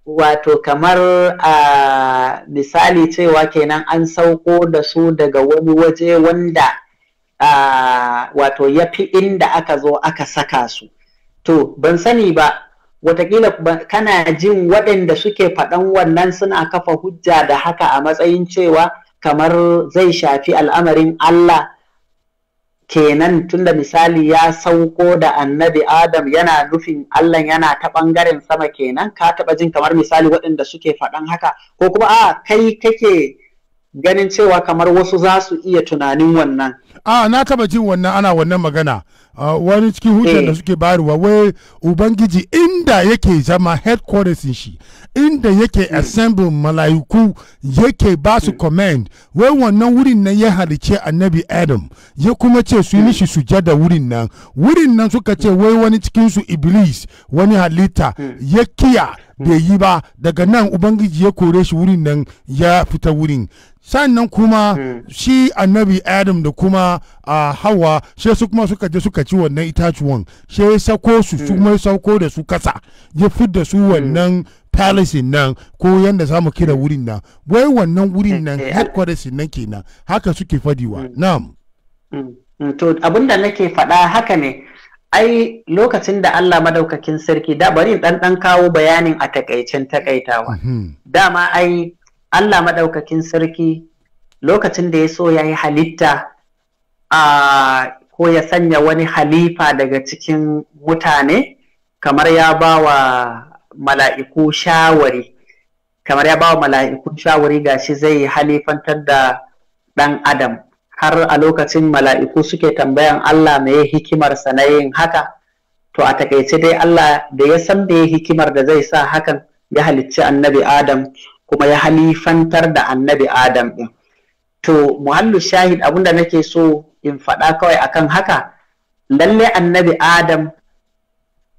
wato kamar a misali cewa kenan an sauko da su daga wani waje wanda wato ya fi inda aka zo aka saka su to ban sani ba watakila kana jin waɗanda suke faɗan wannan suna kafa hujja da haka a matsayin cewa kamar zai shafi al'amarin Allah kenan tunda misali ya sauko da annabi adam yana nufin Allah yana ta ɓangaren sama kenan ka taɓa jin kamar misali waɗanda suke faɗan haka ko kuma a kai kake ganin cewa kamar wasu za su iya tunanin wannan a na taɓa jin wannan ana wannan magana Ah, wani cikin hujjar da eh. suke bayarwa wai ubangiji inda yake zama headquarters shi inda yake hmm. assemble malayuku yake ba su hmm. command wai wannan wurin nan ya halice annabi adam ya kuma ce su yi hmm. sujada wurin nan wurin nan suka ce wai wani cikin su iblis wani halitta ya kiya bai yi ba daga nan ubangiji ya kore shi wurin nan ya fita wurin sannan kuma shi annabi adam da kuma ah, hawa sai su kuma suka je suka karkaci wannan itacuwan shi ya sako su su mm. mai sauko da su kasa ya da su mm. wannan palace nan ko yadda za mu kira mm. wurin nan wai wannan wurin nan eh, eh, headquarters nan kenan haka suke fadiwa na'am to abinda nake faɗa haka ne ai lokacin da Allah madaukakin sarki da bari dan dan kawo bayanin a takaicen takaitawa mm-hmm. dama ai Allah madaukakin sarki lokacin da ya so ya yi halitta a ah, ko ya sanya wani halifa daga cikin mutane kamar ya ba wa mala'iku shawari kamar ya ba wa mala'iku shawari gashi zai halifantar da ɗan adam har a lokacin mala'iku suke tambayan Allah mai hikimarsa na yin haka to a takaice dai Allah da ya san da ya hikimar da zai sa hakan ya halicci annabi Adam kuma ya halifantar da annabi Adam ɗin. To, muhallu shahid abinda nake so in faɗa kawai akan haka lalle annabi adam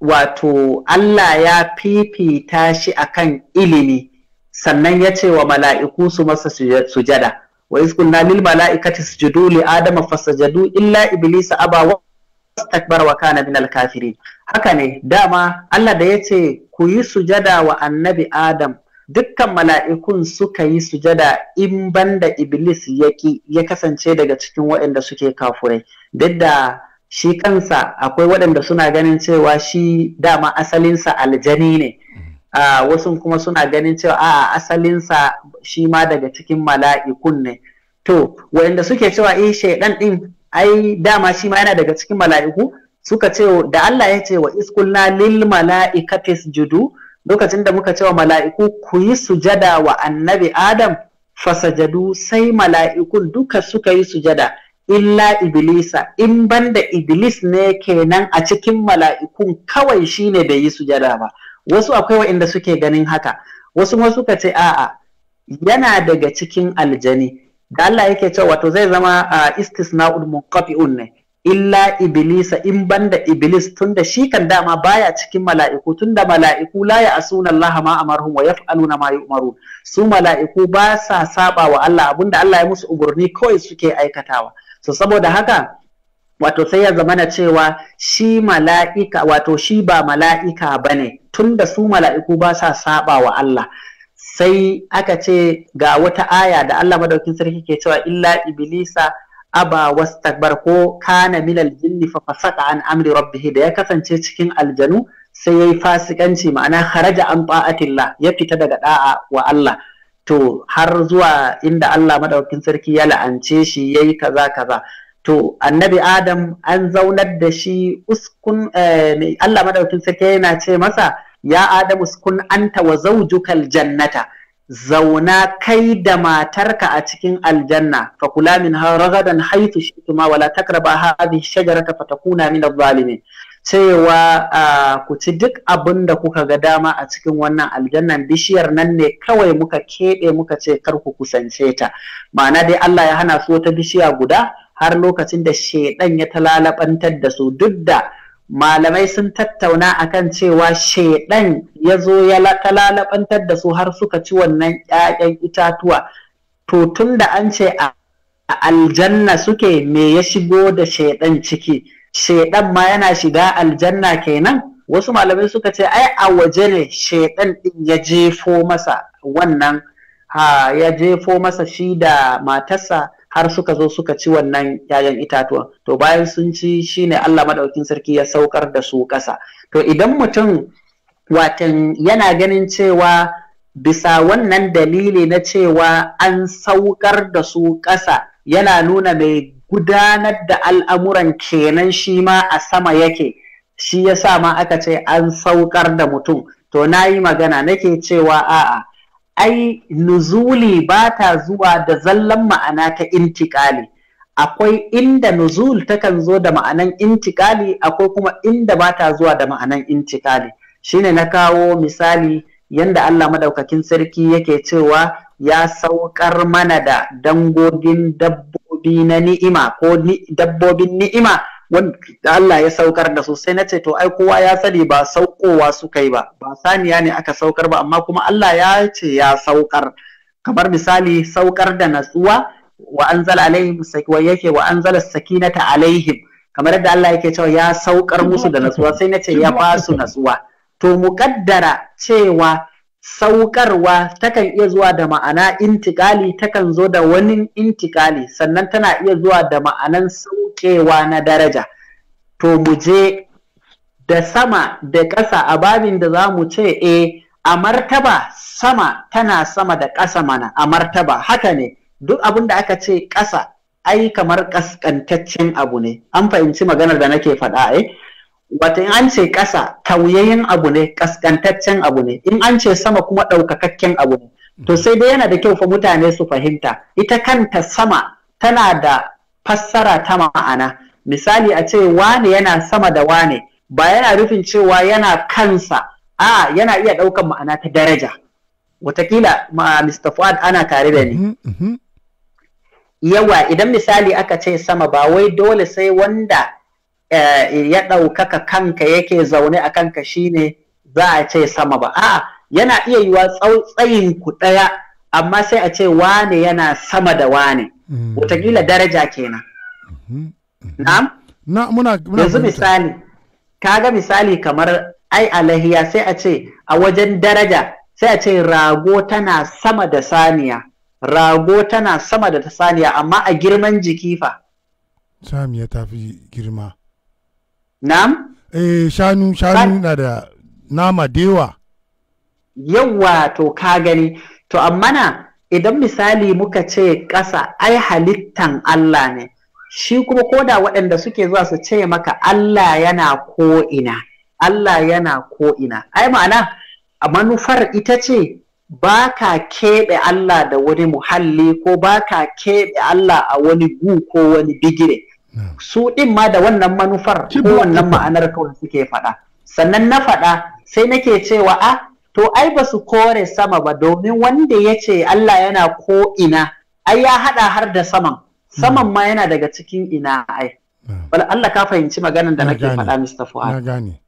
wato Allah ya fifita shi akan ilimi sannan ya ce wa mala'iku su masa sujada wa iskunna lil mala'ikati sujudu li adama fasajadu illa iblisa aba wa takbar wa kana min haka ne dama Allah da ya ce ku yi sujada wa annabi adam dukkan mala'ikun suka yi sujada in banda iblis yaki ya kasance daga cikin waɗanda suke kafurai duk da shi kansa akwai waɗanda suna ganin cewa shi dama asalinsa aljani ne uh, wasu kuma suna ganin cewa a asalinsa shi ma daga cikin mala'ikun ne to waɗanda suke cewa eh shaidan ɗin ai dama shi ma yana daga cikin mala'iku suka ce da Allah ya ce wa iskulna lil mala'ikatis judu lokacin da muka cewa mala'iku ku yi sujada wa annabi adam fasajadu sai mala'ikun duka suka yi sujada illa iblisa in banda iblis ne kenan a cikin mala'ikun kawai shi ne bai yi sujada ba wasu akwai waɗanda suke ganin haka wasu ma suka ce a'a yana daga cikin aljani da Allah yake cewa wato zai zama ah, istisna'ul munqati'un ne illa iblisa in banda iblis tunda shi kan dama baya cikin mala'iku tunda mala'iku la ya asuna Allah ma amarhum wa yaf'aluna ma yu'maru su mala'iku ba sa saba wa Allah abinda Allah ya musu umarni kawai suke aikatawa so saboda haka wato sai ya zamana cewa shi mala'ika wato shi ba mala'ika bane tunda su mala'iku ba sa saba wa Allah sai aka ce ga wata aya da Allah madaukin sarki ke cewa illa iblisa aba wastakbar ko kana milal jinni fa fasaka an amri rabbih da ya kasance cikin aljanu sai yayi fasikanci ma'ana haraja an ta'atillah ya fita daga da'a wa Allah to har zuwa inda Allah madaukakin sarki ya la'ance shi yayi kaza kaza to annabi adam an zaunar da shi uskun eh, Allah madaukakin sarki yana ce masa ya adamu uskun anta wa zawjukal jannata zauna kai da matarka a cikin aljanna fa kula min ha ragadan haythu shituma wala takraba hadhihi shajarata fatakuna min adh-dhalimin cewa ku ci duk abin da kuka ga dama a cikin wannan aljannan bishiyar nan ne kawai muka keɓe muka ce kar ku kusance ta ma'ana dai Allah ya hana su wata bishiya guda har lokacin da shedan ya talalabantar da su duk da malamai sun tattauna akan cewa shaidan ya zo ya lalabantar da su har suka ci wannan 'ya'yan itatuwa to tun da an ce a aljanna suke me ya shigo da shaidan ciki shaidan ma yana shiga aljanna kenan wasu malamai suka ce ai a waje ne shaidan ɗin ya jefo masa wannan ha ya jefo masa shi da matarsa har suka zo suka ci wannan 'ya'yan itatuwa, to bayan sun ci shine Allah madaukin sarki ya saukar da su ƙasa to idan mutum watan yana ganin cewa bisa wannan dalili na cewa an saukar da su ƙasa yana nuna mai gudanar da al'amuran kenan shi ma a sama yake shi ya sa ma aka ce an saukar da mutum to na yi magana nake cewa a'a ai nuzuli ba ta zuwa da zallan ma'ana ta intikali akwai inda nuzul takan zo da ma'anan intikali akwai kuma inda ba ta zuwa da ma'anan intikali shine na kawo misali yanda Allah madaukakin sarki yake cewa ya saukar mana da dangogin dabbobi na ni'ima ko dabbobin ni'ima wanda Allah ya saukar da su sai na ce to ai kowa ya sani ba saukowa suka yi ba ba saniya ne aka saukar ba amma kuma Allah ya ce ya saukar kamar misali saukar da natsuwa wa anzala alaihim wa yake wa anzala sakinata alaihim kamar yadda Allah yake cewa ya saukar musu da natsuwa sai na ce ya ba su natsuwa to muƙaddara cewa saukarwa takan iya zuwa da ma'ana intikali takan zo da wani intikali sannan tana iya zuwa da ma'anan saukewa na daraja to mu je da sama da ƙasa a babin da za mu ce e a martaba sama tana sama da ƙasa mana a martaba haka ne duk abin da aka ce ƙasa ai kamar ƙasƙantaccen abu ne an fahimci maganar da nake faɗa eh Wata in an ce ƙasa tauyayyen abu ne, ƙasƙantaccen abu ne, in an ce sama kuma ɗaukakakken abu ne. To sai dai yana da kyau fa mutane su fahimta, ita kanta sama tana da fassara ta ma'ana. Misali a ce wane yana sama da wane, ba yana rufin cewa yana kansa, a yana iya ɗaukan ma'ana ta daraja. watakila ma Mr. Fuad ana tare da ni. Mm-hmm, mm-hmm. Yawa idan misali aka ce sama ba wai dole sai wanda Eh, ya ɗaukaka kanka yake zaune a kanka shine za a ce sama ba a'a yana iya yiwa tsautsayin ku ɗaya amma sai a ce wane yana sama da wane mm. Wataƙila daraja kenan mm-hmm, mm-hmm. na'am na muna yanzu misali kaga misali kamar ai alahiya sai a ce a wajen daraja sai a ce rago tana sama da saniya rago tana sama da saniya amma a girman jiki fa ta girma Nam? Eh shanu shanu na da nama dewa. Yawwa to ka gani to amma na idan misali muka ce ƙasa ai halittan Allah ne shi kuma ko da waɗanda suke zuwa su ce maka Allah yana ko'ina Allah yana ko'ina ai ma'ana a manufar ita ce ba ka keɓe Allah da wani muhalli ko ba ka keɓe Allah a wani gu ko wani bigire su ɗin ma da wannan manufar ko wannan ma'anar kawai suke faɗa sannan na faɗa sai nake cewa a ah, to ai ba su kore sama ba domin wanda ya ce Allah yana ko ina ai ya haɗa har da saman saman ma yana daga cikin ina ai Allah ka fahimci maganar da nake faɗa Mr. Fuad na gane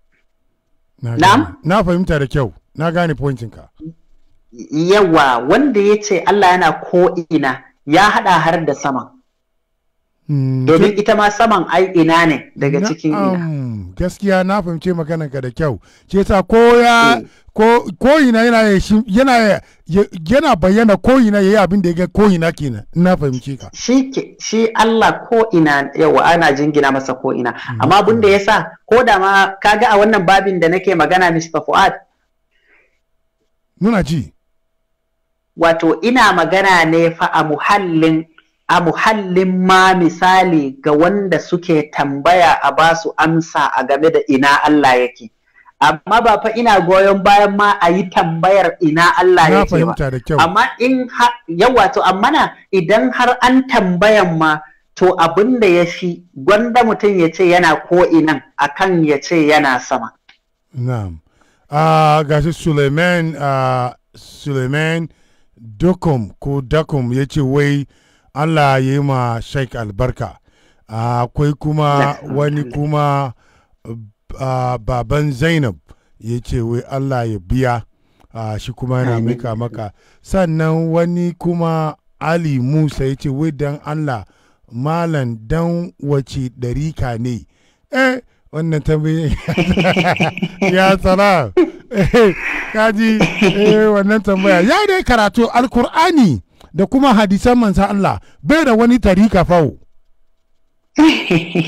na fahimta da kyau na gane ka. yawa wanda ya ce Allah yana ko ina ya haɗa har da saman Hmm, domin ita ma saman ai ina ne daga cikin ina gaskiya na fahimce maganar ka da kyau ce sa ko ya eh. ko ina yana yana yana bayyana ko ina yayi abin da ya ga ko ina kenan na fahimce ka shi shi Allah ko ina yawa ana jingina masa ko ina hmm. amma abin da yasa ko da ma kaga a wannan babin da nake magana Mr. Fuad muna ji wato ina magana ne fa a muhallin a muhallin ma misali ga wanda suke tambaya a ba su amsa a game da ina Allah yake amma ba fa ina goyon bayan ma a yi tambayar ina Allah ya ce ba amma in yawa to amma na idan har an tambayan ma to abin da ya fi gwanda mutum ya ce yana ko inan akan ya ce yana sama na'am uh, gashi Suleiman uh, Suleiman Dokum ko Dakum ya ce wai Allah ya yi ma Sheikh albarka akwai kuma wani kuma ah, baban Zainab ya ce wai Allah ya biya ah, shi kuma yana mika maka sannan wani kuma Ali Musa ya ce wai dan Allah malam dan wace ɗarika ne eh wannan tambayin *laughs* ya tsara *laughs* eh, kaji eh, wannan tambaya ya dai karatu alkur'ani da kuma hadisan manzan Allah bai da wani tarika fawo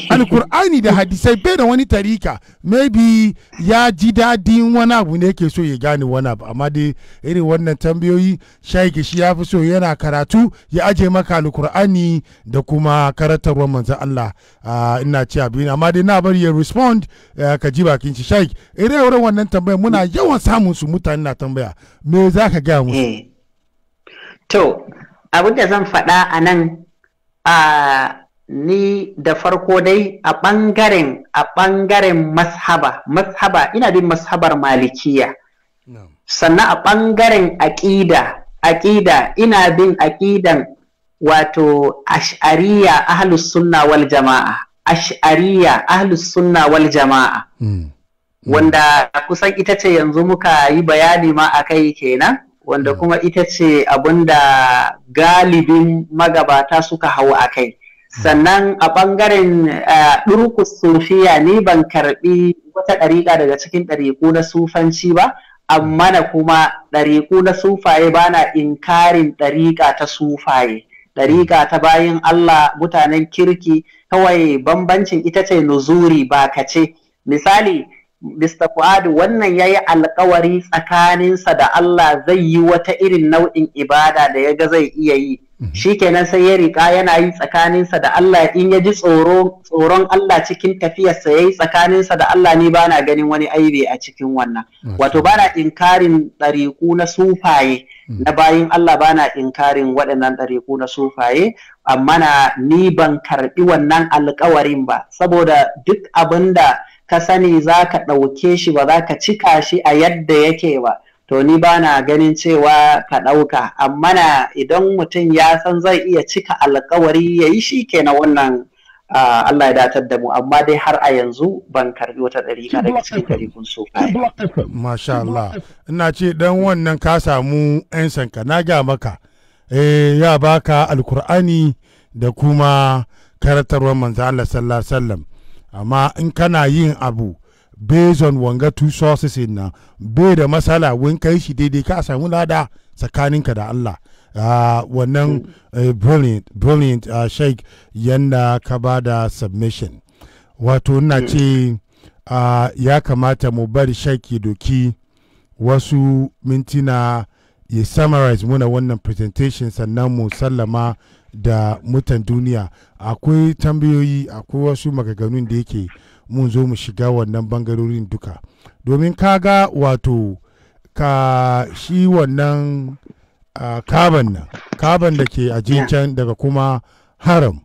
alkur'ani da hadisai bai da wani tarika maybe ya ji dadin wani abu ne yake so ya gane wani abu amma dai irin wannan tambayoyi shaiki shi ya fi so yana karatu ya aje maka alkur'ani da kuma karatarwar manzan Allah ah, ina ci abin amma dai na bari ya respond eh, ka ji bakin shi shaiki irin wannan tambaya muna yawan samun su mutane na tambaya me za ka gaya musu eh, To, abin da zan faɗa a nan a ni da farko dai a ɓangaren a ɓangaren mashaba, mashaba ina bin mashabar malikiya. Sannan a ɓangaren aƙida, aƙida ina bin aƙidan wato ash'ariya ahlus sunna wal jama'a. Ash'ariya ahlus sunna wal jama'a. Mm. Mm. Wanda kusan ita ce yanzu muka yi bayani ma akai kenan. wanda hmm. kuma ita ce da galibin magabata suka hau a kai hmm. sannan a ɓangaren ɗurkus eh, sufiya ni ban karɓi wata ɗariƙa daga cikin ɗariƙu na sufanci ba amma na kuma ɗariƙu na sufaye ba na inkarin ɗariƙa ta sufaye ɗariƙa ta bayan Allah mutanen kirki kawai bambancin ita ce nuzuri ba kace misali Mr. Fuadu wannan ya yi alkawari tsakaninsa da Allah zai yi wata irin nau'in ibada da ya ga zai iya yi. Mhm. Shi kenan sai ya riƙa yana yi tsakaninsa da Allah in ya ji tsoron Allah cikin tafiyarsa ya yi tsakaninsa da Allah ni bana ganin wani aibe a cikin wannan. Wato bana na inkarin ɗariku na sufaye mhm. na bayin Allah bana na inkarin waɗannan ɗariku na sufaye amma na ni ban karɓi wannan alkawarin ba saboda duk abin da ka sani za ka ɗauke shi ba za ka cika shi a yadda yake ba to ni ba na ganin cewa ka ɗauka amma na idan mutum ya san zai iya cika alkawari ya yi shi kenan wannan Allah ya datar da mu amma dai har a yanzu ban karbi wata ɗari ka daga cikin ɗari kun so Masha Allah ina ce dan wannan ka samu 'yan sanka na ga maka eh ya baka alkur'ani da kuma karatarwar manzo Allah sallallahu alaihi wasallam amma in kana yin abu based on wanga two sources in na bai da matsala wani kai shi daidai ka samu lada tsakaninka da Allah ah, wannan eh, brilliant brilliant ah, sheikh yanda ka ba da submission wato na hmm. ce ah, ya kamata mu bari sheikh ya doki wasu mintina ya summarize muna wannan presentation sannan mu sallama da mutan duniya akwai tambayoyi akwai wasu magaganun da yake mun zo mu shiga wannan bangarorin duka domin kaga wato ka shi wannan kaban nan kaban da ke ajin daga kuma haram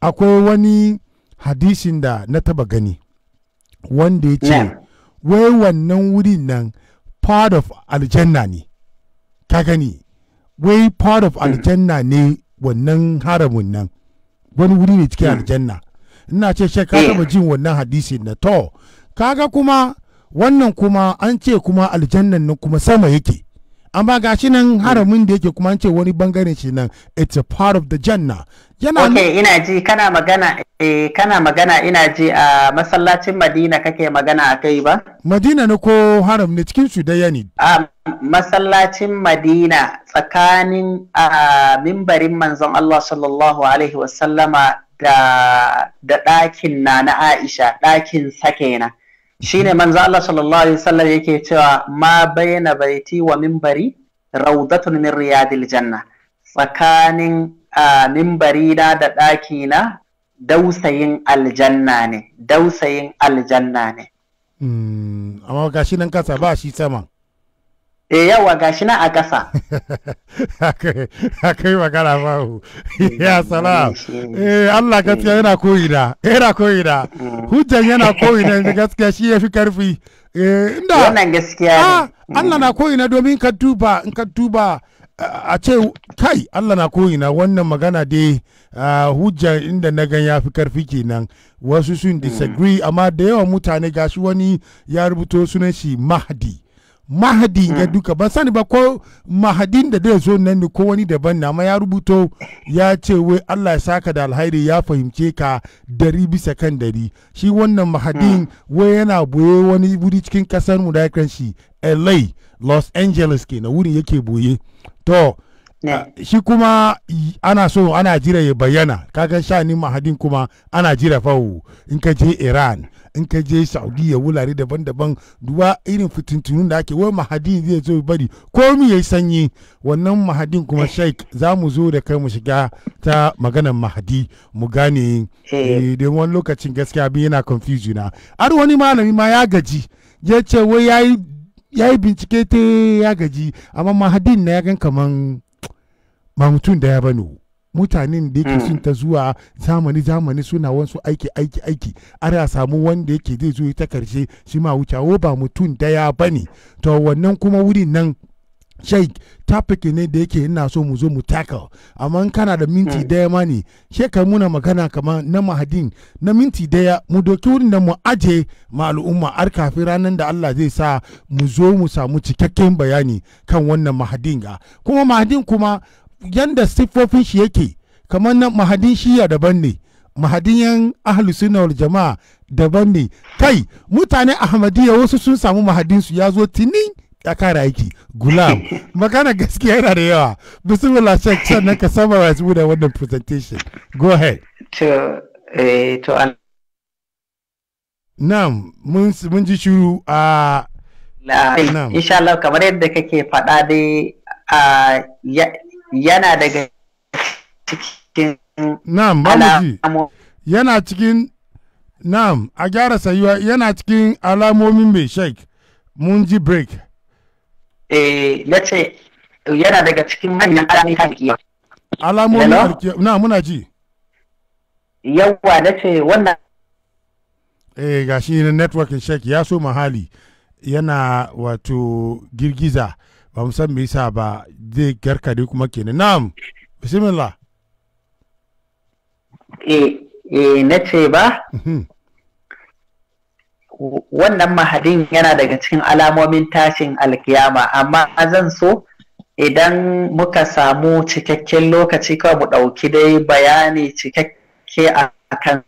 akwai wani hadisin da na taba gani wanda ya ce wai wannan wurin nan part of aljanna ne ka gani wai part of mm. aljanna ne wannan haramin nan wani wuri ne cikin hmm. aljanna ina ce shi ka taba hmm. jin wannan hadisin na to kaga kuma wannan kuma an ce kuma aljannan nan kuma sama yake amma ga shi nan haramin da yake kuma ce wani bangare shi nan it's a part of the janna yana ina ji kana magana eh kana magana ina ji a masallacin madina kake magana a kai ba madina ne ko haram ne cikin su daya ne a masallacin madina tsakanin a mimbarin manzon Allah sallallahu alaihi wasallama da da ɗakin na na Aisha ɗakin sakena shine manzo Allah sallallahu alaihi wasallam yake cewa ma bayyana baiti wa mimbari raudatun min riyadil janna tsakanin mimbari na da ɗaki na dausayin aljanna ne dausayin aljanna ne hmm, amma ga shi nan kasa ba shi sama E eh, yawa gashi na a ƙasa. *laughs* Akai magana bahu. *laughs* Ya mm, salam. Eh Allah gaskiya yana koyi da. Yana koyi da. Mm. Hujjan yana koyi da gaskiya shi ya fi karfi. Eh inda. Wannan gaskiya ne. Ah, Allah na koyi na domin ka duba in ka duba a ce kai Allah na koyi na wannan magana dai hujja inda na gan ya fi karfi kenan wasu sun disagree mm. amma da yawan mutane gashi wani ya rubuto sunan shi Mahdi. mahadi ya hmm. duka ban sani ba ko mahadin da zai zo nan ne ko wani daban na ma ya rubuto ya ce wai Allah ya saka da alhairi ya fahimce ka dari bisa kan dari shi wannan mahadin hmm. wai yana boye wani wuri cikin kasar mu da kan shi LA Los Angeles ke na wurin yake boye to shi kuma ana so ana jira ya bayyana kaga shani mahadin kuma ana jira fawo in ka je Iran in ka je saudiya wulare daban-daban duba irin fitintunun da ake wai mahadi zai zo bari komi ya yi sanyi wannan mahadin kuma eh. sheik za mu zo da kai mu shiga ta maganan mahadi mu gane eh. eh, da wani lokacin gaskiya bi yana confusion na har wani malami ma ya gaji ya ce wai ya yi bincike ta ya gaji amma mahadin na ya gan kaman mamutun da ya bano. mutanen da yake mm. sun ta zuwa zamani zamani suna wasu aiki aiki aiki ana samu wanda yake zai zo ta karshe shi ma wuce ba mutum daya bane to wannan kuma wurin nan sheik topic ne da yake ina so mu zo mu tackle amma kana da minti mm. daya ma ne she muna magana kamar na mahadin na minti daya mu doki wurin da mu aje ma al'umma har kafin ranar da Allah zai sa mu zo mu samu cikakken bayani kan wannan mahadin ga kuma mahadin kuma yanda siffofin shi yake kamar nan mahadin shiya daban ne mahadin yan ahlu sunna wal jama'a daban ne kai mutane ahmadiyya wasu sun samu mahadin su ya zo tini ya kara aiki gulam *laughs* magana gaskiya yana da yawa bismillah shek sannan ka wa zubu da wannan presentation go ahead to eh to an nam mun mun ji shiru a na'am insha Allah kamar yadda kake faɗa dai a yana daga cikin na'am alamomi yana cikin na'am a gyara sayuwa yana cikin alamomin mai shek mun ji break eh na ce yana daga cikin manyan alamomin harkiya alamomin harkiya na muna ji yawwa na ce wannan eh gashi na networking shek ya so mahali yana wato girgiza ba mu san me yasa ba zai garkade kuma kenan na'am bismillah eh eh na ce ba mhm. wannan mahadin yana daga cikin alamomin tashin alkiyama amma zan so idan muka samu cikakken lokaci kawai mu ɗauki dai bayani cikakke a kan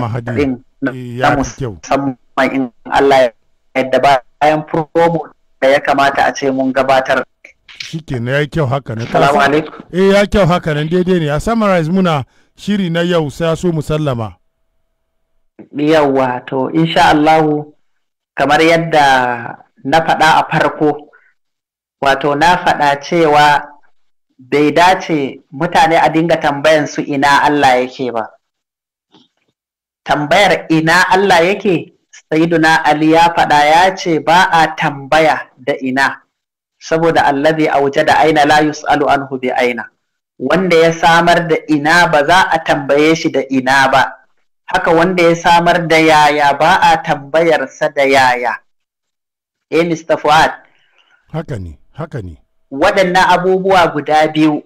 mahadin na eh, musamman in Allah ya yadda bayan promo da ya kamata a ce mun gabatar shike na ya kyau haka na salamu eh ya kyau haka daidai ne a summarize muna shiri na yau sai so mu sallama to insha Allah kamar yadda na faɗa a farko wato na faɗa cewa bai dace mutane a dinga tambayan su ina Allah yake ba tambayar ina Allah yake sayyiduna ali ya faɗa ya ce ba a tambaya da ina saboda allazi auja da aina la yus'alu anhu bi aina wanda ya samar da ina ba za a tambaye shi da ina ba haka wanda ya samar da yaya ba a tambayarsa da yaya eh Mr. Fuad haka ne haka ne waɗannan abubuwa guda biyu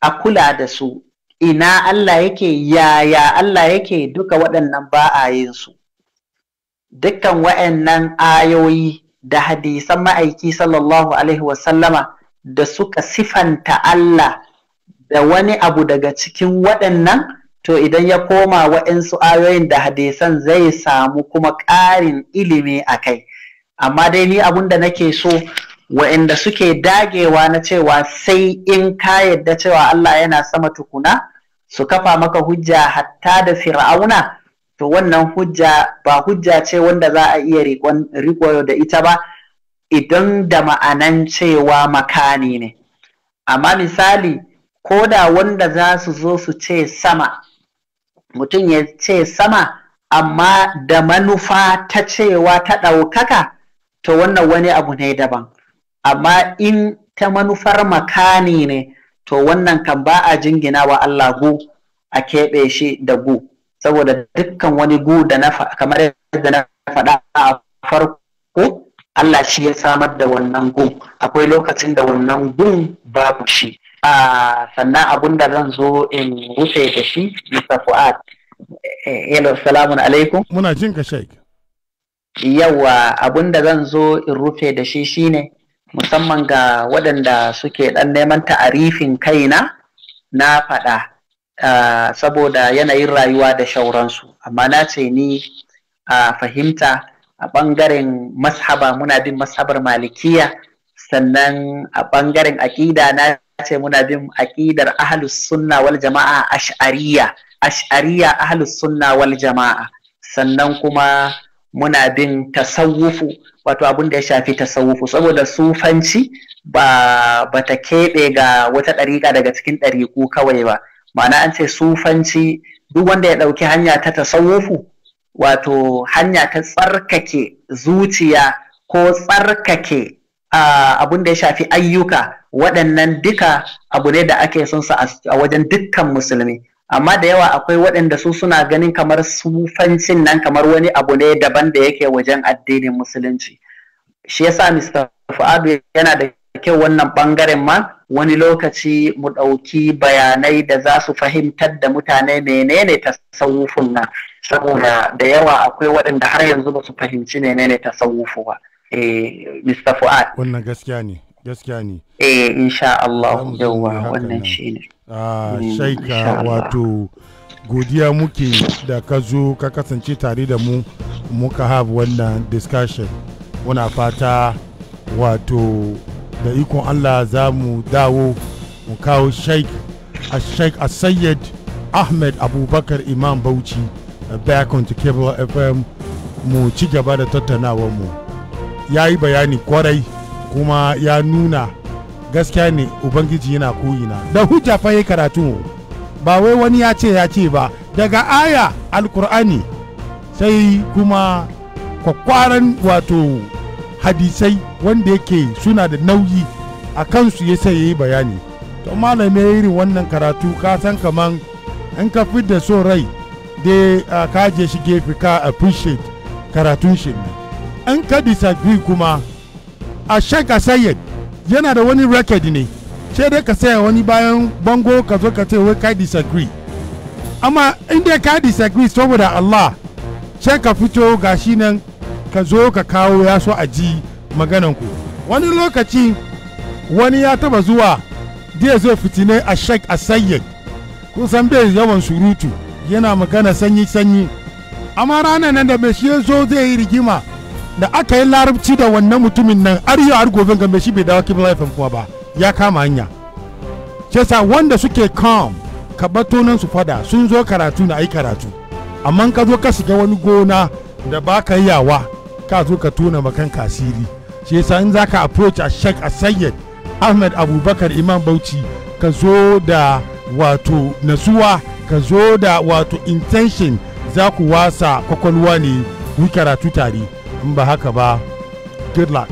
a kula da su ina Allah yake yaya Allah yake duka waɗannan ba a yin su dukkan wa'annan ayoyi da hadisan ma'aiki sallallahu alaihi wasallama da suka sifanta Allah da wani abu daga cikin waɗannan to idan ya koma waɗansu ayoyin da hadisan zai samu kuma ƙarin ilimi a kai amma dai ni abun da nake so wa'inda suke dagewa na cewa sai in ka yadda cewa Allah yana sama tukuna su kafa maka hujja hatta da fir'auna to wannan hujja ba hujja ce wanda za a iya riko da ita ba idan da ma'anan cewa makani ne amma misali ko da wanda za su zo su ce sama mutum ya ce sama amma da manufa ta cewa ta ɗaukaka to wannan wani abu ne daban amma in ta manufar makani ne to wannan kan ba a jingina wa Allah gu a keɓe shi da gu saboda dukkan wani gu da na kamar yadda na faɗa a farko Allah shi ya samar da wannan gun akwai lokacin da wannan gun babu shi a sannan abun da zan zo in rufe da shi Mr. Fuad yalo eh, eh, salamu alaikum muna jin ka sheik yawa abun da zan zo in rufe da shi shine musamman ga waɗanda suke ɗan neman ta'arifin kaina na faɗa Ah, saboda yanayin rayuwa da shauransu amma na ce ni a fahimta a ɓangaren mashaba muna bin mashabar malikiya sannan a ɓangaren aƙida na ce muna bin aƙidar ahlus sunna wal jama'a ash'ariya ash'ariya ahlus sunna wal jama'a sannan kuma muna bin tasawufu wato abin da ya shafi tasawufu saboda sufanci ba ta keɓe ga wata ɗariƙa daga cikin ɗariƙu kawai ba ma'ana an ce sufanci duk wanda ya ɗauki hanya ta tasawufu wato hanya ta tsarkake zuciya ko tsarkake abin da ya shafi ayyuka waɗannan duka abu ne da ake son su a wajen dukkan musulmi amma da yawa akwai waɗanda su suna ganin kamar sufancin nan kamar wani abu ne daban da yake wajen addinin musulunci shi yasa Mr. Fa'adu yana da kyau wannan ɓangaren ma wani lokaci mu ɗauki bayanai da za su fahimtar da mutane menene tasawufun nan saboda da yawa akwai waɗanda har yanzu ba su fahimci menene tasawufu ba eh Mr. Fuad wannan gaskiya ne gaskiya ne eh insha Allah yawa wannan shine ah hmm, shaika wato godiya muke da ka zo ka kasance tare da mu muka have wannan discussion muna fata wato da ikon allah za mu dawo mu kawo sheikh a sayyid ahmed abubakar imam bauchi uh, back on cable fm mu ci gaba da tattaunawar mu ya yi bayani kwarai kuma ya nuna gaskiya ne ubangiji yana koyina da hujja fa yi karatu ba wai wani ya ce ya ce ba daga aya alkur'ani sai kuma kwakwaran wato hadisai wanda yake suna da nauyi a kansu ya sai ya yi bayani to malami irin wannan karatu ka san kaman in ka fi da so rai da uh, ka je shi gefe ka appreciate karatun shi ne in ka disagree kuma a shaka sayed yana da wani record ne ce dai ka saya wani bayan bango ka zo ka ce wai ka disagree amma inda ka disagree saboda Allah sai ka fito gashi nan ka zo ka kawo ya so a ji magananku wani lokaci wani ya taba zuwa dia zai fitine a shek a sayyid kusan san bai yawan surutu yana magana sanyi-sanyi amma ranar nan da mai shi zo zai yi rigima da aka yi larabci da wannan mutumin nan har yi har gobe game shi bai dawo kibin laifin kuwa ba ya kama hanya sa wanda suke calm ka bato nan su fada sun zo karatu na ai karatu amma ka zo ka shiga wani gona da baka yawa ka zo ka tona makan kasiri shi yasa in ka approach a shek a sayyad ahmed abubakar imam bauchi ka zo da wato nasuwa ka zo da wato intention za ku wasa kwakwalwa ne ku karatu tare in ba haka ba good luck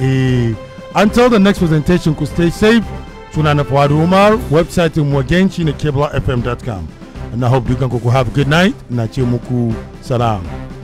eh until the next presentation ku stay safe suna na fawadu umar website mu na cablefm.com and i hope dukan ku have a good night na ce muku salam